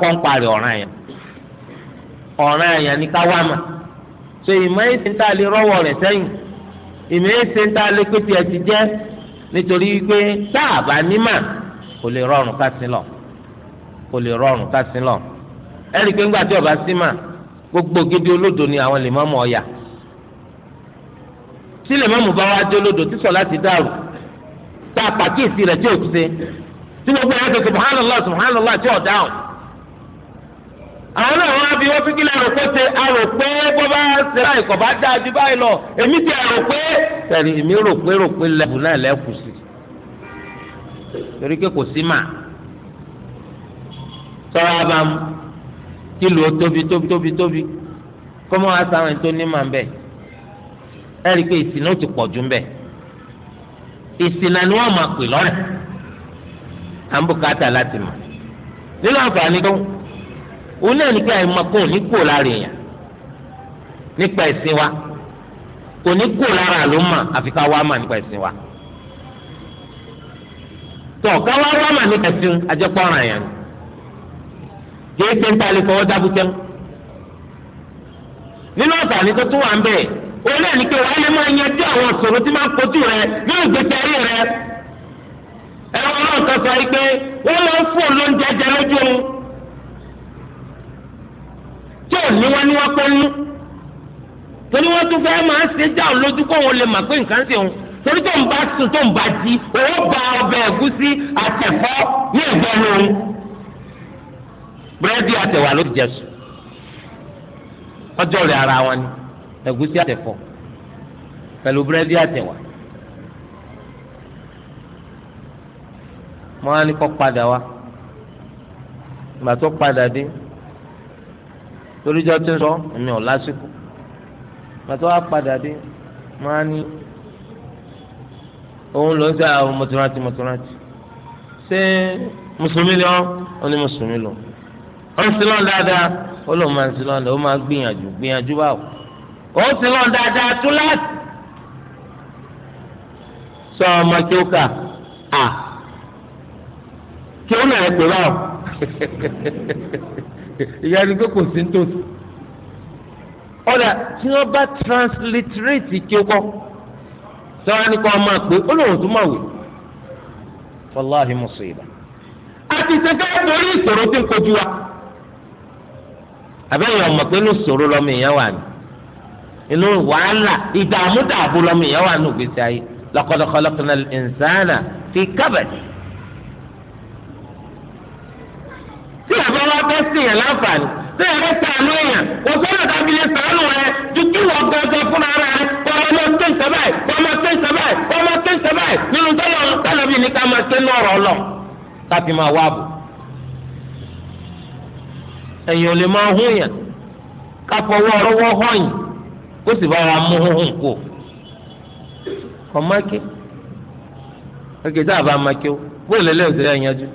kọ́ ń parí ọ̀ràn yẹn ọ̀ràn yẹn ni ká mà ime èsè ń tá a lé ti jẹ́ nítorí pé kò lè rọrùn ká sí kò lè rọrùn ká sí lọ ẹnì pé gbogbo gidi ni àwọn lè mọ́mọ́ ọ̀yà tí lè mọ́mọ́ bá wá dé olódo tí sọ láti dàrú tá a pàkíyèsí rẹ̀ tí ò ti ṣe tí gbogbo ẹ̀ ń sọ àwọn náà wọn á bí wọn fíkìlẹ̀ rò pé ṣe àrò pé bó bá ṣe láì kọ̀ bá dáa ju báyìí lọ èmi ti àrò pé tẹ̀lé èmi rò pé rò pé lẹ́bù náà lẹ́kù sí torí pé kò sí mà sọ́wọ́ bá mu kí ló tóbi tóbi tóbi tóbi kọ́mọ́ wa sáwọn ẹni tó ní ẹ rí i pé ìsìn náà ti pọ̀ jù ń ìsìn náà ni wọ́n máa pè lọ́rẹ̀ à ń bùkátà láti mọ̀ nínú àǹfààní tó òun náà ní pé àìmọ̀kan òní kò lára èèyàn nípa ẹ̀sìn wa kò ní lára ló mà àfi ká wá mà nípa wa tọ̀ ká wá wá mà nípa ẹ̀sìn ajẹ́pọ̀ ọ̀ràn yẹn kì ń ta fọwọ́ dábùtẹ́ nínú ọ̀tà ni tó tún wà ń bẹ̀ òun náà ní pé wàá lè máa yanjú àwọn tí máa kojú tí ò ní wọn ní wọn pẹ́ nú torí wọn tún fẹ́ máa ń ṣe já òun lójú kó òun lè mà pé nǹkan ṣe òun torí tó ń bá sùn tó ń bá jí òun ba ọbẹ̀ ẹ̀gúsí àtẹ̀fọ́ ní ẹ̀gbẹ́ lóhun búrẹ́dì àtẹ̀wà ló ti jẹ sùn ọjọ́ rẹ̀ ara wọn ni ẹ̀gúsí àtẹ̀fọ́ pẹ̀lú búrẹ́dì àtẹ̀wà. mo á ní kó padà wá màá tó padà dé torí jọ ti ń sọ èmi ò lásìkò pàtó wá padà dé máa ní òun ló ń sẹ àwọn mọtòrántì mọtòrántì ṣé mùsùlùmí ni wọn ó ní mùsùlùmí lò ó ń sílọ̀ dáadáa ó lóun máa ń sílọ̀ dáadáa ó máa gbìyànjú gbìyànjú báwò ó ń sílọ̀ dáadáa tó láti sọ ọmọ kí ó kà á kí ó nà ẹ pè báwò. ìyá ni pé kò sí nítòsí ọ̀dà tí wọ́n bá transliterate kí ó kọ́ sọ́wọ́n ní kọ́ máa pé ó lóun tún máa wè fọláhi mùsùlùmí. àti sẹ́kẹ́ lórí ìṣòro tí ń kojú wa. àbẹ́yẹ ọmọ pé inú ìṣòro lọ́mọ èèyàn wà ní inú wàhálà ìdààmú dààbò lọ́mọ èèyàn wà ní ògbésí ayé laqad khalaqnal insana fi kabad ṣèyàn láǹfààní ṣèyàn bá sàánú èèyàn kò sọ́nà tàbí lè sàánú rẹ tuntun wọ gángan fúnra rẹ kọ́ ọmọ ọmọ tó ń sábà kọ́ ọmọ tó ń sábà kọ́ ọmọ tó ń sábà nínú tọ́lọ̀ tálọ́bì ní ká máa ṣe lọ́rọ̀ lọ káfí máa wá bò. èèyàn lè máa hún yàn káfọwọ́ ọ̀rọ̀wọ́ hàn yìí kó sì bá wa mú hún kù. kọ́ máa ké ọkẹ́ tá a bá máa ké o bóyá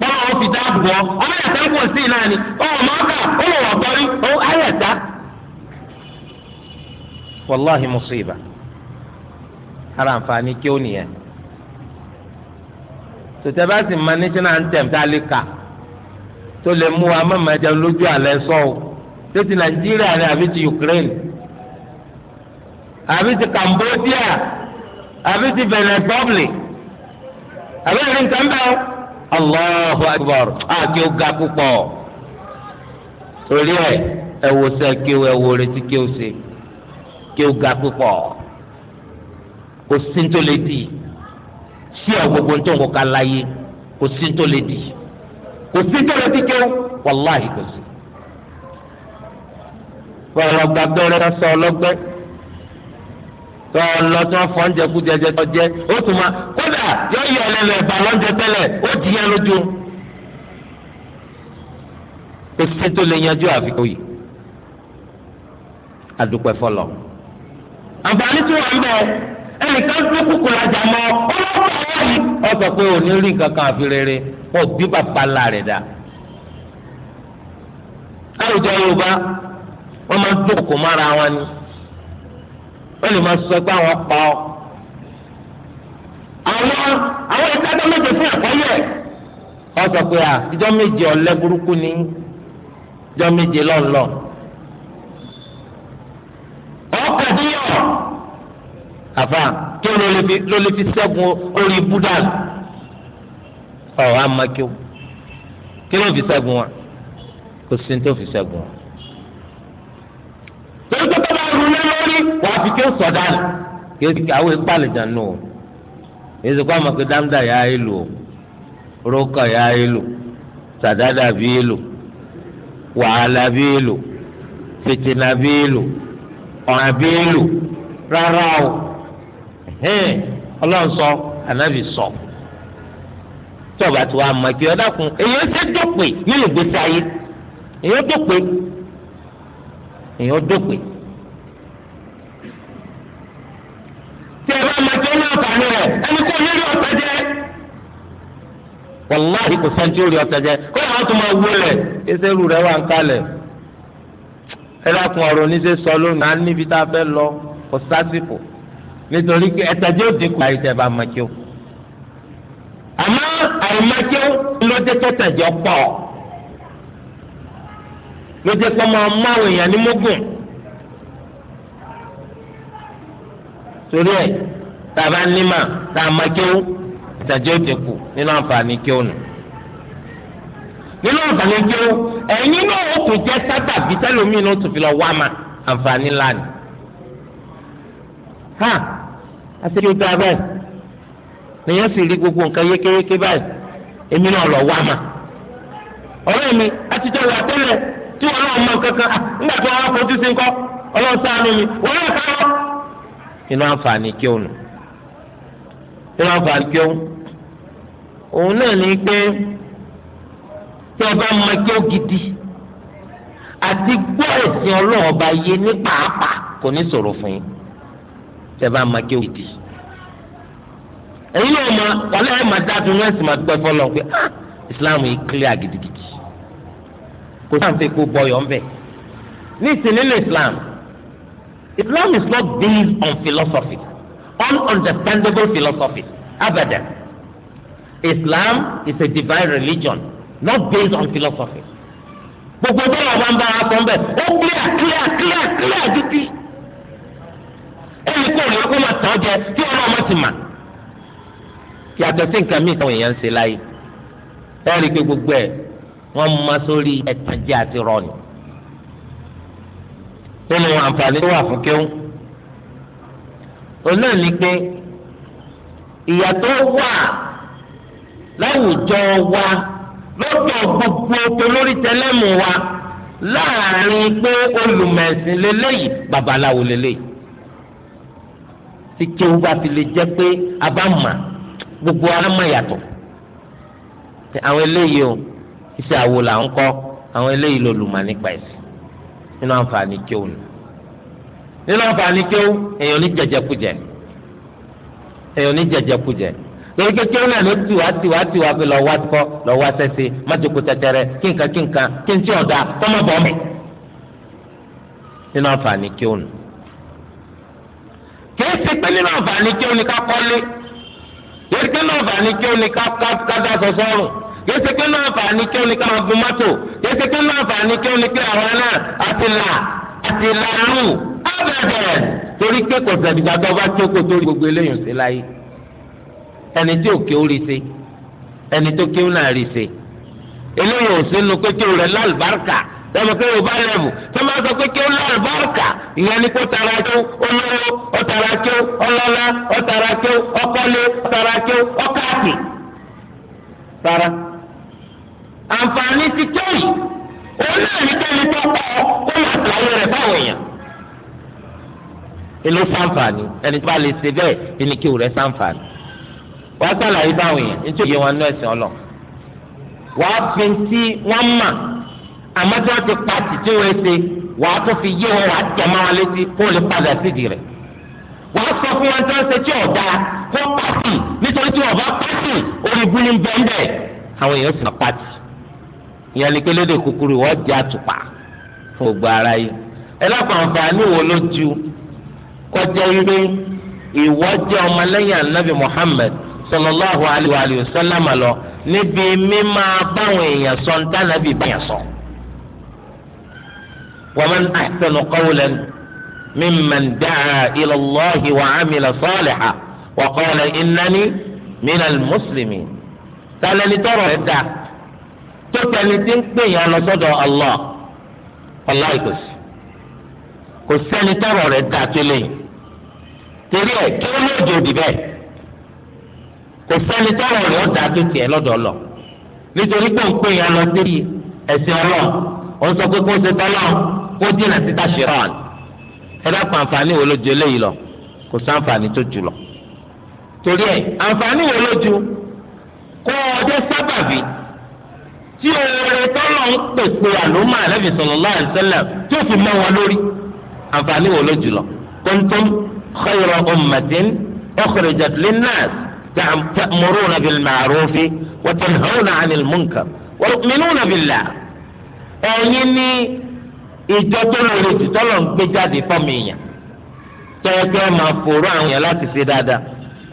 bọ́lá ó fi dáàbò wọn ọmọ yàtá kò sí náà ni ọmọ ọkà ó lọ wọ̀ bọ́rí ó ayẹ̀dá. wàláhi musiba ara àǹfààní kí ó nìyẹn tòtẹ́ bá sì máa national anthem tá a lè kà tó lè mú wa mọ̀mọ́ lójú ti nàìjíríà àbí ti ukraine àbí ti cambodia àbí ti benin republic àbí ẹ̀rí nǹkan bẹ́ẹ̀ Allahu Akbar àti ọgá púpọ̀ torí ẹ ẹ wò sẹ kí o ẹ wò retí kí o ṣe kí o ga púpọ̀ kò sí tó lè di sí ọ gbogbo tó ń kọ ká láyé kò sí tó lè di kò sí tó lè di kí o kò sí. wọ́n lọ gba gbẹ́rẹ́ sọ ọlọ́gbẹ́. tọ́ lọ tọ́ fọ́njẹ kú jẹjẹ tọ́ jẹ ó tún ma kódà yọ yọ o yẹn lójú. pèsè tó lè yanjú àfikún yìí adúpẹ́ fọlọ́. àǹfààní tí wọ́n ń bẹ ẹnìkan tó kúkú lajà mọ́ ọlọ́pàá sọ pé òní rí àfi rere bàbá rẹ̀ dá. yorùbá wọ́n máa ń dúnkù wọn ni. wọ́n lè máa sọ pé àwọn pa ọ́. àwọn àwọn ìtajọ́ méje fún àkọ́yẹ̀ ọ sọ pé à ìjọ méje ọ̀lẹ́ burúkú ni ìjọ méje lọ́nlọ́. ọkọ̀ díyọ̀ àfà kí ló lè fi ṣẹ́gun orí búdà ọ̀ amákíw kí ló fi ṣẹ́gun wa kò sí ní tó fi ṣẹ́gun wa. wàá fi kí ó sọ̀dá nù kí ó kí àwọn ìpàlẹ̀ dànù o èsì kó àmọ̀ pé dáńdà yà á èlò o rókà yà á èlò sàdádà bí èlò wàhálà bí èlò fìtìnà bí èlò ọ̀ràn bí èlò rárá o ọlọ́run sọ ànábì sọ tí tí wàá mọ̀ kí ọ dákun èyí ó ṣe dópè nínú ìgbésí ayé èyí ó dópè èyí ó dópè. wàláhì kò sẹ́ńtì orí ọ̀tá jẹ kó àwọn tó máa wó rẹ̀ ẹsẹ̀ rú rẹ̀ wà ń kalẹ̀ ẹ lákun ọ̀rọ̀ oníṣẹ́ sọ lónìí à ń níbi tá a fẹ́ lọ kò sásìkò nítorí pé ẹ̀tàjẹ́ ò dínkù àyíṣẹ́ bá máa kí o àmọ́ àyèmájẹ́ lọ́jẹ́ kẹtàjẹ́ pọ̀ lọ́jẹ́ pọ̀ máa mọ àwọn èèyàn ní mógùn torí ẹ̀ tàbá nímà tá a máa kí o. ìtàjẹ́ òdìkù nínú àǹfààní kí ó nù. nínú àǹfààní kí ó ẹ̀yin náà ó tún jẹ́ sábà bíi tẹ́lómìn náà tún fi lọ wá ma àǹfààní ńlá ni. ha àṣírí ó dáa bẹ́ẹ̀ nìyẹn sì rí gbogbo nǹkan yékéyéké èmi náà lọ wá ma. mi àtijọ́ wà tẹ́lẹ̀ tí wọn náà mọ kankan ah! nígbà tí wọn sí ọlọ́run mi wọn náà inú àǹfààní kí ó nù inú àǹfààní kí ó nù. òun náà ní pé tí ọba máa jẹ́ ògidì àti gbọ́ ẹ̀sìn ọlọ́run bá yé ní pàápàá kò ní sọ̀rọ̀ fún yín tí ọba máa jẹ́ ògidì. èyí náà ma máa dáadùn náà sì máa gbọ́ ẹ̀fọ́ lọ pé ah, Islam yìí clear gidigidi kò sáà fẹ́ kó bọyọ̀ ń bẹ̀. ní nínú Islam Islam is not based on philosophy on understandable philosophy abadan. Islam is a divine religion not based on philosophy. gbogbo tó wà máa ń bá wa sọ bẹ́ẹ̀ ó clear clear clear clear títí. ẹnì kò ní kó máa tàn jẹ tí ọlọ́run máa ti mà. yàtọ̀ sí nǹkan míì táwọn èèyàn ń ṣe láyé ẹ rí i pé gbogbo ẹ̀ wọ́n mọ sórí ẹ̀tànjẹ àti rọ́ọ̀nì. nínú àǹfààní tó wà fún kéwù òun náà ní pé ìyàtọ̀ wà láwùjọ wa lọ́dọ̀ gbogbo tolórí tẹlẹ́mù wa láàrin pé olùmẹ̀sìn lélẹ́yìí babaláwo lélẹ́yìí tí kéwú bá fi lè jẹ́ pé a bá mà gbogbo ara mà yàtọ̀ àwọn eléyìí o iṣẹ́ àwo là ń kọ́ àwọn eléyìí ló lùmọ̀ nípa ẹ̀sìn nínú àǹfààní kéwú nù nínú àǹfààní kéwú èèyàn ní jẹjẹkújẹ èèyàn ní jẹjẹkújẹ torí kékeré náà ló tiwa tiwa tiwa fi lọ wá kọ́ lọ wá sẹ́sẹ́ májòkó tẹ̀tẹ̀rẹ̀ kínkan kínkan kí n tí ọ̀dà kọ́mọ bọ̀ mẹ́. nínú àǹfààní kí ó nù. kìí ṣe pé nínú àǹfààní kí ó ní ká kọ́lé kìí ṣe pé nínú àǹfààní kí ó ní ká dá sọ́sọ́rùn kìí ṣe pé nínú àǹfààní kí ó ní ká gun mọ́tò kìí ṣe pé nínú àǹfààní kí ó ní pé àwọn náà àti là àti làánù ábẹ̀rẹ̀ torí pé kò bá tó kó torí gbogbo eléyìí sí ẹni tí òkè ó rí ṣe ẹni tó kéwù náà rí ṣe eléyìí ò sínú pé kéwù rẹ lálùbáríkà lọ́mọ pé yorùbá lẹ́bù tó máa sọ pé kéwù lálùbáríkà ìyẹn ni kó tara kéwù olówó ọ̀tara kéwù ọlọ́lá ọ̀tara kéwù ọkọ́lé ọ̀tara kéwù ọ̀káàkì. rárá àǹfààní ti kéwì òun náà ní kéwì tó pọ̀ kó máa tàwọn rẹ̀ báwọn èèyàn. ìlú sáǹfààní ẹni tó bá lè ṣe bẹ́ẹ̀ ẹni kéwù rẹ̀ sáǹfààní wàá sàlàyé báwọn yẹn nítorí yẹn wọn nú ẹ̀sìn ọlọ wàá fi ti wọn mà àmọ́ tí wọ́n ti pa títí wọ́n ṣe wàá tó fi yé wọn wàá tẹ̀ máa létí kó lè padà sídìí rẹ̀ wàá sọ fún wọn tí wọ́n ṣe tí ọ̀dà kó pàtì nítorí tí wọ́n bá pàtì orí búlí bẹ́ńbẹ́ àwọn èèyàn sì máa pàtì ìyẹn ni kélédè kúkúrú wọ́n jẹ́ àtùpà fún gbogbo ara yìí ẹ lọ́kàn àǹfààní wo kọjá irú ìwọ́jẹ́ ọmọlẹ́yìn anabi Muhammad sallallahu alayhi wa sallam lọ níbi mímá báwọn èèyàn sọ ń dáná bíi báyàn sọ. wa man ahsanu qawlan mimman da'a ila Allahi wa 'amila salihan wa qala innani minal muslimin. tálẹ́ni tọrọ rẹ̀ dá tó tẹni tí ń pè lọ sọ́dọ̀ Allah Allah kò sẹ́ni tọrọ rẹ̀ dá tó lẹ́yìn torí ẹ̀ kí ló lóòjò dì bẹ́ẹ̀ kò sẹ́ni tọ́lọ̀ rẹ̀ ó dá tó tiẹ̀ lọ́dọ̀ lọ nítorí pé òun pè ya lọ sí ẹ̀sìn ọlọ́run òun sọ pé kó ṣe tọ́lọ̀ kó dínà síta ṣìrán ẹ dápọ̀ àǹfààní wo ló ju eléyìí lọ kò sí àǹfààní tó jù lọ torí ẹ àǹfààní wo ló ju kó ọjọ́ sábàbí tí oore tọ́lọ̀ ń pèpè àlùmọ́ àlẹ́bí sallallahu alaihi tí ó fi mọ́ wọn lórí àǹfààní wo ló jù lọ kuntum khayra ummatin ukhrijat linnas تأمرون بالمعروف وتنهون عن المنكر وتؤمنون بالله ẹ̀yin ní ìjọ tó lórí títọ́lọ̀ ń gbé jáde fọ́ọ̀mù èèyàn tẹ́ẹ̀kẹ́ máa fòrò àwọn èèyàn láti ṣe dáadáa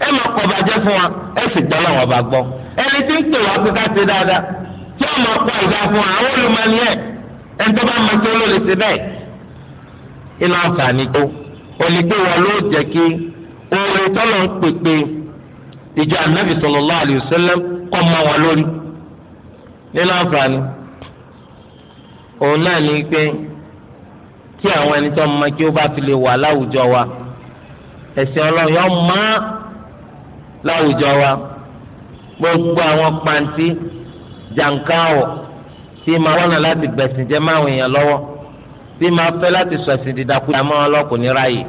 ẹ máa kọ̀ bàjẹ́ fún wa ẹ sì tọ́lọ̀ wọn bá gbọ́ ẹni tí ń pè wá pé ká ṣe dáadáa tí ó máa kọ̀ ìdá fún wa àwọn olùmọ̀ọ́ni ẹ̀ ẹni tó bá máa tó lórí ṣe bẹ́ẹ̀ inú àǹfààní tó onígbé wọn ló jẹ́ kí oore tọ́lọ̀ ń pèpè ìjọ anabi sallallahu alayhi wa sallam kọ́ mọ́ wọn lórí nínú àǹfààní òun náà ní pé tí àwọn ẹni tó máa kí ó bá fi lè wà láwùjọ wa ẹ̀sìn ọlọ́run yọ mọ́ láwùjọ wa gbogbo àwọn pàǹtí jàǹkáwọ̀ tí máa wọ́nà láti gbẹ̀sìn jẹ́ máwọn èèyàn lọ́wọ́ tí máa fẹ́ láti sọ̀sìn dídakú àmọ́ ọlọ́kùnrin ráàyè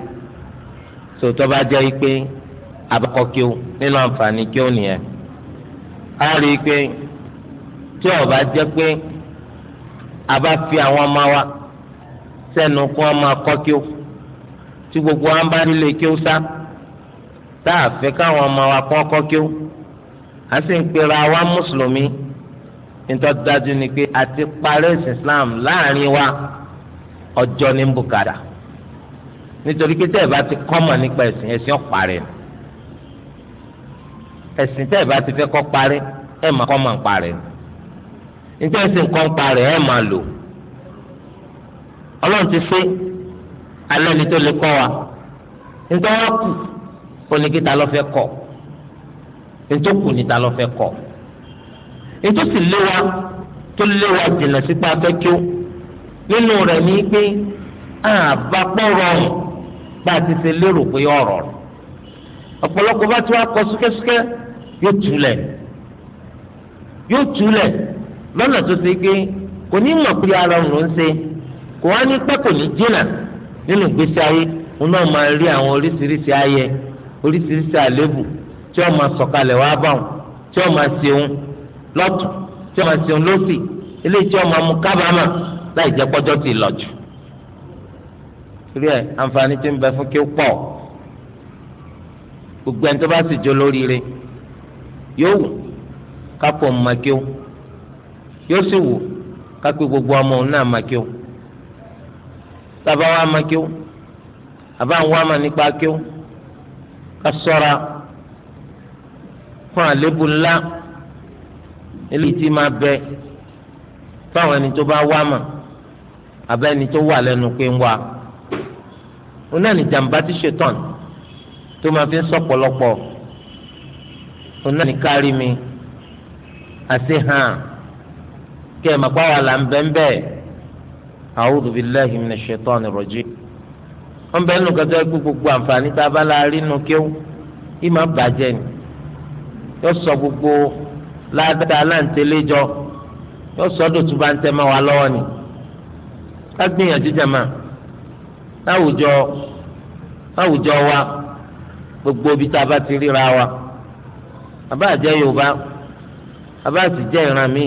sòtọ́ bá jẹ́ pé abakọ kíw nínú àǹfààní kíw nìyẹn a rí i pé tí ó bá jẹ́ pé a bá fi àwọn ọmọ wa sẹ́nu kó wọn máa kọ́ kíw tí gbogbo wa bá nílé kíw sá tá a fẹ́ káwọn ọmọ wa kọ́ kọ́ kíw a sì ń pera wa mùsùlùmí nítorí ni pé àti parí Islam láàrin wa ọjọ́ ní bùkàdà nítorí pé tẹ́ ẹ̀ bá ti kọ́ mọ̀ nípa ẹ̀sìn ẹ̀sìn ọ̀parẹ́ ni ẹ̀sìn tẹ́ ẹ bá ti fẹ́ kọ́ parí ẹ máa kọ́ máa ń parí níta ẹ̀sìn kọ́ ń parí ẹ máa lò ọlọ́run ti ṣe alẹ́ ni tó lè kọ́ wa níta wọ́n kù oníkìtà lọ́ fẹ́ kọ́ níta kù níta lọ́ fẹ́ kọ́ níta sì lé wa tó lé wa jìnnà sípa akẹ́kẹ́ nínú rẹ̀ ní pé àbápọ̀ rọrùn bá a ti ṣe lérò pé ọ̀rọ̀ ọ̀pọ̀lọpọ̀ bá ti wá kọ súkẹ́súkẹ́ yóò túlẹ̀ yóò túlẹ̀ lọ́nà tó ṣe pé kò ní mọ̀ pé ara òun ló ń ṣe kò wá ní pẹ́ kò ní jìnnà nínú ìgbésí ayé òun náà máa rí àwọn oríṣiríṣi ayẹ oríṣiríṣi àléébù tí wọ́n máa sọ̀kalẹ̀ wá bá wọn tí wọ́n máa ṣeun lọ́tún tí wọ́n máa ṣeun lọ́sì eléyìí tí wọ́n máa mú kábàámà láì jẹ́ pọ́jọ́ ti lọ jù. ẹ àǹfààní tí ń bẹ fún kí ó pọ̀ gbogbo ẹni tó bá sì jó lóríire yóò wù kápọ̀ mmakíw yóò sì wù kápẹ́ gbogbo ọmọ òun náà mmakíw tabawa mmakíw àbáwọn ama nípa kíw ká sọ́ra fún àléébù ńlá eléyìí tí máa bẹ fáwọn ẹni tó bá wá mà àbẹ́ ẹni tó wà lẹ́nu pé ń wá òun náà ní jàǹbá tí ṣetán tó máa fi ń sọ̀pọ̀lọpọ̀. So oná ní kárí mi àti hàn kẹ́ ẹ̀ mà pa wà là ń bẹ́ ń bẹ́ a'udhu billahi minash shaitani rajim wọ́n bẹ́ẹ̀ gbogbo àǹfààní tá a bá la rí nu kíw yìí máa bàjẹ́ ni yóò sọ gbogbo ládàá aláǹtẹ̀lẹ́ jọ yóò sọ dòtú bá ń tẹ́ mọ́ wa lọ́wọ́ ni ká gbìyànjú jàmá láwùjọ láwùjọ wa gbogbo ibi tá a bá ti ríra wa àbá àjẹ yorùbá àbá àti jẹ ìran míì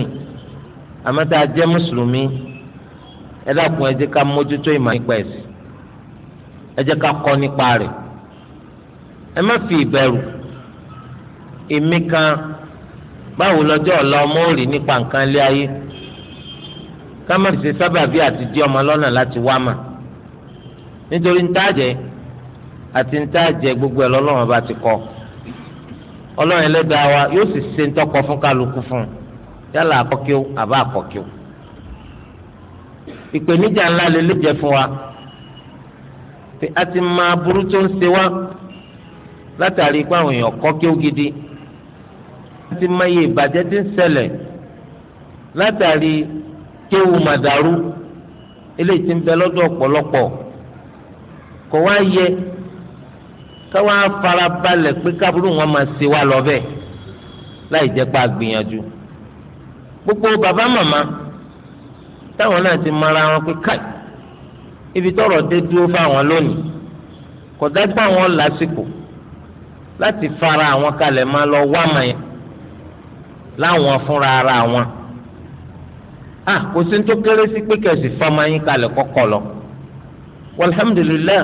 àmọ́ tá a jẹ mùsùlùmí ẹ dákun ẹ jẹ́ ká mójútó ìmọ̀ nípa ẹ̀sìn ẹ jẹ́ ká kọ́ nípa rẹ̀ ẹ má fi ìbẹ̀rù èmi kan báwo lọ́jọ́ ọ̀la ọmọ òrì nípa nǹkan ilé ayé ká má fi sábàbí àti di ọmọ lọ́nà láti wá mà nítorí ń tá a àti ń tá a gbogbo ẹ̀ lọ́lọ́wọ́n bá ti kọ́ ọ ọlọ́run ẹlẹ́dàá wa yóò sì ṣe ńtọ́kọ fún kálukú fún un yálà àkọ́kí o àbá àkọ́kí o. ìpèníjà ńlá lè jẹ fún wa pé a ti máa burú tó ń ṣe wá látàrí pé àwọn èèyàn kọ́kí gidi a ti máa yẹ ìbàjẹ́ tí ń ṣẹlẹ̀ látàrí kéwu màdàrú eléyìí ti ń bẹ lọ́dọ̀ ọ̀pọ̀lọpọ̀ kò wá yẹ káwọn afarabalẹ̀ pé kábúrú wọn máa ṣe wá lọ bẹ́ẹ̀ láì jẹ́ pé a gbìyànjú gbogbo bàbá màmá táwọn náà ti mara wọn pé káì ibi tọrọ dé dúró fáwọn lónìí kò dájú àwọn lásìkò láti fara àwọn kalẹ̀ máa lọ wá màá yẹn láwọn fúnra ara wọn a kò sí ní tó kéré sí pé kẹsì fọmọ yín kalẹ̀ kọ́kọ́ lọ walhamdulilayi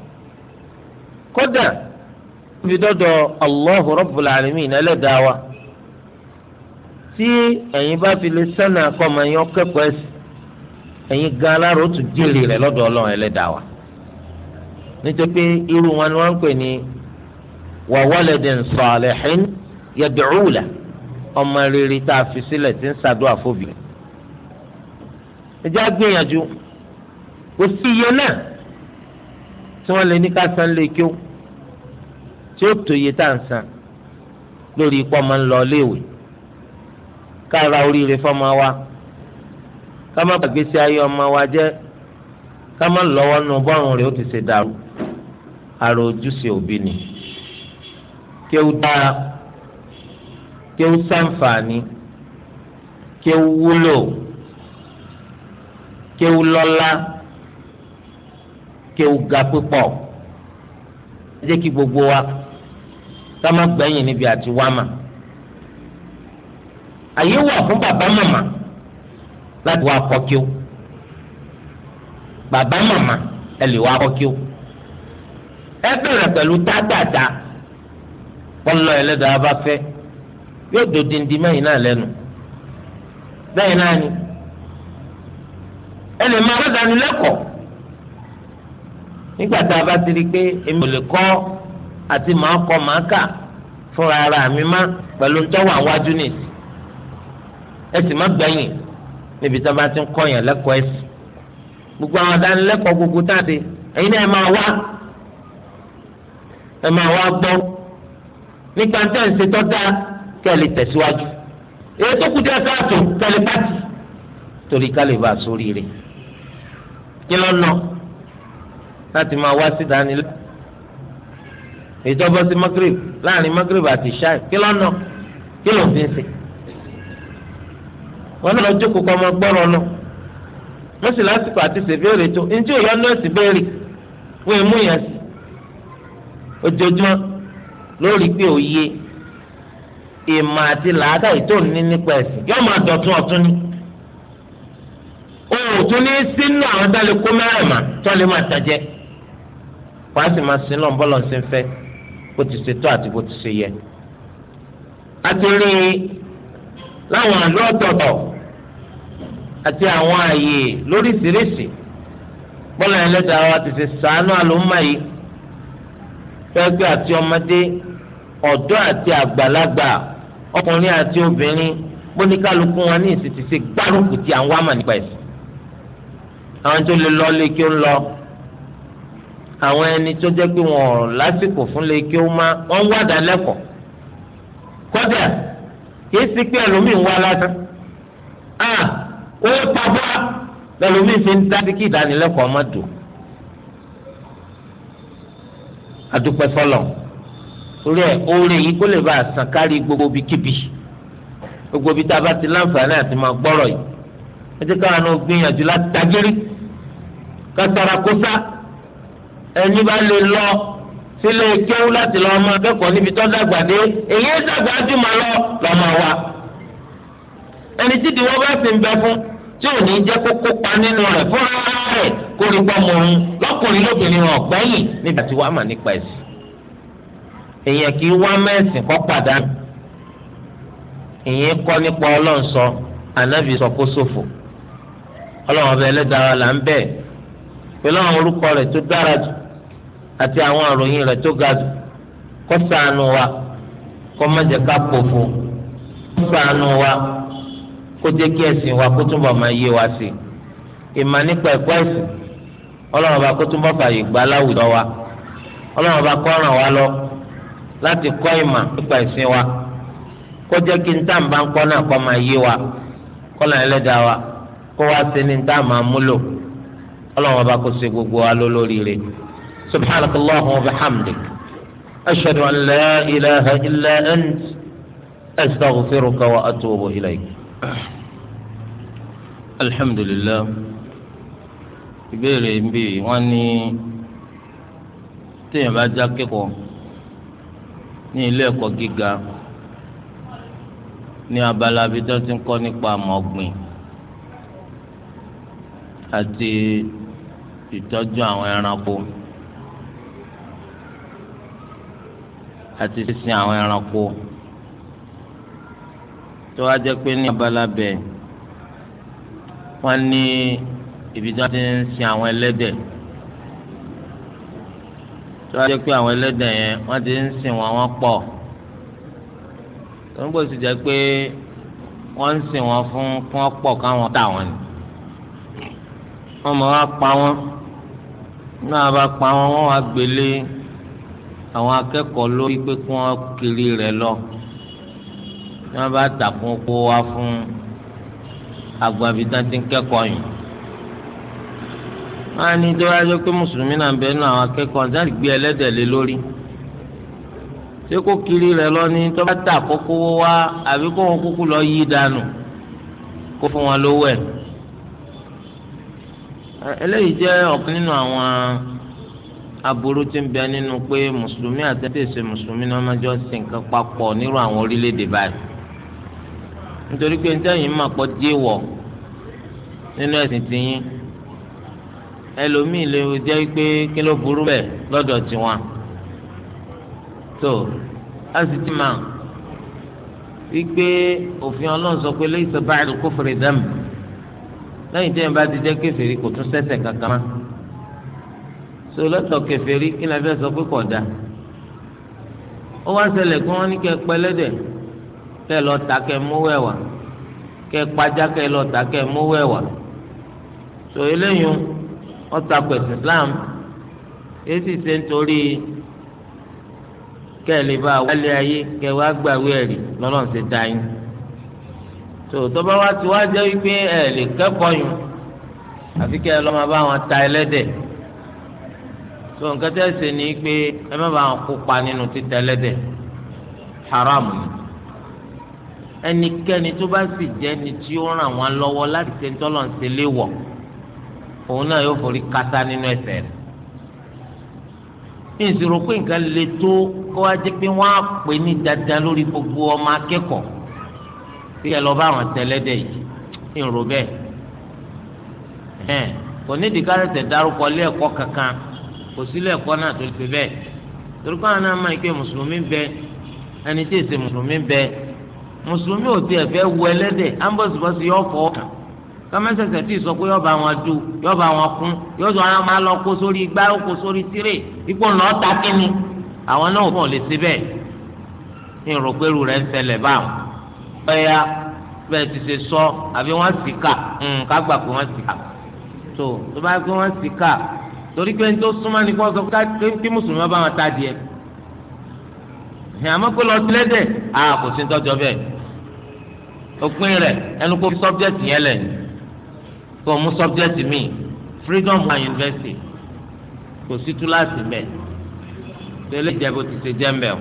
kódà fi dọ́dọ̀ Allahu Rabbul Alamin ẹlẹ́dàá wa tí ẹ̀yin bá fi lè sánà kọ́mọ yín ọkẹ́kọ̀ọ́ ẹ̀sìn ẹ̀yin gan aláró tún jèrè rẹ̀ lọ́dọ̀ ọlọ́run ni wọ́n ń pè ní wa waladin ọmọ rere tá a fi tí ń ẹ jẹ́ kò sí iye náà tí wọ́n lè ní ká san lè kí ó tí ó tó iye tá à ń san lórí ipò ọmọ ń lọ léèwé ká ra oríire fọmọ wa ká má gbàgbé ayé ọmọ wa jẹ́ ká má lọ́wọ́ nu bọ́rùn rẹ̀ ó ti ṣe dàrú àrò ojúṣe òbí ni kí ó dára kí ó ṣàǹfààní kí ó wúlò kí ó lọ́lá. kéwù ga púpọ̀ ẹ jẹ́ kí gbogbo wa ká má gbẹ̀yìn níbi àti wá mà àyè wà fún bàbá màmá láti wá kọ́ kéwù bàbá màmá ẹ lè wá kọ́ kéwù ẹ bẹ̀rẹ̀ pẹ̀lú tátàtà kọ́lọ́ ẹlẹ́dàá bá fẹ́ yóò dòdìndín mẹ́yìn náà lẹ́nu náà ni ẹ lè máa lẹ́kọ̀ọ́. nígbà tá a bá ti rí i pé èmi ò lè kọ́ àti màá kọ́ màá kà fúnra ara mi má pẹ̀lú ntọ́wà wájú nìsí ẹ sì má gbẹ̀yìn níbi tí wọ́n bá ti ń kọ́ yẹn lẹ́kọ̀ọ́ ẹ̀sìn gbogbo àwọn adánilẹ́kọ̀ọ́ gbogbo táàdé ẹ̀yin náà ẹ máa wá ẹ máa wá gbọ́ nípa tẹ́ ń ṣe tọ́ta kẹ́ tẹ̀síwájú èyí tó kù díẹ̀ káàtó kẹ́ ẹ pàtì torí ká sóríire kí lọ́nà. láti máa wá sí ìdánilẹ́ ìjọba sí magreb láàrin magreb àti ṣáì kí lọ́nà kí ló fi ń wọn náà jókòó ọmọ gbọrọ náà wọ́n sì lásìkò àti sèbéèrè tó njẹ́ òyà béèrè wọ́n èmú yẹn sí lórí pé òye ìmọ̀ àti làádá ní nípa ẹ̀sìn yóò máa dọ̀tún ọ̀tún ni òòtún ní wàá sì máa sin náà bọ́lọ̀ sí fẹ́ bó ti ṣe tó àti bó ti ṣe yẹ. a ti rí i láwọn àlọ́ ọ̀tọ̀ọ̀tọ̀ àti àwọn ààyè lóríṣiríṣi bọ́lá ẹlẹ́dàá wa ti ṣe sàánú àlùmọ́ yìí fẹ́gbẹ́ àti ọmọdé ọ̀dọ́ àti àgbàlagbà ọkùnrin àti obìnrin bóníkálukú wọn ní ìsìtìsí gbárùkù tí à ń ẹ̀sìn àwọn tó lè lọ lé kí ó ń lọ. àwọn ẹni tó jẹ́ pé ọ̀rọ̀ lásìkò kí ó má wọ́n wá dálẹ́kọ̀ọ́ kọ́dà kìí sí pé ẹlòmíì ń wá lásán à ó fi ń dájú kí ìdánilẹ́kọ̀ọ́ má dùn orí oore yìí kó lè bá gbogbo gbogbo bí ẹni bá lè lọ sílé kéwú láti lọ ọmọ akẹ́kọ̀ọ́ níbi tọ́ dàgbà dé èyí dàgbà jù máa lọ lọ́mọ wa ẹni títí wọ́n bá sì ń bẹ fún tí ò ní jẹ́ kó kópa nínú rẹ̀ fún ara rẹ̀ kó lè gbọ́ mọ̀ ọ́n lọ́kùnrin lóbìnrin nígbà tí wàá mà nípa ẹ̀sìn kì í wá mẹ́sìn kọ́ pàdánù kọ́ nípa ọlọ́run sọ ànábì sọ kó àti àwọn àròyìn rẹ̀ tó ga jù kó wa kó má jẹ́ ká pòfo kó ṣàánú wa kó jẹ́ kí ẹ̀sìn wa kó túnbọ̀ máa yé wa sí i nípa ẹ̀kọ́ ẹ̀sìn bá kó gbà láwùjọ wa bá ràn wá lọ láti wa kó jẹ́ kí n tá à bá ń náà máa yé wa kó lọ́n ẹlẹ́dàá wa kó wá sí ní n tá máa múlò bá gbogbo wa سبحانك اللهم وبحمدك أشهد أن لا إله إلا أنت أستغفرك وأتوب إليك الحمد لله ìbéèrè ń bì wọ́n ní téèyàn bá já kẹ́kọ̀ọ́ ní ilé ẹ̀kọ́ gíga ní abala bí tó ti ń kọ́ nípa àmọ́ àti ìtọ́jú àwọn ẹranko. àti sísin àwọn ẹranko tó wá jẹ́ pé ní abala bẹ́ẹ̀ wọ́n ní ibi tí wọ́n ti ń sin àwọn ẹlẹ́dẹ̀ tó wá jẹ́ pé àwọn ẹlẹ́dẹ̀ yẹn wọ́n ti ń sin wọn wọ́n pọ̀ tó ń bọ̀ sí jẹ́ pé wọ́n ń sìn wọn fún kí wọ́n pọ̀ káwọn tà wọ́n ni wọ́n mọ̀ wá pa wọ́n náà bá pa wọ́n wọ́n wá gbélé àwọn akẹ́kọ̀ọ́ lórí pé kí wọ́n kiri rẹ̀ lọ tí wọ́n bá tàkùn kó wá fún agbábi tí wọ́n ti ń kẹ́kọ̀ọ́ yìí. wọ́n á ní tó wáá jẹ́ pé mùsùlùmí náà ń bẹ nínú àwọn akẹ́kọ̀ọ́ nígbà tí gbé ẹlẹ́dẹ̀ lé lórí. ṣé kó kiri rẹ̀ lọ ni tó bá tà kókó wá àbí kó wọn kúkú lọ yí dànù kó fún wọn lówó ẹ̀. eléyìí jẹ́ ọ̀kan nínú àwọn aburú ti ń bẹ nínú pé mùsùlùmí àtẹ̀tẹ̀sẹ̀ mùsùlùmí náà máa jọ sin nǹkan papọ̀ nírú àwọn orílẹ̀-èdè báyìí nítorí pé ntẹ́yìn máa pọ̀ déwọ̀ nínú ẹ̀sìn tìyín ẹlòmíì lè jẹ́ pé kí ló burú bẹ̀ lọ́dọ̀ tiwọn tó a ti máa wípé òfin ọlọ́run sọ pé lẹ́yìn tó bá àdúgbò fèrè dẹ́mu lẹ́yìn tẹ́yìn bá ti jẹ́ kéfèrè kò tún sẹ́sẹ̀ kankan mọ́ so lọ́tọ̀ kèfèrí kí ni a fẹ́ sọ pé kò da ó wá ṣẹlẹ̀ kí wọ́n ní kẹ́ pẹ́lẹ́dẹ̀ kẹ́ lọ ta kẹ́ mówẹ́ wá kẹ́ pàjá kẹ́ lọ ta kẹ́ mówẹ́ wá so eléyìí wọ́n ta pẹ̀sì Islam èsì ṣe ń torí kẹ́ lè bá wálé ayé kẹ́ wá gbàwé ẹ̀rí lọ́nà ṣe dá yín so tọ́ba wa ti wá jẹ́ wípé ẹ̀ lè kẹ́kọ̀ọ́ yín àfi kẹ́ lọ́ọ́ máa bá wọn ta ẹlẹ́dẹ̀ẹ́ tó nǹkan tẹ́ ṣe ni pé ẹ má bàa kópa nínú títa ẹlẹ́dẹ̀ haram ni ẹnikẹ́ni tó bá sì jẹ́ ni tí ó ràn wọ́n lọ́wọ́ láti ṣe tọ́lọ̀ ń ṣe léwọ̀ òun náà yóò forí kata nínú ẹsẹ̀ rẹ̀ ìṣòro pé nǹkan le tó kó wá jẹ́ pé wọ́n á pè ní dandan lórí gbogbo ọmọ akẹ́kọ̀ọ́ tí ẹ lọ bá àwọn tẹlẹ́dẹ̀ yìí ń ro bẹ́ẹ̀ kò nídìí ká dárúkọ ilé ẹ̀kọ́ kankan kò sílẹ̀ ẹ̀kọ́ náà tó ṣe bẹ́ẹ̀ torí pé àwọn náà máa ń pè mùsùlùmí bẹ ẹni tí èsè mùsùlùmí bẹ mùsùlùmí ò tiẹ̀ fẹ́ wọ ẹlẹ́dẹ̀ ambọ̀sibọ́sì yọ fọ́ ọ̀kan kọ́mẹ́sẹ̀sẹ̀ tí sọ pé yọba wọn du yọba wọn kún yọsọ wọn máa lọ kó sórí igbá kó sórí tirẹ̀ ipò ńlọ ta kínni àwọn náà wọn ò lè ṣe bẹ́ẹ̀ ní ìrọ̀pẹ́rù rẹ̀ ń ṣẹlẹ̀ báwọn. ọ̀ya bẹ́ẹ̀ ti ṣe sọ àbí wọ́n sì kà hmm, kágbà pé wọ́n sì kà tó tó bá gbé wọ́n sì kà torí pé nítorí súnmọ́ ni kò sọ kí mùsùlùmí bá wọn ta díẹ̀ àmọ́ pé lọ sí lẹ́dẹ̀ à kò sí tọ́jọ́ bẹ́ẹ̀ òpin rẹ̀ ẹnu kó sọ́bjẹ́tì yẹn lẹ̀ kó mú sọ́bjẹ́tì míì freedom and university kò sí túláàsì mẹ́ tẹ́lẹ̀ jẹ́ bó ti ṣe jẹ́ mbẹ́ o.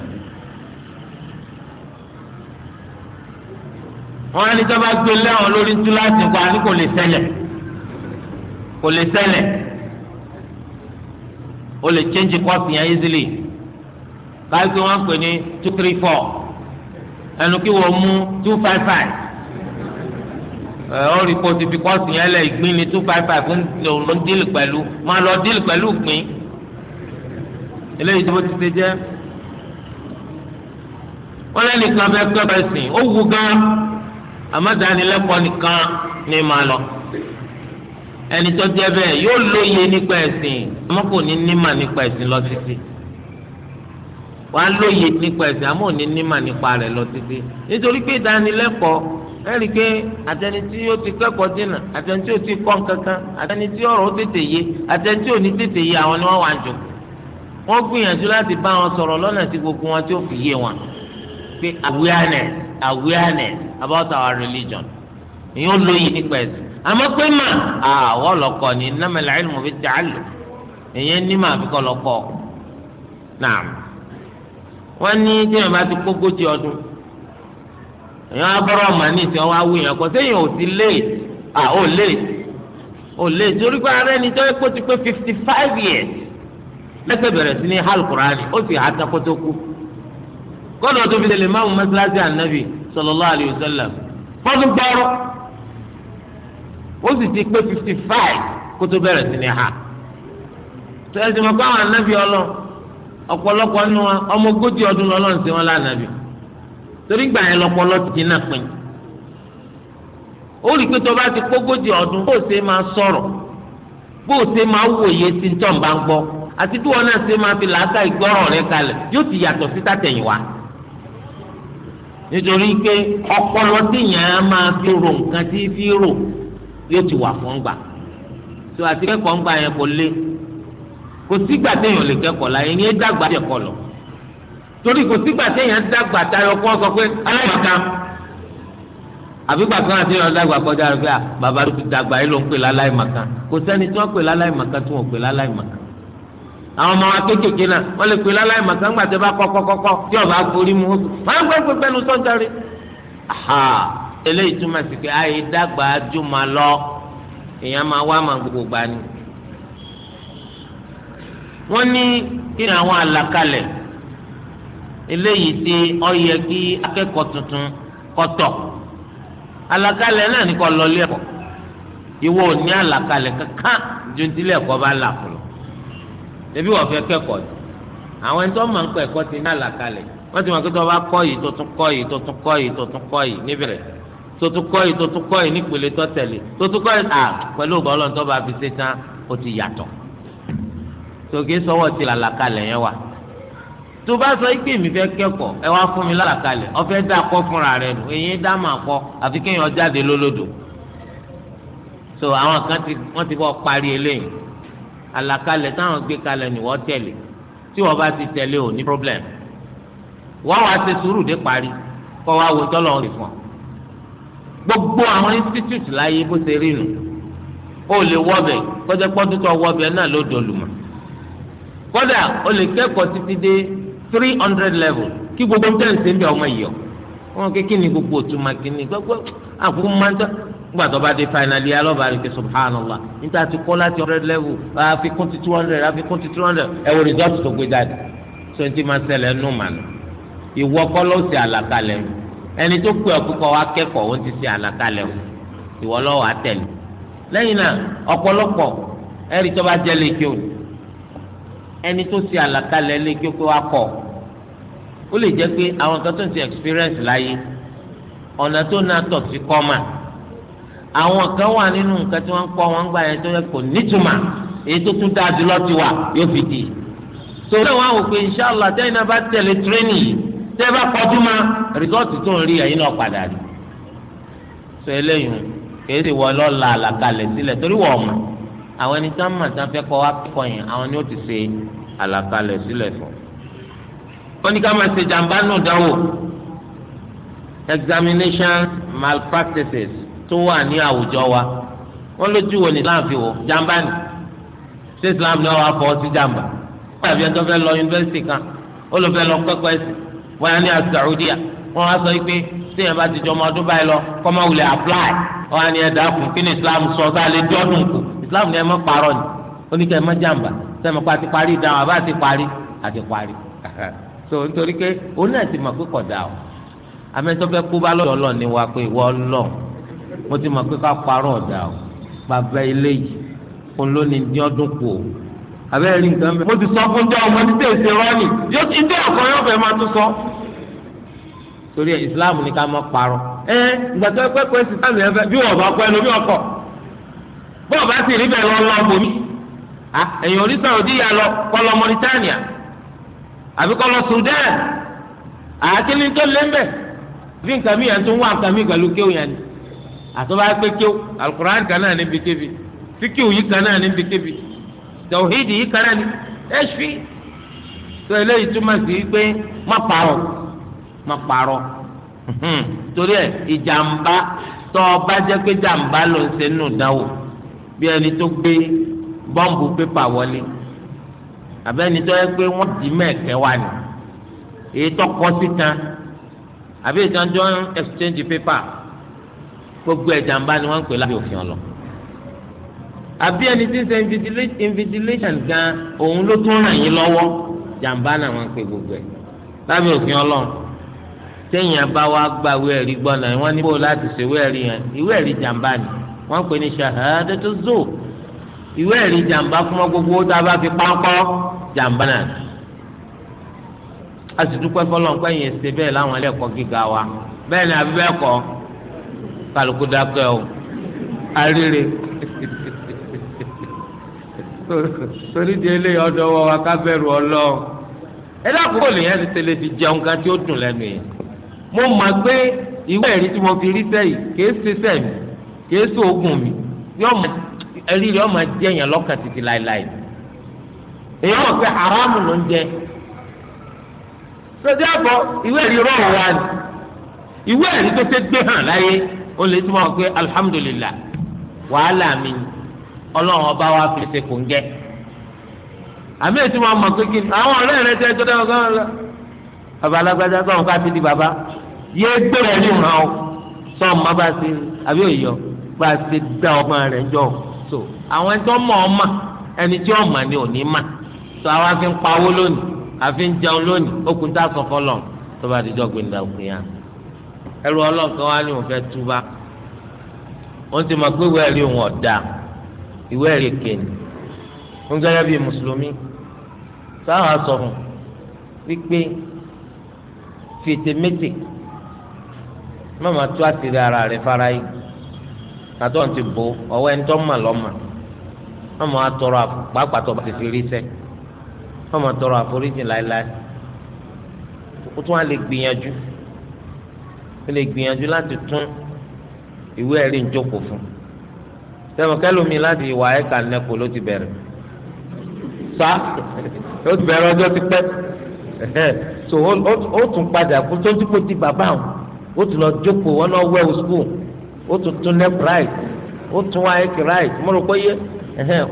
wọ́n á ní sábà gbé lẹ́wọ̀n lórí túláàsì kó a ní kò lè ṣẹlẹ̀ kò lè ṣẹlẹ̀ o lè change course yẹn easily báyìí pé wọ́n pè ní two three four ẹnu kí wọ́n mú two five five ọ rìpọ́tì fi kọ́ọ̀sì yẹn lẹ̀ ìgbín ni two five five ló ń díìlì pẹ̀lú máa lọ díìlì pẹ̀lú ìgbín eléyìí tó ti ṣe jẹ́ wọ́n lẹ́nu kan fẹ́ kọ́ ẹ̀sìn ó wù gan amádánilẹ́kọ̀ọ́ nìkan ni màá lọ ẹni tó jẹ́ bẹ́ẹ̀ yóò lóye nípa ẹ̀sìn àmọ́ kò ní nímà nípa ẹ̀sìn lọ títí wàá lóye nípa ẹ̀sìn àmọ́ ò ní nímà nípa rẹ̀ lọ títí nítorí pé ìdánilẹ́kọ̀ọ́ ẹ̀rí pé àtẹni tí ó ti kẹ́kọ̀ọ́ dínà àtẹni tí ó ti kọ́ kankan àtẹni tí ọ̀rọ̀ ó tètè yé àtẹni tí ò ní tètè yé àwọn ni wọ́n wà jù wọ́n gbìyànjú láti bá wọn sọ̀rọ̀ lọ́nà tí gbogbo wọn tí ó fi yé wọn pé awareness awareness about our religion ìyẹn ó lóye nípa ẹ̀sìn àmọ́ pé mà àwọn ọlọ́kọ̀ ni nàmẹ́lẹ́ àìlùmọ fi tẹ àlù èyàn ní mà fi kọ lọkọ náà wọn ní tí yẹn bá ti kó gójì ọdún èyàn abọrọ ọmọ ní ìsìn ọwọ́ awú yẹn kọ sẹ́yìn ò sí late à ó late ó late torí pé ara ẹni tó yẹ years lẹ́sẹ̀ bẹ̀rẹ̀ sí ní alukurani ó sì hàtà kótó kú tó fi lè máa mú ànábì ó sì ti pé fifty five kó tó bẹ̀rẹ̀ ni ha tẹ̀sí mọ̀ káwọn anábì ọlọ ọ̀pọ̀lọpọ̀ nínú wọn ọmọ ogójì ọdún lọ́lọ́run sí wọn lánàbì torí gbà yẹn lọ́pọ̀lọ́ ti náà pin ó rí i pé tó bá ti kógójì ọdún bó ṣe máa sọ̀rọ̀ bó ṣe máa wòye sí ní tọ́ǹba ń gbọ́ àti bí wọn náà ṣe máa fi làákà ìgbọ́ràn rẹ kalẹ̀ yóò ti yàtọ̀ sí fi rò nǹkan tí fi rò yóò ti wà fún gbà tó àti kẹ́kọ̀ọ́ ń gbà yẹn kò lé kò sígbà téèyàn lè kẹ́kọ̀ọ́ láyé ní dàgbà jẹ̀ kọ lọ torí kò sígbà téèyàn dàgbà tayọ kọ́ sọ pé aláìmọ̀ká àbígbà kan àti èèyàn dàgbà kọjá rẹ pé à bàbá tó ti dàgbà yìí ló ń pè láláìmọ̀ká kò sẹ́ni tí wọ́n pè láláìmọ̀ká tí wọ́n pè láláìmọ̀ká àwọn ọmọ wa kéékèèké náà wọ́n lè pè láláìmọ̀ká ńgbà tí wọ́n bá kọ́kọ́kọ́kọ́ tí ọba forí mu ó sùn wọ́n á gbẹ́ pẹ́pẹ́ sọ́jà rẹ̀ eléyìí túmọ̀ sí pé ayé dàgbà jùmọ̀ lọ èèyàn máa wá máa gbogbo gbà ni. wọ́n ní kí ni àwọn àlàkalẹ̀ eléyìí tí ó yẹ kí akẹ́kọ̀ọ́ tuntun kó tọ̀ àlàkalẹ̀ náà ní kó lọ ilé ẹ̀kọ́ ìwọ ò ní àlàkalẹ̀ kankan ju ti ilé ẹ̀kọ́ bá là fún lọ ebi wọ́n fẹ́ kẹ́kọ̀ọ́ ni àwọn ẹni tó máa ń kọ́ ẹ̀kọ́ ti ní àlàkalẹ̀ wọ́n ti mọ̀ pé tó bá kọ́ yìí tó tún kọ́ yìí tó tún kọ́ yìí tó tún kọ́ yìí níbẹ̀rẹ̀ totukọ́ yìí totukọ́ yìí nípele tó tẹ̀lé totukọ́ yìí à pẹ̀lú ògbà ọlọ́ọ̀tọ́ bá fi ṣe tán ó ti yàtọ̀ tòkè sọ́wọ́ ti làlàkalẹ̀ yẹn wà tó bá sọ ike mi fẹ́ kẹ́kọ̀ọ́ ẹ wá fún mi lálàkalẹ̀ ọfẹ dá akọ fúnra rẹ̀ nù èyí dá mà kọ àfi kéèyàn jáde lólódò so àwọn kan ti wọn ti fọ parí eléyìí àlàkalẹ̀ táwọn gbé kalẹ̀ ni wọ́n tẹ̀lé tí wọ́n bá ti tẹ̀lé ò ní problem wọ́n wá ṣe sùúrù dé parí kọ́ wá wo tọ́lọ́ rè fún ọ gbogbo àwọn institute láyé bó ṣe rí nu ó lè wọbẹ kọjá pọtútọ wọbẹ náà ló dolùmọ kódà ó lè kẹ́kọ̀ọ́ títí dé three hundred level kí gbogbo ń tẹ̀sí ń bẹ ọmọ yìí ọ wọn kékeré ní gbogbo òtúmọ̀ kìíní gbogbo àfúrú máa ń tẹ nígbà tó bá dé finally alọ́ba rẹ̀ subhanallah níta ti kọ́ láti hundred level àfikún ti two hundred àfikún ti two hundred ẹ wo result tó gbé jáde so ní ti máa ṣẹlẹ̀ nù mànà ìwọ kọ́ ló ṣe ẹni tó pè ọ́ púpọ̀ wá kẹ́kọ̀ọ́ ó ti ṣe àlàkalẹ̀ o ìwọ lọ́wọ́ àtẹ̀lé lẹ́yìn náà ọ̀pọ̀lọpọ̀ ẹ̀rí tó bá jẹ́ lékè o ẹni tó ṣe àlàkalẹ̀ lékè pé wá kọ̀ ó lè jẹ́ pé àwọn kan tó ń ti experience láyé ọ̀nà tó náà tọ̀ sí kọ́ mà àwọn kan wà nínú nǹkan tí wọ́n ń kọ́ wọn gbà yẹn tó yẹ kò nítumà èyí tó tún dáa jùlọ ti wà yóò fi di. sọ̀rọ̀ wọn àwọn òpin inṣàlá tẹ́yìn náà bá tẹ̀lé tírénì yìí tẹ́ ẹ bá kọjú ma rìsọ́ọ̀tì tó ń rí ẹ̀yin náà padà rí sọ eléyìí kìí ṣe wọ lọ́la àlàkalẹ̀ sílẹ̀ torí wọ́n mọ̀ àwọn ẹni tí wọ́n mọ̀ tí wọ́n fẹ́ kọ́ wá kọ́ yẹn àwọn ni ó ti ṣe àlàkalẹ̀ sílẹ̀ fún. wọ́n máa ṣe jàǹbá nù dánwò examination malpractices tó wà ní àwùjọ wa wọ́n lójú wo ní Islam fi wò jàǹbá ni ṣé Islam náà wà fọ́ sí jàǹbá. wọ́n yàgbé ẹni tó fẹ́ lọ yunifásitì kan ó lọ fẹ́ wọ́n á ní asaudiya wọ́n á sọ pé téèyàn bá ti jọ ọmọ ọdún báyìí lọ kọ́ máa wulẹ̀ apply wọ́n á ní ẹ̀dá kùn kí ni islam sọ sáà lè dí ọdún kù islam ni ẹ má parọ́ ni oníkẹ́ ẹ má jàǹbá sẹ́mi pa ti parí ìdáhùn àbá ti parí àti parí so nítorí pé òun náà ti mọ̀ pé kọ̀dà o amẹ́tọ́ fẹ́ kú bá lọ́dọ̀ ọlọ́ọ̀ni wa pé ìwọ ọlọ́ọ̀ mo ti mọ̀ pé ká parọ́ ọ̀dà o bàbá ilé yìí òun ní ọdún kù o abẹ́rẹ́ rí nǹkan mẹ́. mo ti sọ fún jẹ́ ọmọ títẹ̀ ìṣe rọ́ọ̀nì yóò ti dé ọ̀kan yóò fẹ́ máa tún sọ torí islam ní ká má parọ́ ẹ ìgbà tó pẹ́ pẹ́ sí sáàmì ẹ̀fẹ́ bí wọ́n bá pẹ́ nu bí wọ́n kọ̀ bí wọ́n bá sì rí bẹ́ẹ̀ lọ́ọ́ lọ́ọ́ bomi ẹ̀yìn orí Saudi yà lọ kọ́ lọ Mauritania àbí kọ́ lọ Sudan àkíní tó lé mbẹ́ bí nǹkan mi yẹn tó ń wá nǹkan mi pẹ̀lú kéwù yẹn ni àtọ́ba pé kéwù alukur'an kan náà níbi kébi fíkìwù yìí kan náà níbi kébi tawhidi yìí kan náà ní ẹ̀ṣin tó eléyìí túmọ̀ sí pé má parọ́. Ma parọ́ hmm. torí ẹ ìjàmbá tó o bá jẹ́ pé jàmbá ló ń ṣe nù dáwò bí ẹni tó gbé bọ́ǹbù pépà wọlé àbẹ́ni tó yẹ pé wọ́n dì mẹ́ẹ̀kẹ́ wá ni èyí tó kọ́ sí kan àbí ìtànjọ́ exchange paper gbogbo ẹ̀jàmbá ni wọ́n ń pè lábẹ́ òfin ọ̀lọ́ àbí ẹni tí ń ṣe invigilation gan òun ló tún ràn yín lọ́wọ́ jàmbá náà wọ́n ń pè gbogbo ẹ̀ lábẹ́ òfin ọlọ́run téèyàn bá wá gba ìwé ẹ̀rí gbọ́nà wọ́n ní bó láti ṣe ìwé ẹ̀rí yẹn ìwé ẹ̀rí jàǹbá ni wọ́n pè ní ṣahadatu zoò ìwé ẹ̀rí jàǹbá kúmọ́ gbogbo tá a bá fi pánkọ́ jàǹbá náà ni. a sì dúpẹ́ fọlọ́n pé yẹn ṣe bẹ́ẹ̀ láwọn ilé ẹ̀kọ́ gíga wa bẹ́ẹ̀ ni àbí bẹ́ẹ̀ kọ́ kálukú dákẹ́ o aríire torí di eléyìí ọ̀dọ̀ wa ká bẹ̀rù Ọlọ́run ẹ dákúrò lè ti tẹ́lẹ̀ mo mọ̀ pé ìwé ẹ̀rí tí mo fi rí sẹ́yìn kìí ṣe sẹ́yìn kìí ṣe oògùn mi yọmọ ẹ̀rí rẹ̀ ọmọ jẹ́ yẹn lọ́kàn títí láéláé èyí mọ̀ pé haramu ló ń jẹ sọdí àbọ̀ ìwé ẹ̀rí rọrùn wa ni ìwé ẹ̀rí tó ṣe gbé hàn láyé o lè túmọ̀ pé alihamudulilayi wàhálà mi ọlọ́run ọba wa fi ṣe kò ń gẹ́ àmì ètò wọn mọ̀ àwọn ọ̀rẹ́ rẹ tẹ́ ẹjọ́ dáhùn kan lọ bàbá alágbájá sọ̀rọ̀ di bàbá yé gbẹrẹ ní ìhàn o sọ ma bá ṣe àbí òyìnbó bá ṣe dá ọmọ rẹ jọ so àwọn ẹni tó mọ ọmọ ẹni tí ọmọ ni ò ní mà so àwa fi ń pawó lónìí àfi ń jẹun lónìí okùn tá a sọ fọlọ tó bá dijọ gbẹndà òkè yá ẹrù ọlọ́ọ̀kan wá ní òun fẹ́ túbá wọ́n ti máa gbéwèé ẹ̀rí òun ọ̀dà ìwé ẹ̀rí kẹ́ni ń gẹ́gẹ́ bíi mùsùlùmí sáà sọ fún wípé fìtèmẹ́tì má má tú àtìrí ara rẹ fara yìí kàtọ́ ti bò ọwọ́ ẹni tó mà lọ́mà má má tọrọ àpàpàtọ̀ bá tètè rí sẹ́ má má tọrọ àforíjì láéláé ó tún wá lè gbìyànjú ó lè gbìyànjú láti tún ìwé ẹ̀rí ń jókòó fún sẹ́wọ̀n kẹ́lómi láti ìwà ẹ̀ka nẹ́kọ̀ọ́ ló ti bẹ̀rẹ̀ sá ó ti bẹ̀rẹ̀ ọjọ́ ti pẹ́ so ó tún padà kó tó ti kó ti bàbá àwọn ó tún lọ jókòó wọn lọ wẹ́wù skul ó tún tún nep right ó tún wáyek right mo rò pé yé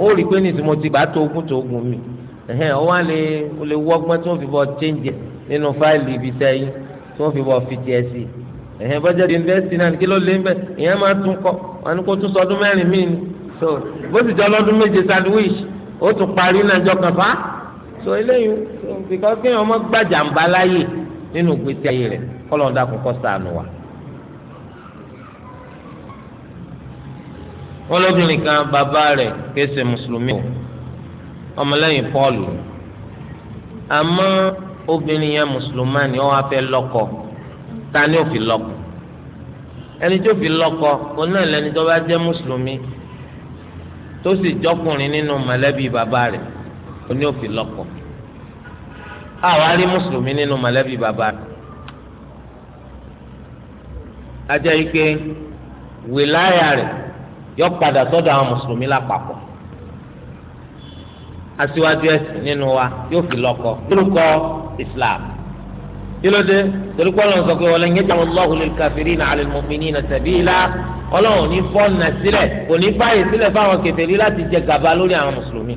ó rí i pé ní ìsìnkú ti bá tó ogún tó ogún mi ó wá lè ó lè wọ́gbọ́n tí wọ́n fi bọ́ change nínú fáìlì ibi sẹ́yìn tí wọ́n fi bọ́ fi tiẹ̀ sí ẹ̀hìn bọ́jà di yunifásitì náà kí ló lé ń bẹ̀ ìyẹn máa tún kọ́ wọn ni kó tún sọ ọdún mẹ́rin míì ni so bó ti jọ ọlọ́dún méje sandwich ó tún parí náà jọ kàn fáá so eléyìí so bìkọ́ kéèyàn ọmọ gbàjàmbá láyè nínú ìgbésí ayé rẹ̀ kọ́lọ́n dàkún kọ́ sànù wa. wọ́n kan bàbá rẹ̀ kése mùsùlùmí o ọmọlẹ́yìn pọ́ọ̀lù àmọ́ obìnrin yẹn mùsùlùmá ni wọ́n á fẹ́ lọ́kọ ta ni ó fi lọ́kọ ẹni tó fi lọ́kọ òun náà lẹni tó bá jẹ́ mùsùlùmí tó sì jọkùnrin nínú mọ̀lẹ́bí bàbá rẹ̀ òun ni ó fi lọ́kọ àwa rí mùsùlùmí nínú mọ̀lẹ́bí bàbá rẹ̀ ajá ike wìláyà rẹ̀ yọ padà sọ́dọ̀ àwọn mùsùlùmí lápapọ̀ aṣíwájú ẹ̀sìn nínú wa yóò fi lọ́kọ lórúkọ islam kílódé torí pé ọlọ́run sọ pé wọlé ń yẹjà Allahu lil kafirina 'ala al mu'minina sabila ọlọ́run ní fọ́ọ̀nà sílẹ̀ kò ní báyìí sílẹ̀ fáwọn kèfèrí láti jẹ gàba lórí àwọn mùsùlùmí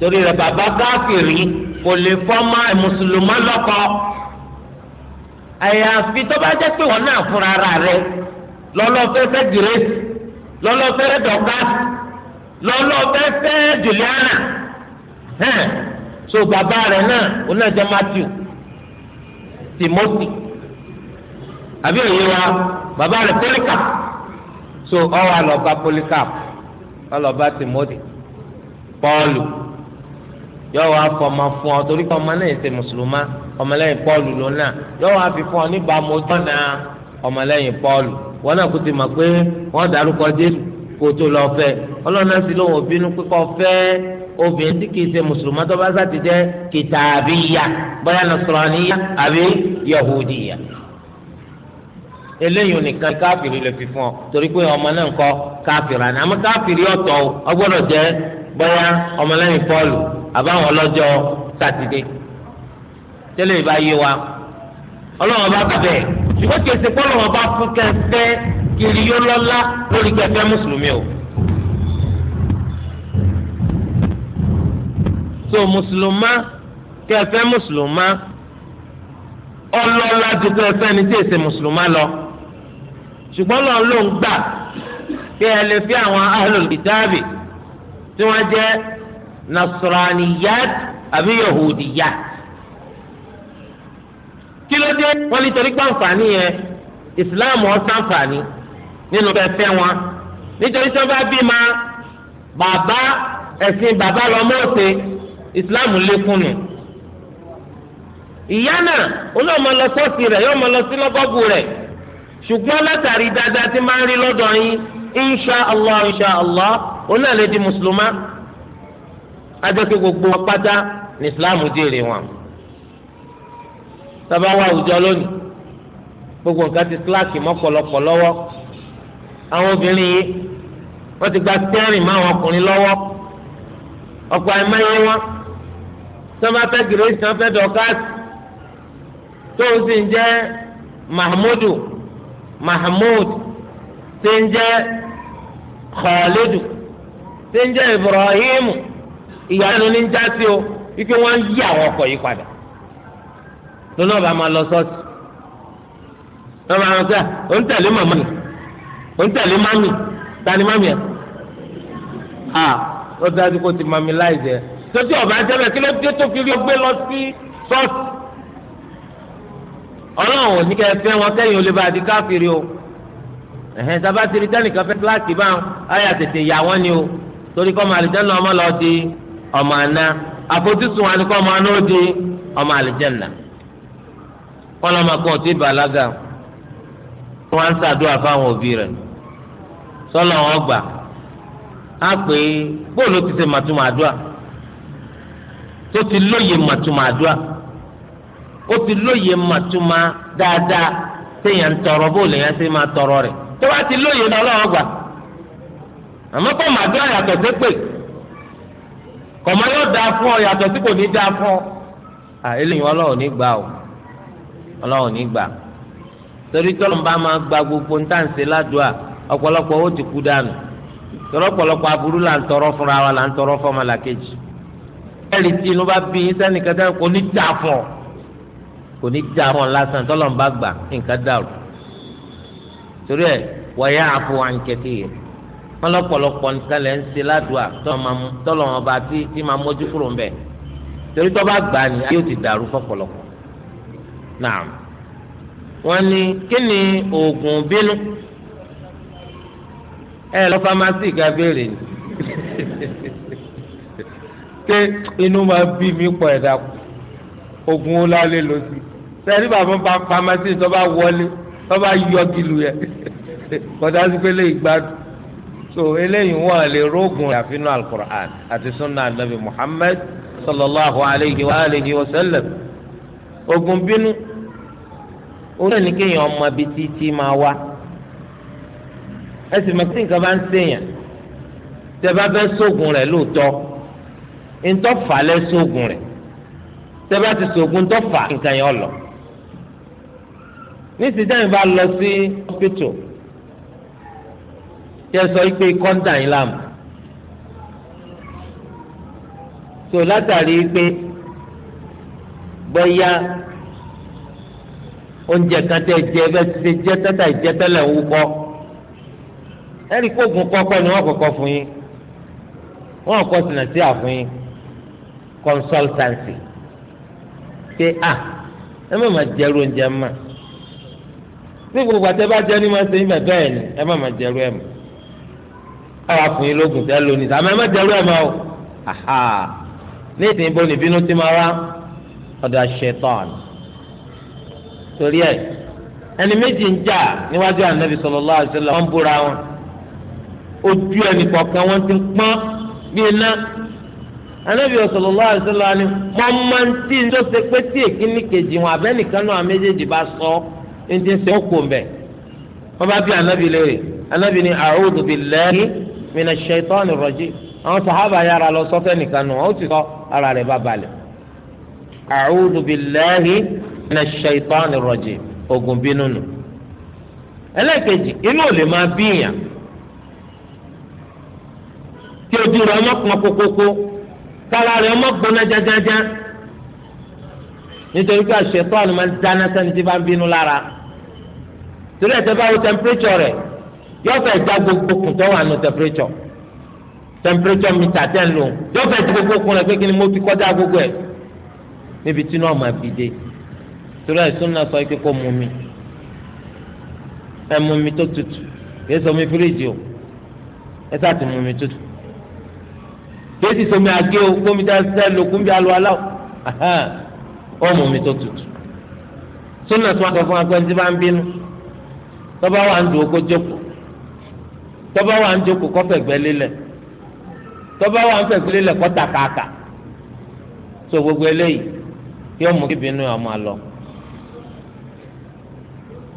torí rẹ̀ bàbá káfìrí kò lè fọ́ máa mùsùlùmá lọ́kọ àyàfi tó bá jẹ́ pé wọ́n náà fúnra ara rẹ̀ lọ́lọ́fẹ́fẹ́ gírèsì lọ́lọ́fẹ́fẹ́ dọ̀ká lọ́lọ́fẹ́fẹ́ juliana hẹ́n so bàbá rẹ̀ náà òun matthew timothy àbí òye wa bàbá rẹ̀ polycarp so ọwọ́ àlọ́ba polycarp ọlọ́ba timothy paul yọ wá fún ọ torí kọ́ ọmọ náà yẹ ṣe mùsùlùmá. ọmọlẹ́yìn Pọ́ọ̀lù lónà yóò wá fi fún ọ níbàámu tọ́nà ọmọlẹ́yìn Pọ́ọ̀lù wọn náà kò ti mọ̀ pé wọ́n dárúkọ Jésù kó tó lọ fẹ́ ọlọ́nà sí lóun òbínú pípọ̀ fẹ́ obìnrin tí kìí ṣe mùsùlùmá tó bá sáti jẹ́ kìtàbíyà bóyá àbí yahudiya eléyìí nìkan káfìrí lè fi fún ọ torí pé ọmọ náà ń kọ káfìrí àná káfìrí ọ̀tọ̀ ọgbọ́dọ̀ jẹ́ bóyá ọmọlẹ́yìn Pọ́ọ̀lù àbáwọn ọlọ́jọ́ sátidé tẹ́lẹ̀ ìbá yé wa ọlọ́wọ́n bá bàbẹ̀ ṣùgbọ́n kì í ṣe pọ́lọ́wọ́n bá fún kẹfẹ́ kiri yó lọ́lá lórí kẹfẹ́ mùsùlùmí o. so mùsùlùmá kẹfẹ́ mùsùlùmá ọlọ́lá ju kẹfẹ́ ni tí èsè mùsùlùmá lọ ṣùgbọ́n lọ́n ló ń gbà pé ẹ lè fi àwọn ahlul kitabi tí wọ́n jẹ́ nasraniyat àbí yahudiyat. kí ló dé wọn nítorí pé àǹfààní yẹn islam ọ̀sánfààní nínú fẹ́fẹ́ wọn nítorí tí bá bí ma bàbá ẹ̀sìn bàbá lọ́mọ́ọ̀sẹ̀ islam lékún nù ìyá náà ọmọ lọ sọ́ọ̀sì rẹ̀ yóò mọ lọ sí lọ́gọ́gù rẹ̀ ṣùgbọ́n látàrí tí máa rí lọ́dọ̀ insha allah insha allah di mùsùlùmá gbogbo wọn pátá islam jèrè wọn. sábà wà àwùjọ lónìí gbogbo nǹkan ti síláàkì mọ́pọ̀lọpọ̀ lọ́wọ́ àwọn obìnrin yìí wọ́n ti gba stẹ́rìn mọ́ àwọn ọkùnrin lọ́wọ́ ọ̀pọ̀ àìmọye wọn sábà fẹ́ gírèsì náà fẹ́ dọ̀kásì tóun sì ń jẹ́ mahmudu mahmud tí ń jẹ́ khalidu tí ń jẹ́ ibrahimu ìyanu ní ń sí o wípé wọ́n ń yí àwọn ọkọ̀ yìí padà lónà ọba máa lọ sọ́ọ̀tì lọ́ba àwọn sẹ́à ó ń tẹ̀lé màmá mi ó ń tẹ̀lé mami tani mami ẹ̀ à ó dájú kó ti mami láì jẹ tójú ọba jẹ́bẹ̀ kí ló dé tó fi rí ọgbẹ́ lọ sí sọ́ọ̀tì ọlọ́run ò ní kẹ́ ẹ fẹ́ wọn kẹ́yìn olè bá a di káfíìrì o ẹ̀hẹ́n tá a bá ti rí tẹ́nìkan fẹ́ kíláàsì báwọn ayé àtètè yà wọ́n ni o torí kọ́ máa àlìjẹ́nà ọmọ lọ di ọmọ àná àfojúsùn wa ni kọ́ máa náà di ọmọ àlìjẹ́nà wọn lọ́mọ kan ò tí bàlágà wọn ń ṣàdúrà fáwọn òbí rẹ̀ sọ́nà wọn gbà á pé bóòlù ti ṣe màtúmọ̀ àdúrà tó ti lóye màtúmọ̀ àdúrà ó ti lóye màtúmọ̀ dáadáa téèyàn ń tọrọ bóòlù yẹn ṣe máa tọrọ rẹ̀ tó bá ti lóye náà lọ́wọ́ gbà àmọ́ kọ́ màdúrà yàtọ̀ sí pé kọ̀mọ́ yóò dáa fún ọ yàtọ̀ sí kò ní dáa fún ọ. àìlèyìn ọlọ́run ní gbà o ọlọ́run nígbà torí tọ́lọ́n bá máa gba gbogbo ntáǹsẹ̀ ládùá ọ̀pọ̀lọpọ̀ ó ti kú dànù tọ́lọ́ ọ̀pọ̀lọpọ̀ aburú là ń tọrọ fúnra wa là ń tọrọ fọmọ làkejì ẹ̀rì tí inú bá bí sẹ́ni kẹta kò ní dà fọ̀ kò ní dà fọ̀ lásán tọ́lọ́n bá gbà nǹkan dàrú torí ẹ̀ wọ́yá àfọ àǹkẹ́kẹ́ yẹn wọn lọ́pọ̀lọpọ̀ nǹkan lẹ́ ń ṣe ládùá tọ́lọ́n ọba tí máa mójú kúrò ń bẹ̀ torí tọ́ bá gbà ní ayé ò náà wọ́n ní kí ni oògùn bínú ẹ lọ fámásì ká béèrè ni pé inú máa bí mi pọ̀ ẹ̀dá oògùn ó lálé lọ sí sẹ́ẹ̀rí bàbá fámásì tó bá wọlé tó bá yọ kìlù yẹ kọ́dá sí pé lè gbádùn so eléyìí wọn lè rógùn àfinú alukur'an àti sunna anabi muhammed sallallahu alayhi wa alayhi wa sallam ogun bínú òun náà ní kéèyàn ọmọ bíi títí máa wá ẹ sì mọ̀ pé nǹkan bá ń ṣèyàn tẹ́ bá fẹ́ sógun rẹ̀ lóòótọ́ ntọ́fà lẹ́ sógun rẹ̀ tẹ́ bá ti sógun ntọ́fà nǹkan yẹn lọ ní bá lọ sí hospital tẹ́ sọ pé kọ́ńtà yín láàmú so látàrí pé bọ́yá oúnjẹ kan tẹ jẹ bẹ́ẹ̀ ti ṣe jẹ tẹ́tà ìjẹ tẹ́lẹ̀ ń wúkọ́ ẹ̀rí kóògùn kọ́kọ́ ni wọ́n kọ́kọ́ fún yín wọ́n kọ́ sínú sí àfún yín consultancy ṣe à ẹ má má jẹrú oúnjẹ mọ́ tí gbogbo àti ẹ bá jẹ ní ma ṣe ibẹ̀ bẹ́ẹ̀ ni ẹ má má jẹrú ẹ̀ mọ́ àwọn afun yín lóògùn tẹ́ lónìí sàmẹ́ má jẹrú ẹ̀ mọ́ o ní ìsìn ibo nìbínú ti máa wá ọ̀dọ̀ aṣetán torí ẹ ẹni méjì ń jà níwájú ànábì sallallahu alaihi wasallam ń búra wọn ojú ẹnì kọ̀ọ̀kan wọn ti ń pọ́n bí iná ànábì sallallahu alaihi wasallam ni wọ́n máa ń tí ń tó ṣe pé tí èkíní kejì wọn àbẹ́nìkan náà méjèèjì bá sọ ń ti ń ṣe ókò mbẹ̀ wọ́n bá bí ànábì léèrè ànábì ni a'udhu billahi minash shaitani rajim àwọn sàhábà yára lọ sọ́fẹ́ nìkan nù wọ́n ó ti sọ ara rẹ̀ bá balẹ̀ a'udhu billahi minash shaitanir rajim ogun bínú nù ẹlẹ́ẹ̀kejì inú ò lè máa bíyàn tí ojú rẹ̀ ọmọ kan kókókó kára rẹ̀ ọmọ gbóná jájájá nítorí pé àṣetọ́ọ̀nù máa ń dáná sẹ́ni tí bá ń bínú lára torí ẹ̀ tẹ́ bá wo tẹ̀mpétsọ̀ rẹ̀ yóò fẹ́ já gbogbo kùn tó wà nù tẹ̀mpétsọ̀ tẹ̀mpétsọ̀ mítà tẹ̀ ń lò yóò fẹ́ ti gbogbo kùn rẹ̀ pé kí ni mo ti kọjá gbogbo ẹ̀ níbi tí náà máa bì dé torí àìsàn náà sọ pé kó mu mi ẹ mu mi tó tutù kìí sọ mi fíríjì o ẹ sá ti mu mi tutù kìí sì sọ mi àgé o kó mi dá sẹ́ lókun bí alu aláwọ̀ ó mu mi tó tutù sunna tí wọn sọ fún akpẹ́ntì bá ń bínú tọ́ba wà ń dùn ó jókòó tọ́ba wà ń jókòó kó fẹ̀gbẹ́ lélẹ̀ tọ́ba wà ń fẹ̀gbẹ́ lélẹ̀ kó ta kàkà so gbogbo eléyìí yóò mú kí ìbínú ọmọ lọ.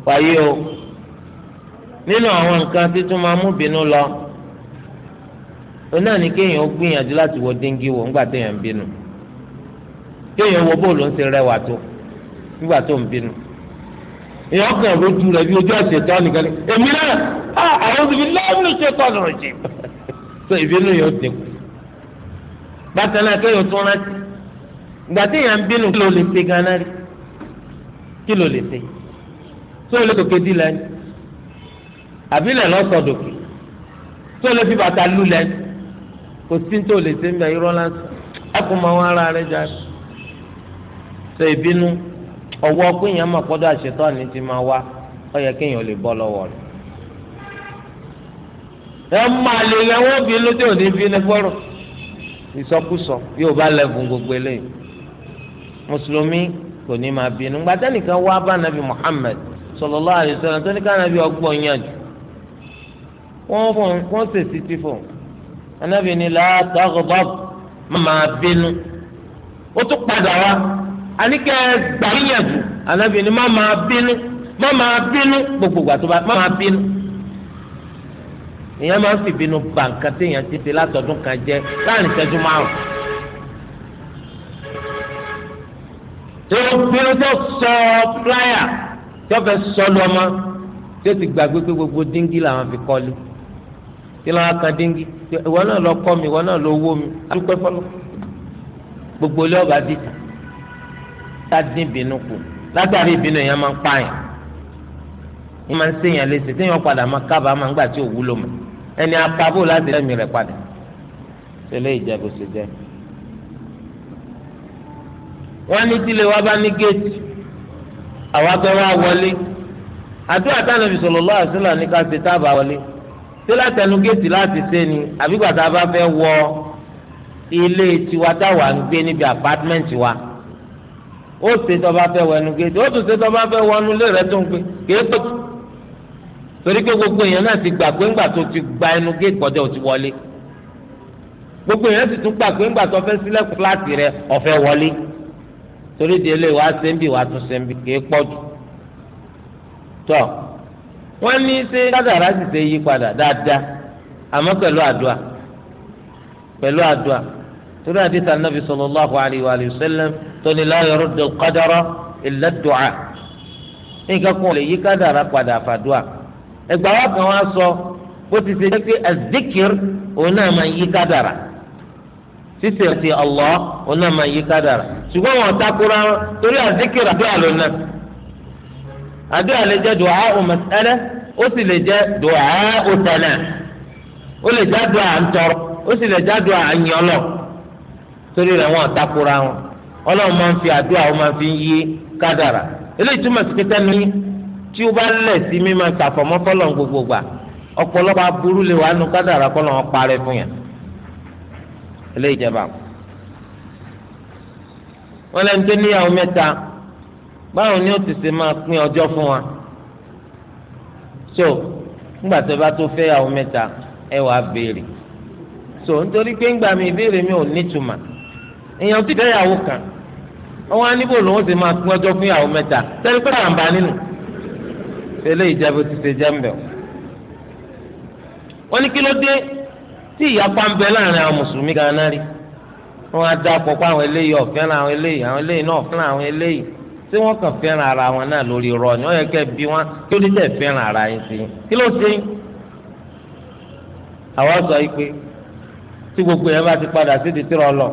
wàyí o nínú àwọn nǹkan títún máa mú ìbínú lọ onáà ní kéèyàn ó gbìyànjú láti wo díngí wò ńgbà téèyàn ń bínú kéèyàn wo bóòlù ń ṣe rẹwà tó nígbà tó ń bínú èèyàn kàn rojú rẹ bí ojú ọ̀sẹ̀ tó nìkan ní èmi náà àwọn òbí láàmú ló ṣe tọ́nu rẹ̀ jì. so ìbínú yóò dínkù bákan náà kéèyàn tún rántí ìgbà tí èèyàn ń bínú kí ló lè ṣe ganan rí kí ló lè ṣe tí ó lè tòkè dí lẹ́nu àbí lẹ́ lọ́sọ̀dọ̀kì tí ó lè fi bàtà lù lẹ́nu kò sí tó lè ṣe ń irọ́ lásán ẹkùn mọ wọn ara rẹ jáde ṣe ìbínú ọwọ́ kéèyàn mọ̀ pọ́dọ̀ àṣetọ́ ni ti máa wá ó yẹ kéèyàn lè bọ́ lọ́wọ́ rẹ̀ ẹ máa lè yẹ wọ́n bínú tí ò ní bínú gbọ́rọ̀ ìsọkúsọ yóò bá lẹ́gùn gbogbo eléyìí mùsùlùmí kò ní máa bínú gbàtẹ́nìkan wá bá nàbì Muhammad sallallahu alaihi wasallam tó ní ká nàbì ọgbọ́n yànjú wọ́n fún wọ́n sèṣì ti fún anábì ni la taghdab máa bínú ó tún padà wá àníkẹ́ gbàyànjú anábì ni má máa bínú má máa bínú gbogbo ìgbà bá má máa bínú ìyẹn máa ń fi bínú ba nǹkan téèyàn ti ṣe látọdún kan jẹ láàrin ìṣẹ́jú márùn-ún. tó bínú tó sọ pláyà tó fẹ́ sọ lu ọmọ tó ti gbàgbé pé gbogbo díngì làwọn fi kọ́lé kí làwọn kan díngì ìwọ náà lọ kọ́ mi ìwọ náà lọ wó mi alùpẹ́ fọlọ́ gbogbo ilé ọba dìtà tá dín bínú kù látàrí ìbínú yẹn máa ń pààyàn ní máa ń ṣèyàn léṣe tí yẹn padà máa kábàá máa ń gbà tí òwúlò mọ ẹni apá bò láti lẹ́mìí rẹ̀ padà ṣe ìjẹ́ bó ṣe jẹ́ wọ́n ní tílé wa bá ní géètì àwa tó wá wọlé àti àtàlẹ́ bisalòlá àṣìlá ní ká ṣe tábà wọlé ṣé látẹnu géètì láti ṣe ni àbígbà bá fẹ́ wọ ilé tiwa táwa ń gbé níbi àpátímẹ́ǹtì wa ó ṣe tó bá fẹ́ wọnú géètì ó tún ṣe tó bá fẹ́ wọnú ilé rẹ tó ń gbé kéé tó torí pé gbogbo èèyàn náà ti gbà pé ńgbà tó ti gba ẹnu géètì kọjá ò wọlé gbogbo èèyàn sì tún gbà pé ńgbà tó fẹ́ sílẹ̀kùn fúláàtì rẹ ọ̀fẹ́ wọlé torí di eléyìí wá sí ń bì wá tún sí ń bì kì í pọ̀ jù tọ́ wọ́n ní ṣé kádàrá sì ṣe yí padà dáadáa àmọ́ pẹ̀lú àdúrà pẹ̀lú àdúrà torí àdìsá nàbì sallallahu alayhi wa sallam tóní la yaruddu al-qadara illa nǹkan kan lè yí kádàrá padà fàdúà ẹgbàá wa kan wá sọ bó ti ṣe jẹ́ pé az òun náà máa yí kádàrá. títí ti Allah ọ̀nà máa yí kádàrà ṣùgbọ́n wọn takora wọn torí àzikiri àdúrà ló àdúrà lè jẹ́ dùhà òmùsẹ́lẹ̀ ó sì lè jẹ́ dùhà òtẹ̀lẹ̀ ó lè jẹ́ dùhà ntọ́rọ̀ ó sì lè jẹ́ dùhà ànyọ́lọ̀ torí rẹ̀ wọn takora wọn ọlọ́run máa ń fi àdúrà wọn máa fi yí kádàrà eléyìí túmọ̀ sí ní tí bá lẹ̀ sí mímọ́ ilé ìjẹba wọn lẹni tó níyàwó mẹ́ta báwo ni ó ti ṣe máa pín ọjọ́ fún wa so ńgbà tó bá tó fẹ́ yàwó mẹ́ta ẹ wàá béèrè so nítorí pé ńgbà mi ìbéèrè mi ò nítumọ̀ èèyàn ti fẹ́ yàwó kan wọn á níbo lòun ti máa pín ọjọ́ fún yàwó mẹ́ta sẹ́ni pé àǹbá nínú ilé ìjẹba ti ṣe jẹ́ ń bẹ̀ wọ́n ní kí ló dé. tí ìyapa ń bẹ láàrin àwọn mùsùlùmí kan náà rí wọn á dá pọ̀ pé àwọn eléyìí ọ̀fẹ́ràn àwọn eléyìí àwọn eléyìí náà fẹ́ràn àwọn eléyìí tí kàn ara wọn náà lórí irọ́ ni bi yẹ kẹ́ bí wọn kí ara yín sí kí ló àwa sọ yìí pé tí gbogbo yẹn ti padà sí di tírọ̀ lọ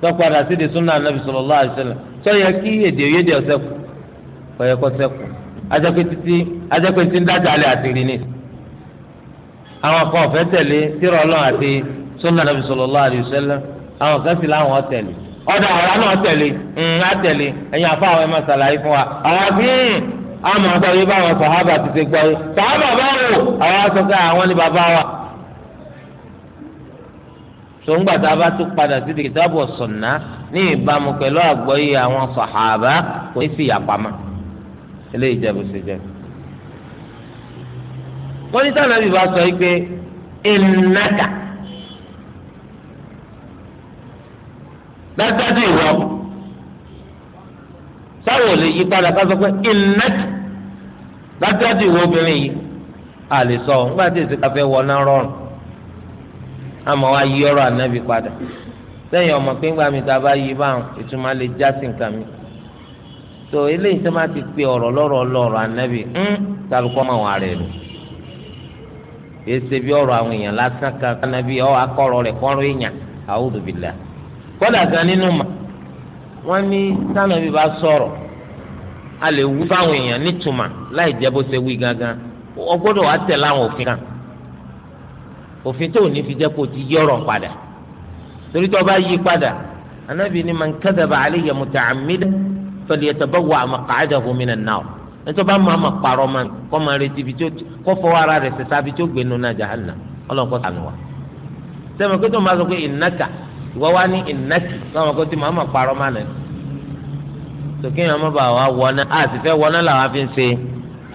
tó padà sí di súnà nàbì yẹ kí èdè ń dájà àwọn kan ọ̀fẹ́ tẹ̀lé tírà ọlọ́run àti sunna nabi sallallahu alayhi wa sallam àwọn kan sì láwọn tẹ̀lé ọ̀dọ̀ àwọn náà tẹ̀lé afọ àwọn ẹ̀ma sàlàyé fún wa àwọn fíìn àmọ́ ọ̀dọ̀ yìí bá sàhábà ti ṣe gbọ́ yìí sàhábà báwo àwọn asọ́kẹ́ àwọn ní bàbá wa. sọ̀ngbà tá a bá tún padà sí ní ìbámu pẹ̀lú wọ́n ní sáà nàbì bá sọ yìí pé ìnáka dájú ìwọ sáwọn ò lè yí padà ká sọ pé ìnáka dájú ìwọ obìnrin yìí a lè sọ nígbà tí èsì káfẹ́ wọ náà rọrùn àmọ́ wa yí ọ̀rọ̀ ànábì padà sẹ́yìn ọmọ pé ńgbà mi ta bá yí báwọn ìtumọ̀ lè já sí nǹkan mi tó eléyìí tó ti pe ọ̀rọ̀ lọ́rọ̀ lọ́rọ̀ ànábì ń tàbí kọ́ máa wà rẹ̀ lò. èsè bi ọ̀rọ̀ àwọn èèyàn lásán kan kánábí ọ akọrọ rẹ kọrọ èèyàn a'udhu billah kódà gan nínú mà wọn ní sànàbí bá sọ̀rọ̀ a lè wú fáwọn èèyàn nítumà láì jẹ bó ṣe wí gangan ọ tẹ láwọn òfin kan òfin tó ní fi jẹ kó ti yọrọ padà torí tó bá yí padà anabi ni man kadhaba alayya muta'ammidan ẹtọ́ bá máa ma parọ́ ma kọ́ máa retí ibi tó kọ́ fọwọ́ ara rẹ̀ sẹ́sẹ́ abi tó gbénu náà jahanna ọlọ́kọ́ sànù wa. sẹ́mi pé tó máa sọ pé ìnáka ìwọ́ wá ní ìnáki báwọn kò tí máa ma parọ́ ma nà. sòkè yẹn ọmọba wa wọná a sì fẹ́ wọná làwọn afi ń ṣe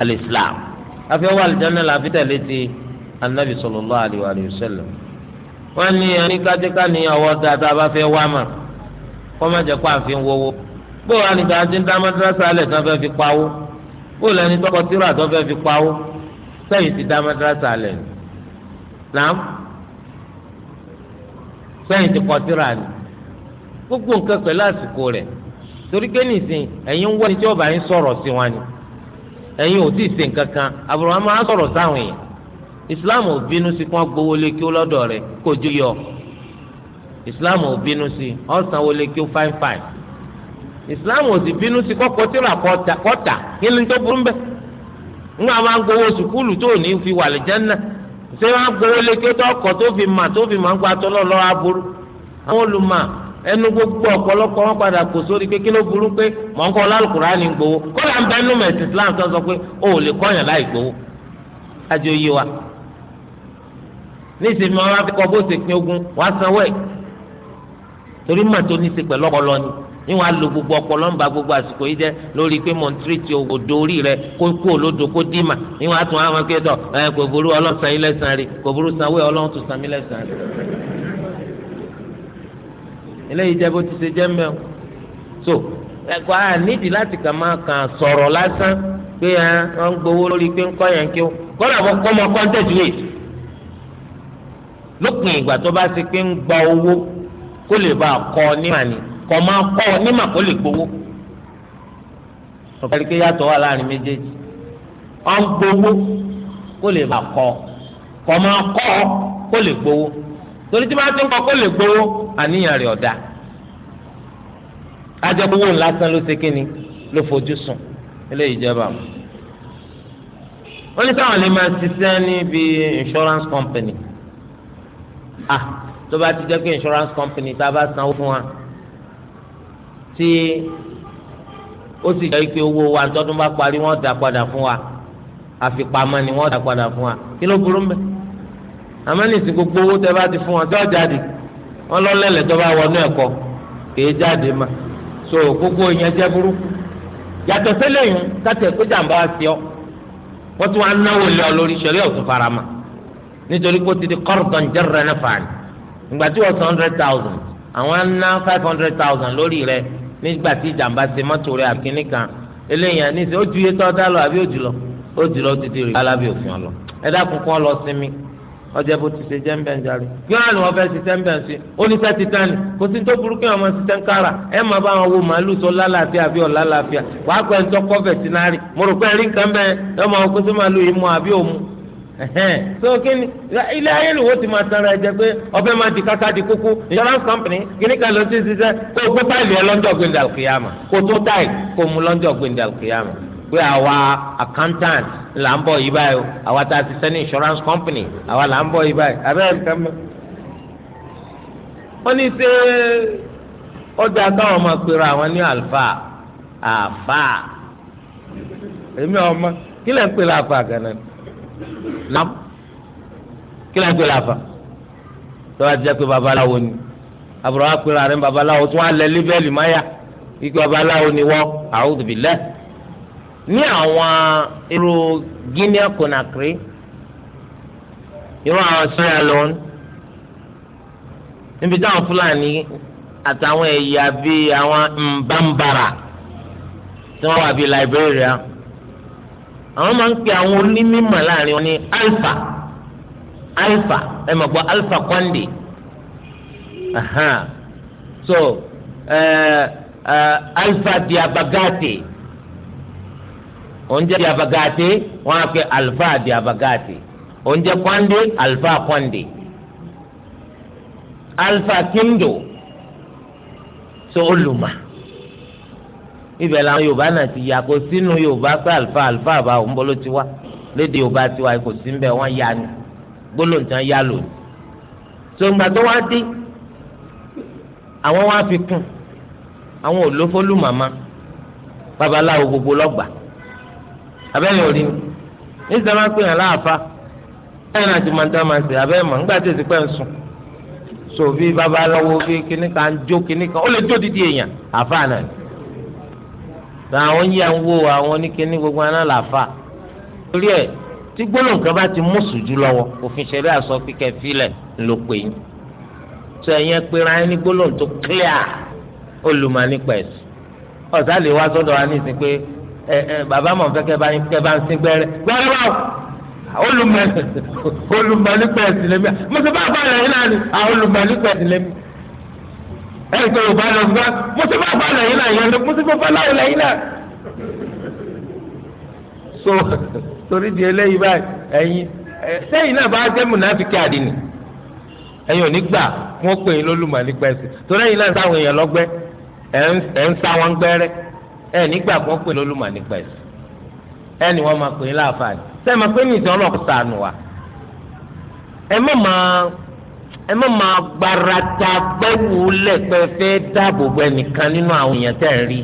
alìsílám afẹ́ wọ alìjáná làwọn afi tẹ̀lé ti anabi sallallahu alaihi wa sallam. wọ́n ní aníkátíká ní ọwọ́ dáadáa bá fẹ́ wá mà kọ́ má jẹ́ kó àfin wọ́wọ́ gbọ́ ó lẹni tọkọ tí ra àtọ́fẹ́ fi pawó sẹ́yìn ti dá madrasa lẹ̀ nàám sẹ́yìn ti gbogbo nǹkan pẹ̀lú àsìkò rẹ̀ torí pé nìsín ẹ̀yin ń ní tí ọba yín sọ̀rọ̀ sí wọn ni ẹ̀yin ò tí ì ṣe nǹkan kan àbúrò wọn máa sọ̀rọ̀ sáwọn islam ò bínú sí kó gbowó lé kí ó lọ́dọ̀ rẹ̀ islam ò bínú sí ọ̀sán wọlé kí ó islam ò sì bínú sí kọ́kọ́ tíra kọ́ta kí ni tó burú bẹ́ẹ̀ ńgbà máa ń gbowó sùkúlù tó ní fi wà lìjánná ṣé wọn gbowó lékè tó ọkọ̀ tó fi mà tó fi mà ń gba tọ́lọ́ lọ́wọ́ aburú àwọn olùmọ̀ ẹnu gbogbo ọ̀pọ̀lọpọ̀ wọn padà kò sórí pé kí ló burú pé mọ̀ ń kọ́ lálùkùrá ni gbowó kọ́lá ń bẹ́ẹ̀ númẹ̀ sí islam tó sọ pé o ò lè kọ́yàn láì gbowó ajé oyé wa nísìnyí wọn wá fi kọ́ bó ṣe níwọ̀n alo gbogbo ọpọlọ ń ba gbogbo àsìkò yìí jẹ́ lórí pé mò ń tírìtì odò orí rẹ kó kú olódò kó dìímà níwọ̀n àtún àwọn akẹ́tọ̀ ẹ kò burú ọlọ́run san yín rí kò burú sanwó ọlọ́run tún san mí rí. eléyìí jẹ́ bó ti ṣe jẹ́ mẹ́ọ̀ so ẹ̀kọ́ a nídìí láti kà máa kàn sọ̀rọ̀ lásán pé ẹ wọ́n ń gbowó lórí pé ń kọ́ yẹn kí ó kọ́dà bọ́ kọ́ kọ́ máa kọ́ ọ ní màkó lè gbowó ọ̀kadì pé yàtọ̀ wà láàrin méjèèjì ọ̀ ń gbowó kó lè bà kọ́ kọ́ máa kọ́ ọ kó lè gbowó torí tí máa ti ń kọ́ kó lè gbowó àníyàn rẹ̀ ọ̀dà ajẹ́kúwò lásán ló ṣe kíni ló fojú sùn ilé ìjọba wọ́n ní sáwọn lè máa ṣiṣẹ́ níbi insurance company ah tó bá ti jẹ́ pé insurance company tá a bá sanwó fún wa tí ó sì jẹ́ pé owó wa tọdún bá parí wọ́n dá padà fún wa àfipamọ́ ni wọ́n dá padà fún wa kí ló burú mbẹ́ àmọ́ gbogbo owó bá ti fún wọn tó jáde wọn lọ lẹ́lẹ̀ tó bá wọnú ẹ̀kọ́ kìí jáde ma so gbogbo yẹn jẹ́ burúkú yàtọ̀ kátẹ́ jàǹbá wa sí ọ wọ́n wá ọ lórí sẹ́lẹ̀ ọ̀tún farama nítorí pé ó ti di náà nígbà tí ìjàmbá ṣe mọ́tò rẹ̀ àbíkínní kan eléyìí àní ṣe ó ju iye tó dá lọ àbí òjì lọ òjì lọ títí rè alábì òfin ọlọ ẹ dákun kọ́ lọ sinmi ọjọ́ bó ti ṣe jẹ́ńbẹ̀ ń jarí kí wọ́n á lè wọ́n fẹ́ ṣiṣẹ́ ń bẹ̀ ń ṣe oníṣẹ́ ti tán ni kò sí tó burúkú yẹn wọ́n ṣiṣẹ́ ń kára ẹ máa bá wọn wo màálù sọ lálàáfíà àbí ọ̀la láàfíà wàá pẹ́ ń tọ́kọ́ fẹ̀tínárì mo rò pé rí nǹkan bẹ́ẹ̀ ẹ máa wọ́n kó sí màálù yìí mú àbí òmu so ilé ayé ni ti máa sanra ẹ pé ọbẹ̀ máa di di kúkú insurance company kìíní kan ló ti ṣiṣẹ́ kó o gbé fáìlì ẹ lọ́jọ́ gbẹ̀ndẹ̀ àlùkìyàmà kó tó táì mú àwa tá a ti sẹ́ ní insurance company àwa là ń bọ̀ yí báyìí abẹ́rẹ́ nǹkan mọ́. wọ́n ní ṣé ọjà máa àwọn ní alfa èmi ọmọ kí nam kila ló ń pè láfa tó bá jẹ́ pé babaláwo ni àbúrò wa la láàrin babaláwo tó wà lẹ lébẹ́lì máyà ikú babaláwo ni wọ́n a'udhu billah ní àwọn irú Guinea Conakry irú àwọn sọ́yà lọ́n níbi táwọn Fúlàní àtàwọn ẹ̀yà bíi àwọn Mbambara tí wọ́n wà bíi Liberia àwọn máa ń pe àwọn onímọ̀ láàrin wọn ní alfa alfa ẹ mọ̀ gbọ́ alfa kọ́ndé so uh, uh, alfa diabagate oúnjẹ diabagate wọn á pe alfa diabagate oúnjẹ kọ́ndé alfa kọ́ndé alfa kindo so olùmọ̀ ibẹ̀ làwọn yorùbá náà ti yà kó sínú yorùbá pé àlùfáà àlùfáà bá òun bọ́ló tiwa léde yorùbá tiwa kò sí ń bẹ̀ wọ́n yà ni gbólóǹtàn yà lónìí. sọgbà tó wá dé àwọn wá fi kún àwọn òlófólú màmá babaláwo gbogbo lọ́gbà abẹ́rẹ́ òrí ni ní sábà pé hàn láàfa ẹ̀yìn àti màdá máa ṣe abẹ́rẹ́ mọ̀ nígbà tí èsì pẹ́ ń sùn sòfin babaláwo fi kíníkan jó kíníkan ó lè jó dídí èèyàn àfa náà àwọn yíyà ń wo àwọn oníkíní gbogbo aná làáfà torí ẹ tí gbólóhùn kan bá ti mú sùjú lọ́wọ́ òfin ṣẹlẹ̀ àsọ pípẹ́ fílẹ̀ ló pè yín tó ẹ̀yẹn pera ẹni gbólóhùn tó clear olùmọ̀ nípa ẹ̀sìn ọ̀sá lè wá sọ́dọ̀ wa ní ìsìn pé ẹ ẹ bàbá mọ̀ fẹ́ kẹ́ bá ń sin gbẹ́rẹ́ gbẹ́rẹ́ báwò olùmọ̀ lẹ́mí mọ̀sẹ̀ bá bá rẹ̀ yín náà ni àwọn olùmọ̀ nípa lẹ́mí ẹ̀rí pé yorùbá lọ gbá mùsùlùmí àbá lẹ́yìn náà yẹn lé mùsùlùmí fọláwò lẹ́yìn náà. so torí di eléyìí báyìí ẹ̀yin sẹ́yìn náà bá jẹ́ mùnàfíkì àdínì ẹ̀yin ò ní gbà wọ́n pè é lólùmọ̀ nípa ẹ̀sìn torí ẹ̀yin náà sáwọn èèyàn ń sá wọn ni máa pè é láàfáà ni máa pè é wa ẹ má gbarata gbẹ́wò lẹ́pẹ́ fẹ́ dáàbò bo ẹnìkan nínú àwọn èèyàn tẹ̀ ń rí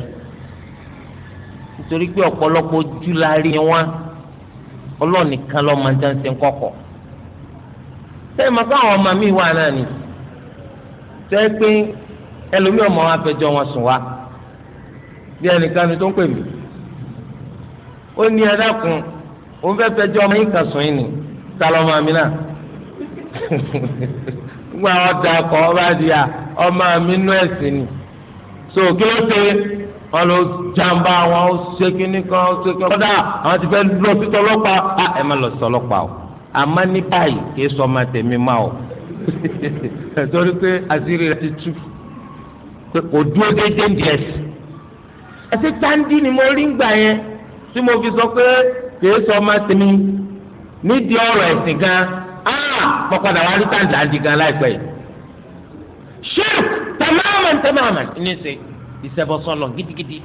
nítorí pé ọ̀pọ̀lọpọ̀ ojú la wọn ọlọ́ọ̀nìkan lọ́ọ́ máa ń tẹ́ ń ṣe kọ́kọ́ sẹ́yìn máa kọ́ àwọn ọmọ mi wà náà ni tẹ́ pé ọmọ wọn sùn wa bí ni tó ń pè mí ó ní ẹdákun òun ọmọ yìí mi náà. gbogbo àwọn ọ̀dà ọkọ̀ ọba di à ọmọ mi nú ẹ̀sìn ni so kí ló ṣe wọn lọ jàǹbá wọn ó ṣe kíní kan ó ṣe kíní kan kódà àwọn ti fẹ́ lọ sí tọlọ́pàá à ẹ má lọ sí tọlọ́pàá o àmọ́ ní báyìí kì í sọ ọmọ tèmi má o torí pé àṣírí rẹ ti tú pé kò dúró déédéé ní ẹ̀sìn ẹsẹ̀ táǹdì ni mo rí gbà yẹn tí mo fi sọ pé kì í sọ ọmọ tèmi nídìí ọ̀rọ̀ ẹ̀sìn gan Ah, mọ padà wá rí tàǹdà á di gan láìpẹ́ yìí ṣírk tamaman tamaman ní ṣe ìṣẹbọ sọlọ gidigidi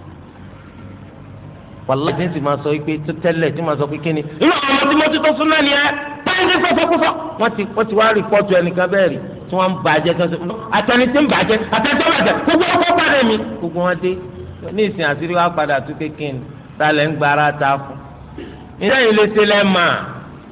wàlá tí n sì máa sọ pé tó tẹ́lẹ̀ tí máa sọ pé kíni inú àwọn ọmọ tí mo ti tó súnmọ́ ni ẹ báyìí ní sọ́sọ́kúsọ́ wọ́n ti wọ́n ti wá rìpọ́tù ẹnìkan bẹ́ẹ̀ rí tí wọ́n ń bàjẹ́ tí wọ́n ti àtẹni tí ń bàjẹ́ àtẹni tí ń bàjẹ́ gbogbo ọkọ̀ padà mi. gbogbo wọn dé ní ìsìn àṣírí wa padà tún kékin ta lẹ́ ń gba ara ta fún. iṣẹ́ yìí lè ṣe lẹ́ẹ̀ máa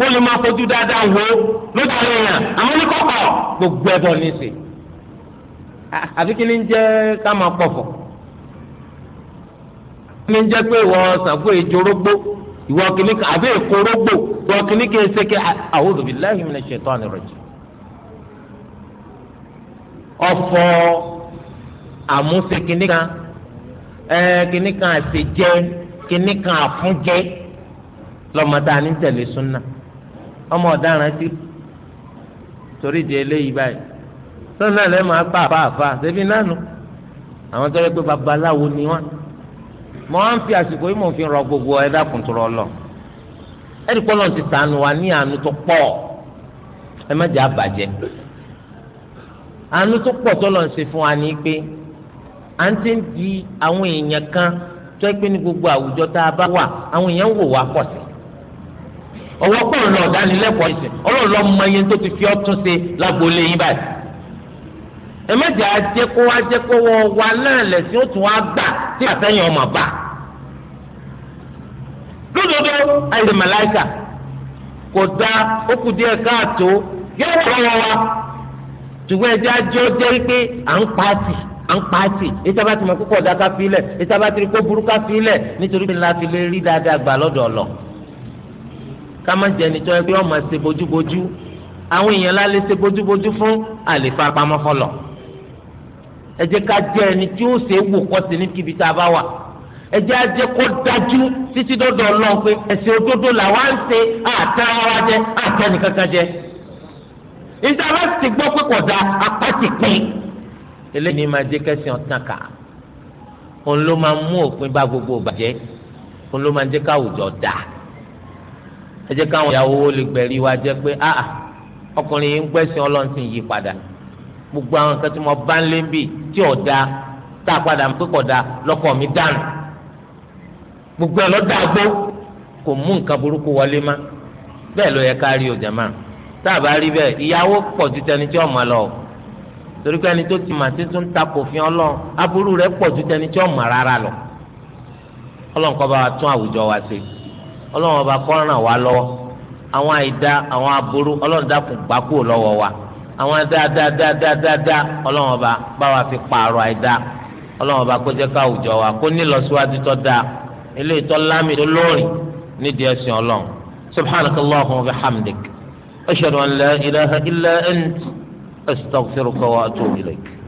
kó lè máa fojú dáadáa wo lójú àwọn èèyàn àwọn oníkọ̀kọ̀ gbogbo ẹ̀bọ̀ ní í sè àfi kí ni ń jẹ́ ká máa pọ̀fọ̀ kí ni ń jẹ́ pé ìwọ sàgbó ìjorógbó ìwọ kìíní kan àbí èkó rógbó ìwọ kìíní kan ṣe kí a'udhu billahi minash shaitani rajim ọ̀fọ̀ àmúṣe kìíní kan kìíní kan àṣejẹ kìíní kan àfúnjẹ lọ́mọdé àní tẹ̀lé ọmọ ọ̀daràn sí torí di eléyìí báyìí sọ́nà náà lẹ́ẹ̀ máa pa àfààfà ṣẹ́bí nánu àwọn tó yẹ pé babaláwo ni wọ́n mọ à ń fi àsìkò yìí mò ń fi rọ gbogbo ẹ dákun tó rọ lọ ẹ̀rí pọ́lọ́ ti tànù wa ní àánú tó pọ̀ ẹ má jẹ́ àbàjẹ́ àánú tó pọ̀ tó lọ́n ṣe fún wa ní pé à ń ti di àwọn èèyàn kan tó yẹ pé ní gbogbo àwùjọ tá a bá wà àwọn èèyàn ń wò wá pọ̀ sí ọwọ́ kò lọ dánilẹ́kọ̀ọ́ ẹ̀sìn ọlọ́run lọ mọ iye tó ti fi ọtún ṣe lágboolé yín báyìí. ẹ mẹ́jẹ̀ ajẹ́kọ́ wọ wa náà lẹ̀sìn ó tún wá gbà tí àtẹ̀yìn ọmọ bá. lódodo àìsè màláìkà kò dá ókú díẹ̀ káàtó yóò wọ̀ lọ́wọ́ wa ṣùgbọ́n ẹjẹ́ ajọ́ jẹ́ pé à ń pa á sí à ń paati ètò abá ti mọ kókó ọ̀dà ká fi lẹ̀ ètò abá ti rí kó burú ká fi lẹ̀ nítorí pé Kama jẹni tó yẹ pé ọmọ ṣe àwọn èèyàn la lè ṣe bójúbójú fún àlèfarapamọ́ fọlọ ẹ jẹ́ ká jẹ ẹni tí ó ṣe é wò kọ́ sí ní kíbi tá a bá wà ẹ jẹ́ á jẹ́ kó dájú títí dọdọ Ọlọ́run pé ẹsẹ òdodo làwa ń ṣe àtẹrẹ wa jẹ àtẹnì kankan jẹ níta bá ti gbọ́ pé kò da apá pín eléyìí ni máa jẹ́ kẹsàn án tàn ká òun ló máa mú òpin bá gbogbo ìbàjẹ́ òun ló máa jẹ́ káwùjọ dáa ẹ jẹ́ káwọn ìyàwó lè gbẹ̀rí wa jẹ́ pé ah, ah ọkùnrin yìí ń gbẹ̀sìn ọlọ́run ti yí padà gbogbo àwọn nǹkan tí mo bá ń lé ń bì tí ò da tá a padà ń pé kò da lọ́kọ mi dànù gbogbo ẹ̀ lọ́dà gbó kò mú nǹkan burúkú wọlé má bẹ́ẹ̀ ló yẹ ká rí ọjà máa tá a bá rí bẹ́ẹ̀ ìyàwó pọ̀ ju tẹni tí ọmọ lọ torí pé ẹni tó ti mà tí tún ta kò fi ọlọ́run aburú rẹ̀ pọ̀ ju tẹni tí ọmọ rárá lọ ọlọ́run bá wa tún àwùjọ wa ṣe ọlọ́run ọba kó ràn wá lọ́wọ́ àwọn àìda àwọn aburú ọlọ́run dákun gbà kúrò lọ́wọ́ wa àwọn dáadáadáadáa ọlọ́run ọba bá wa fi pààrọ̀ àìda ọlọ́run ọba kó jẹ́ ká àwùjọ wa kó ní ìlọsíwájú tó dáa ilé ìtọ́ lámì tó lóòrìn nídìí ẹ̀sìn ọlọ́run subhanakallahumma wa bihamdik ashhadu an la ilaha illa ant astaghfiruka wa atubu ilayk.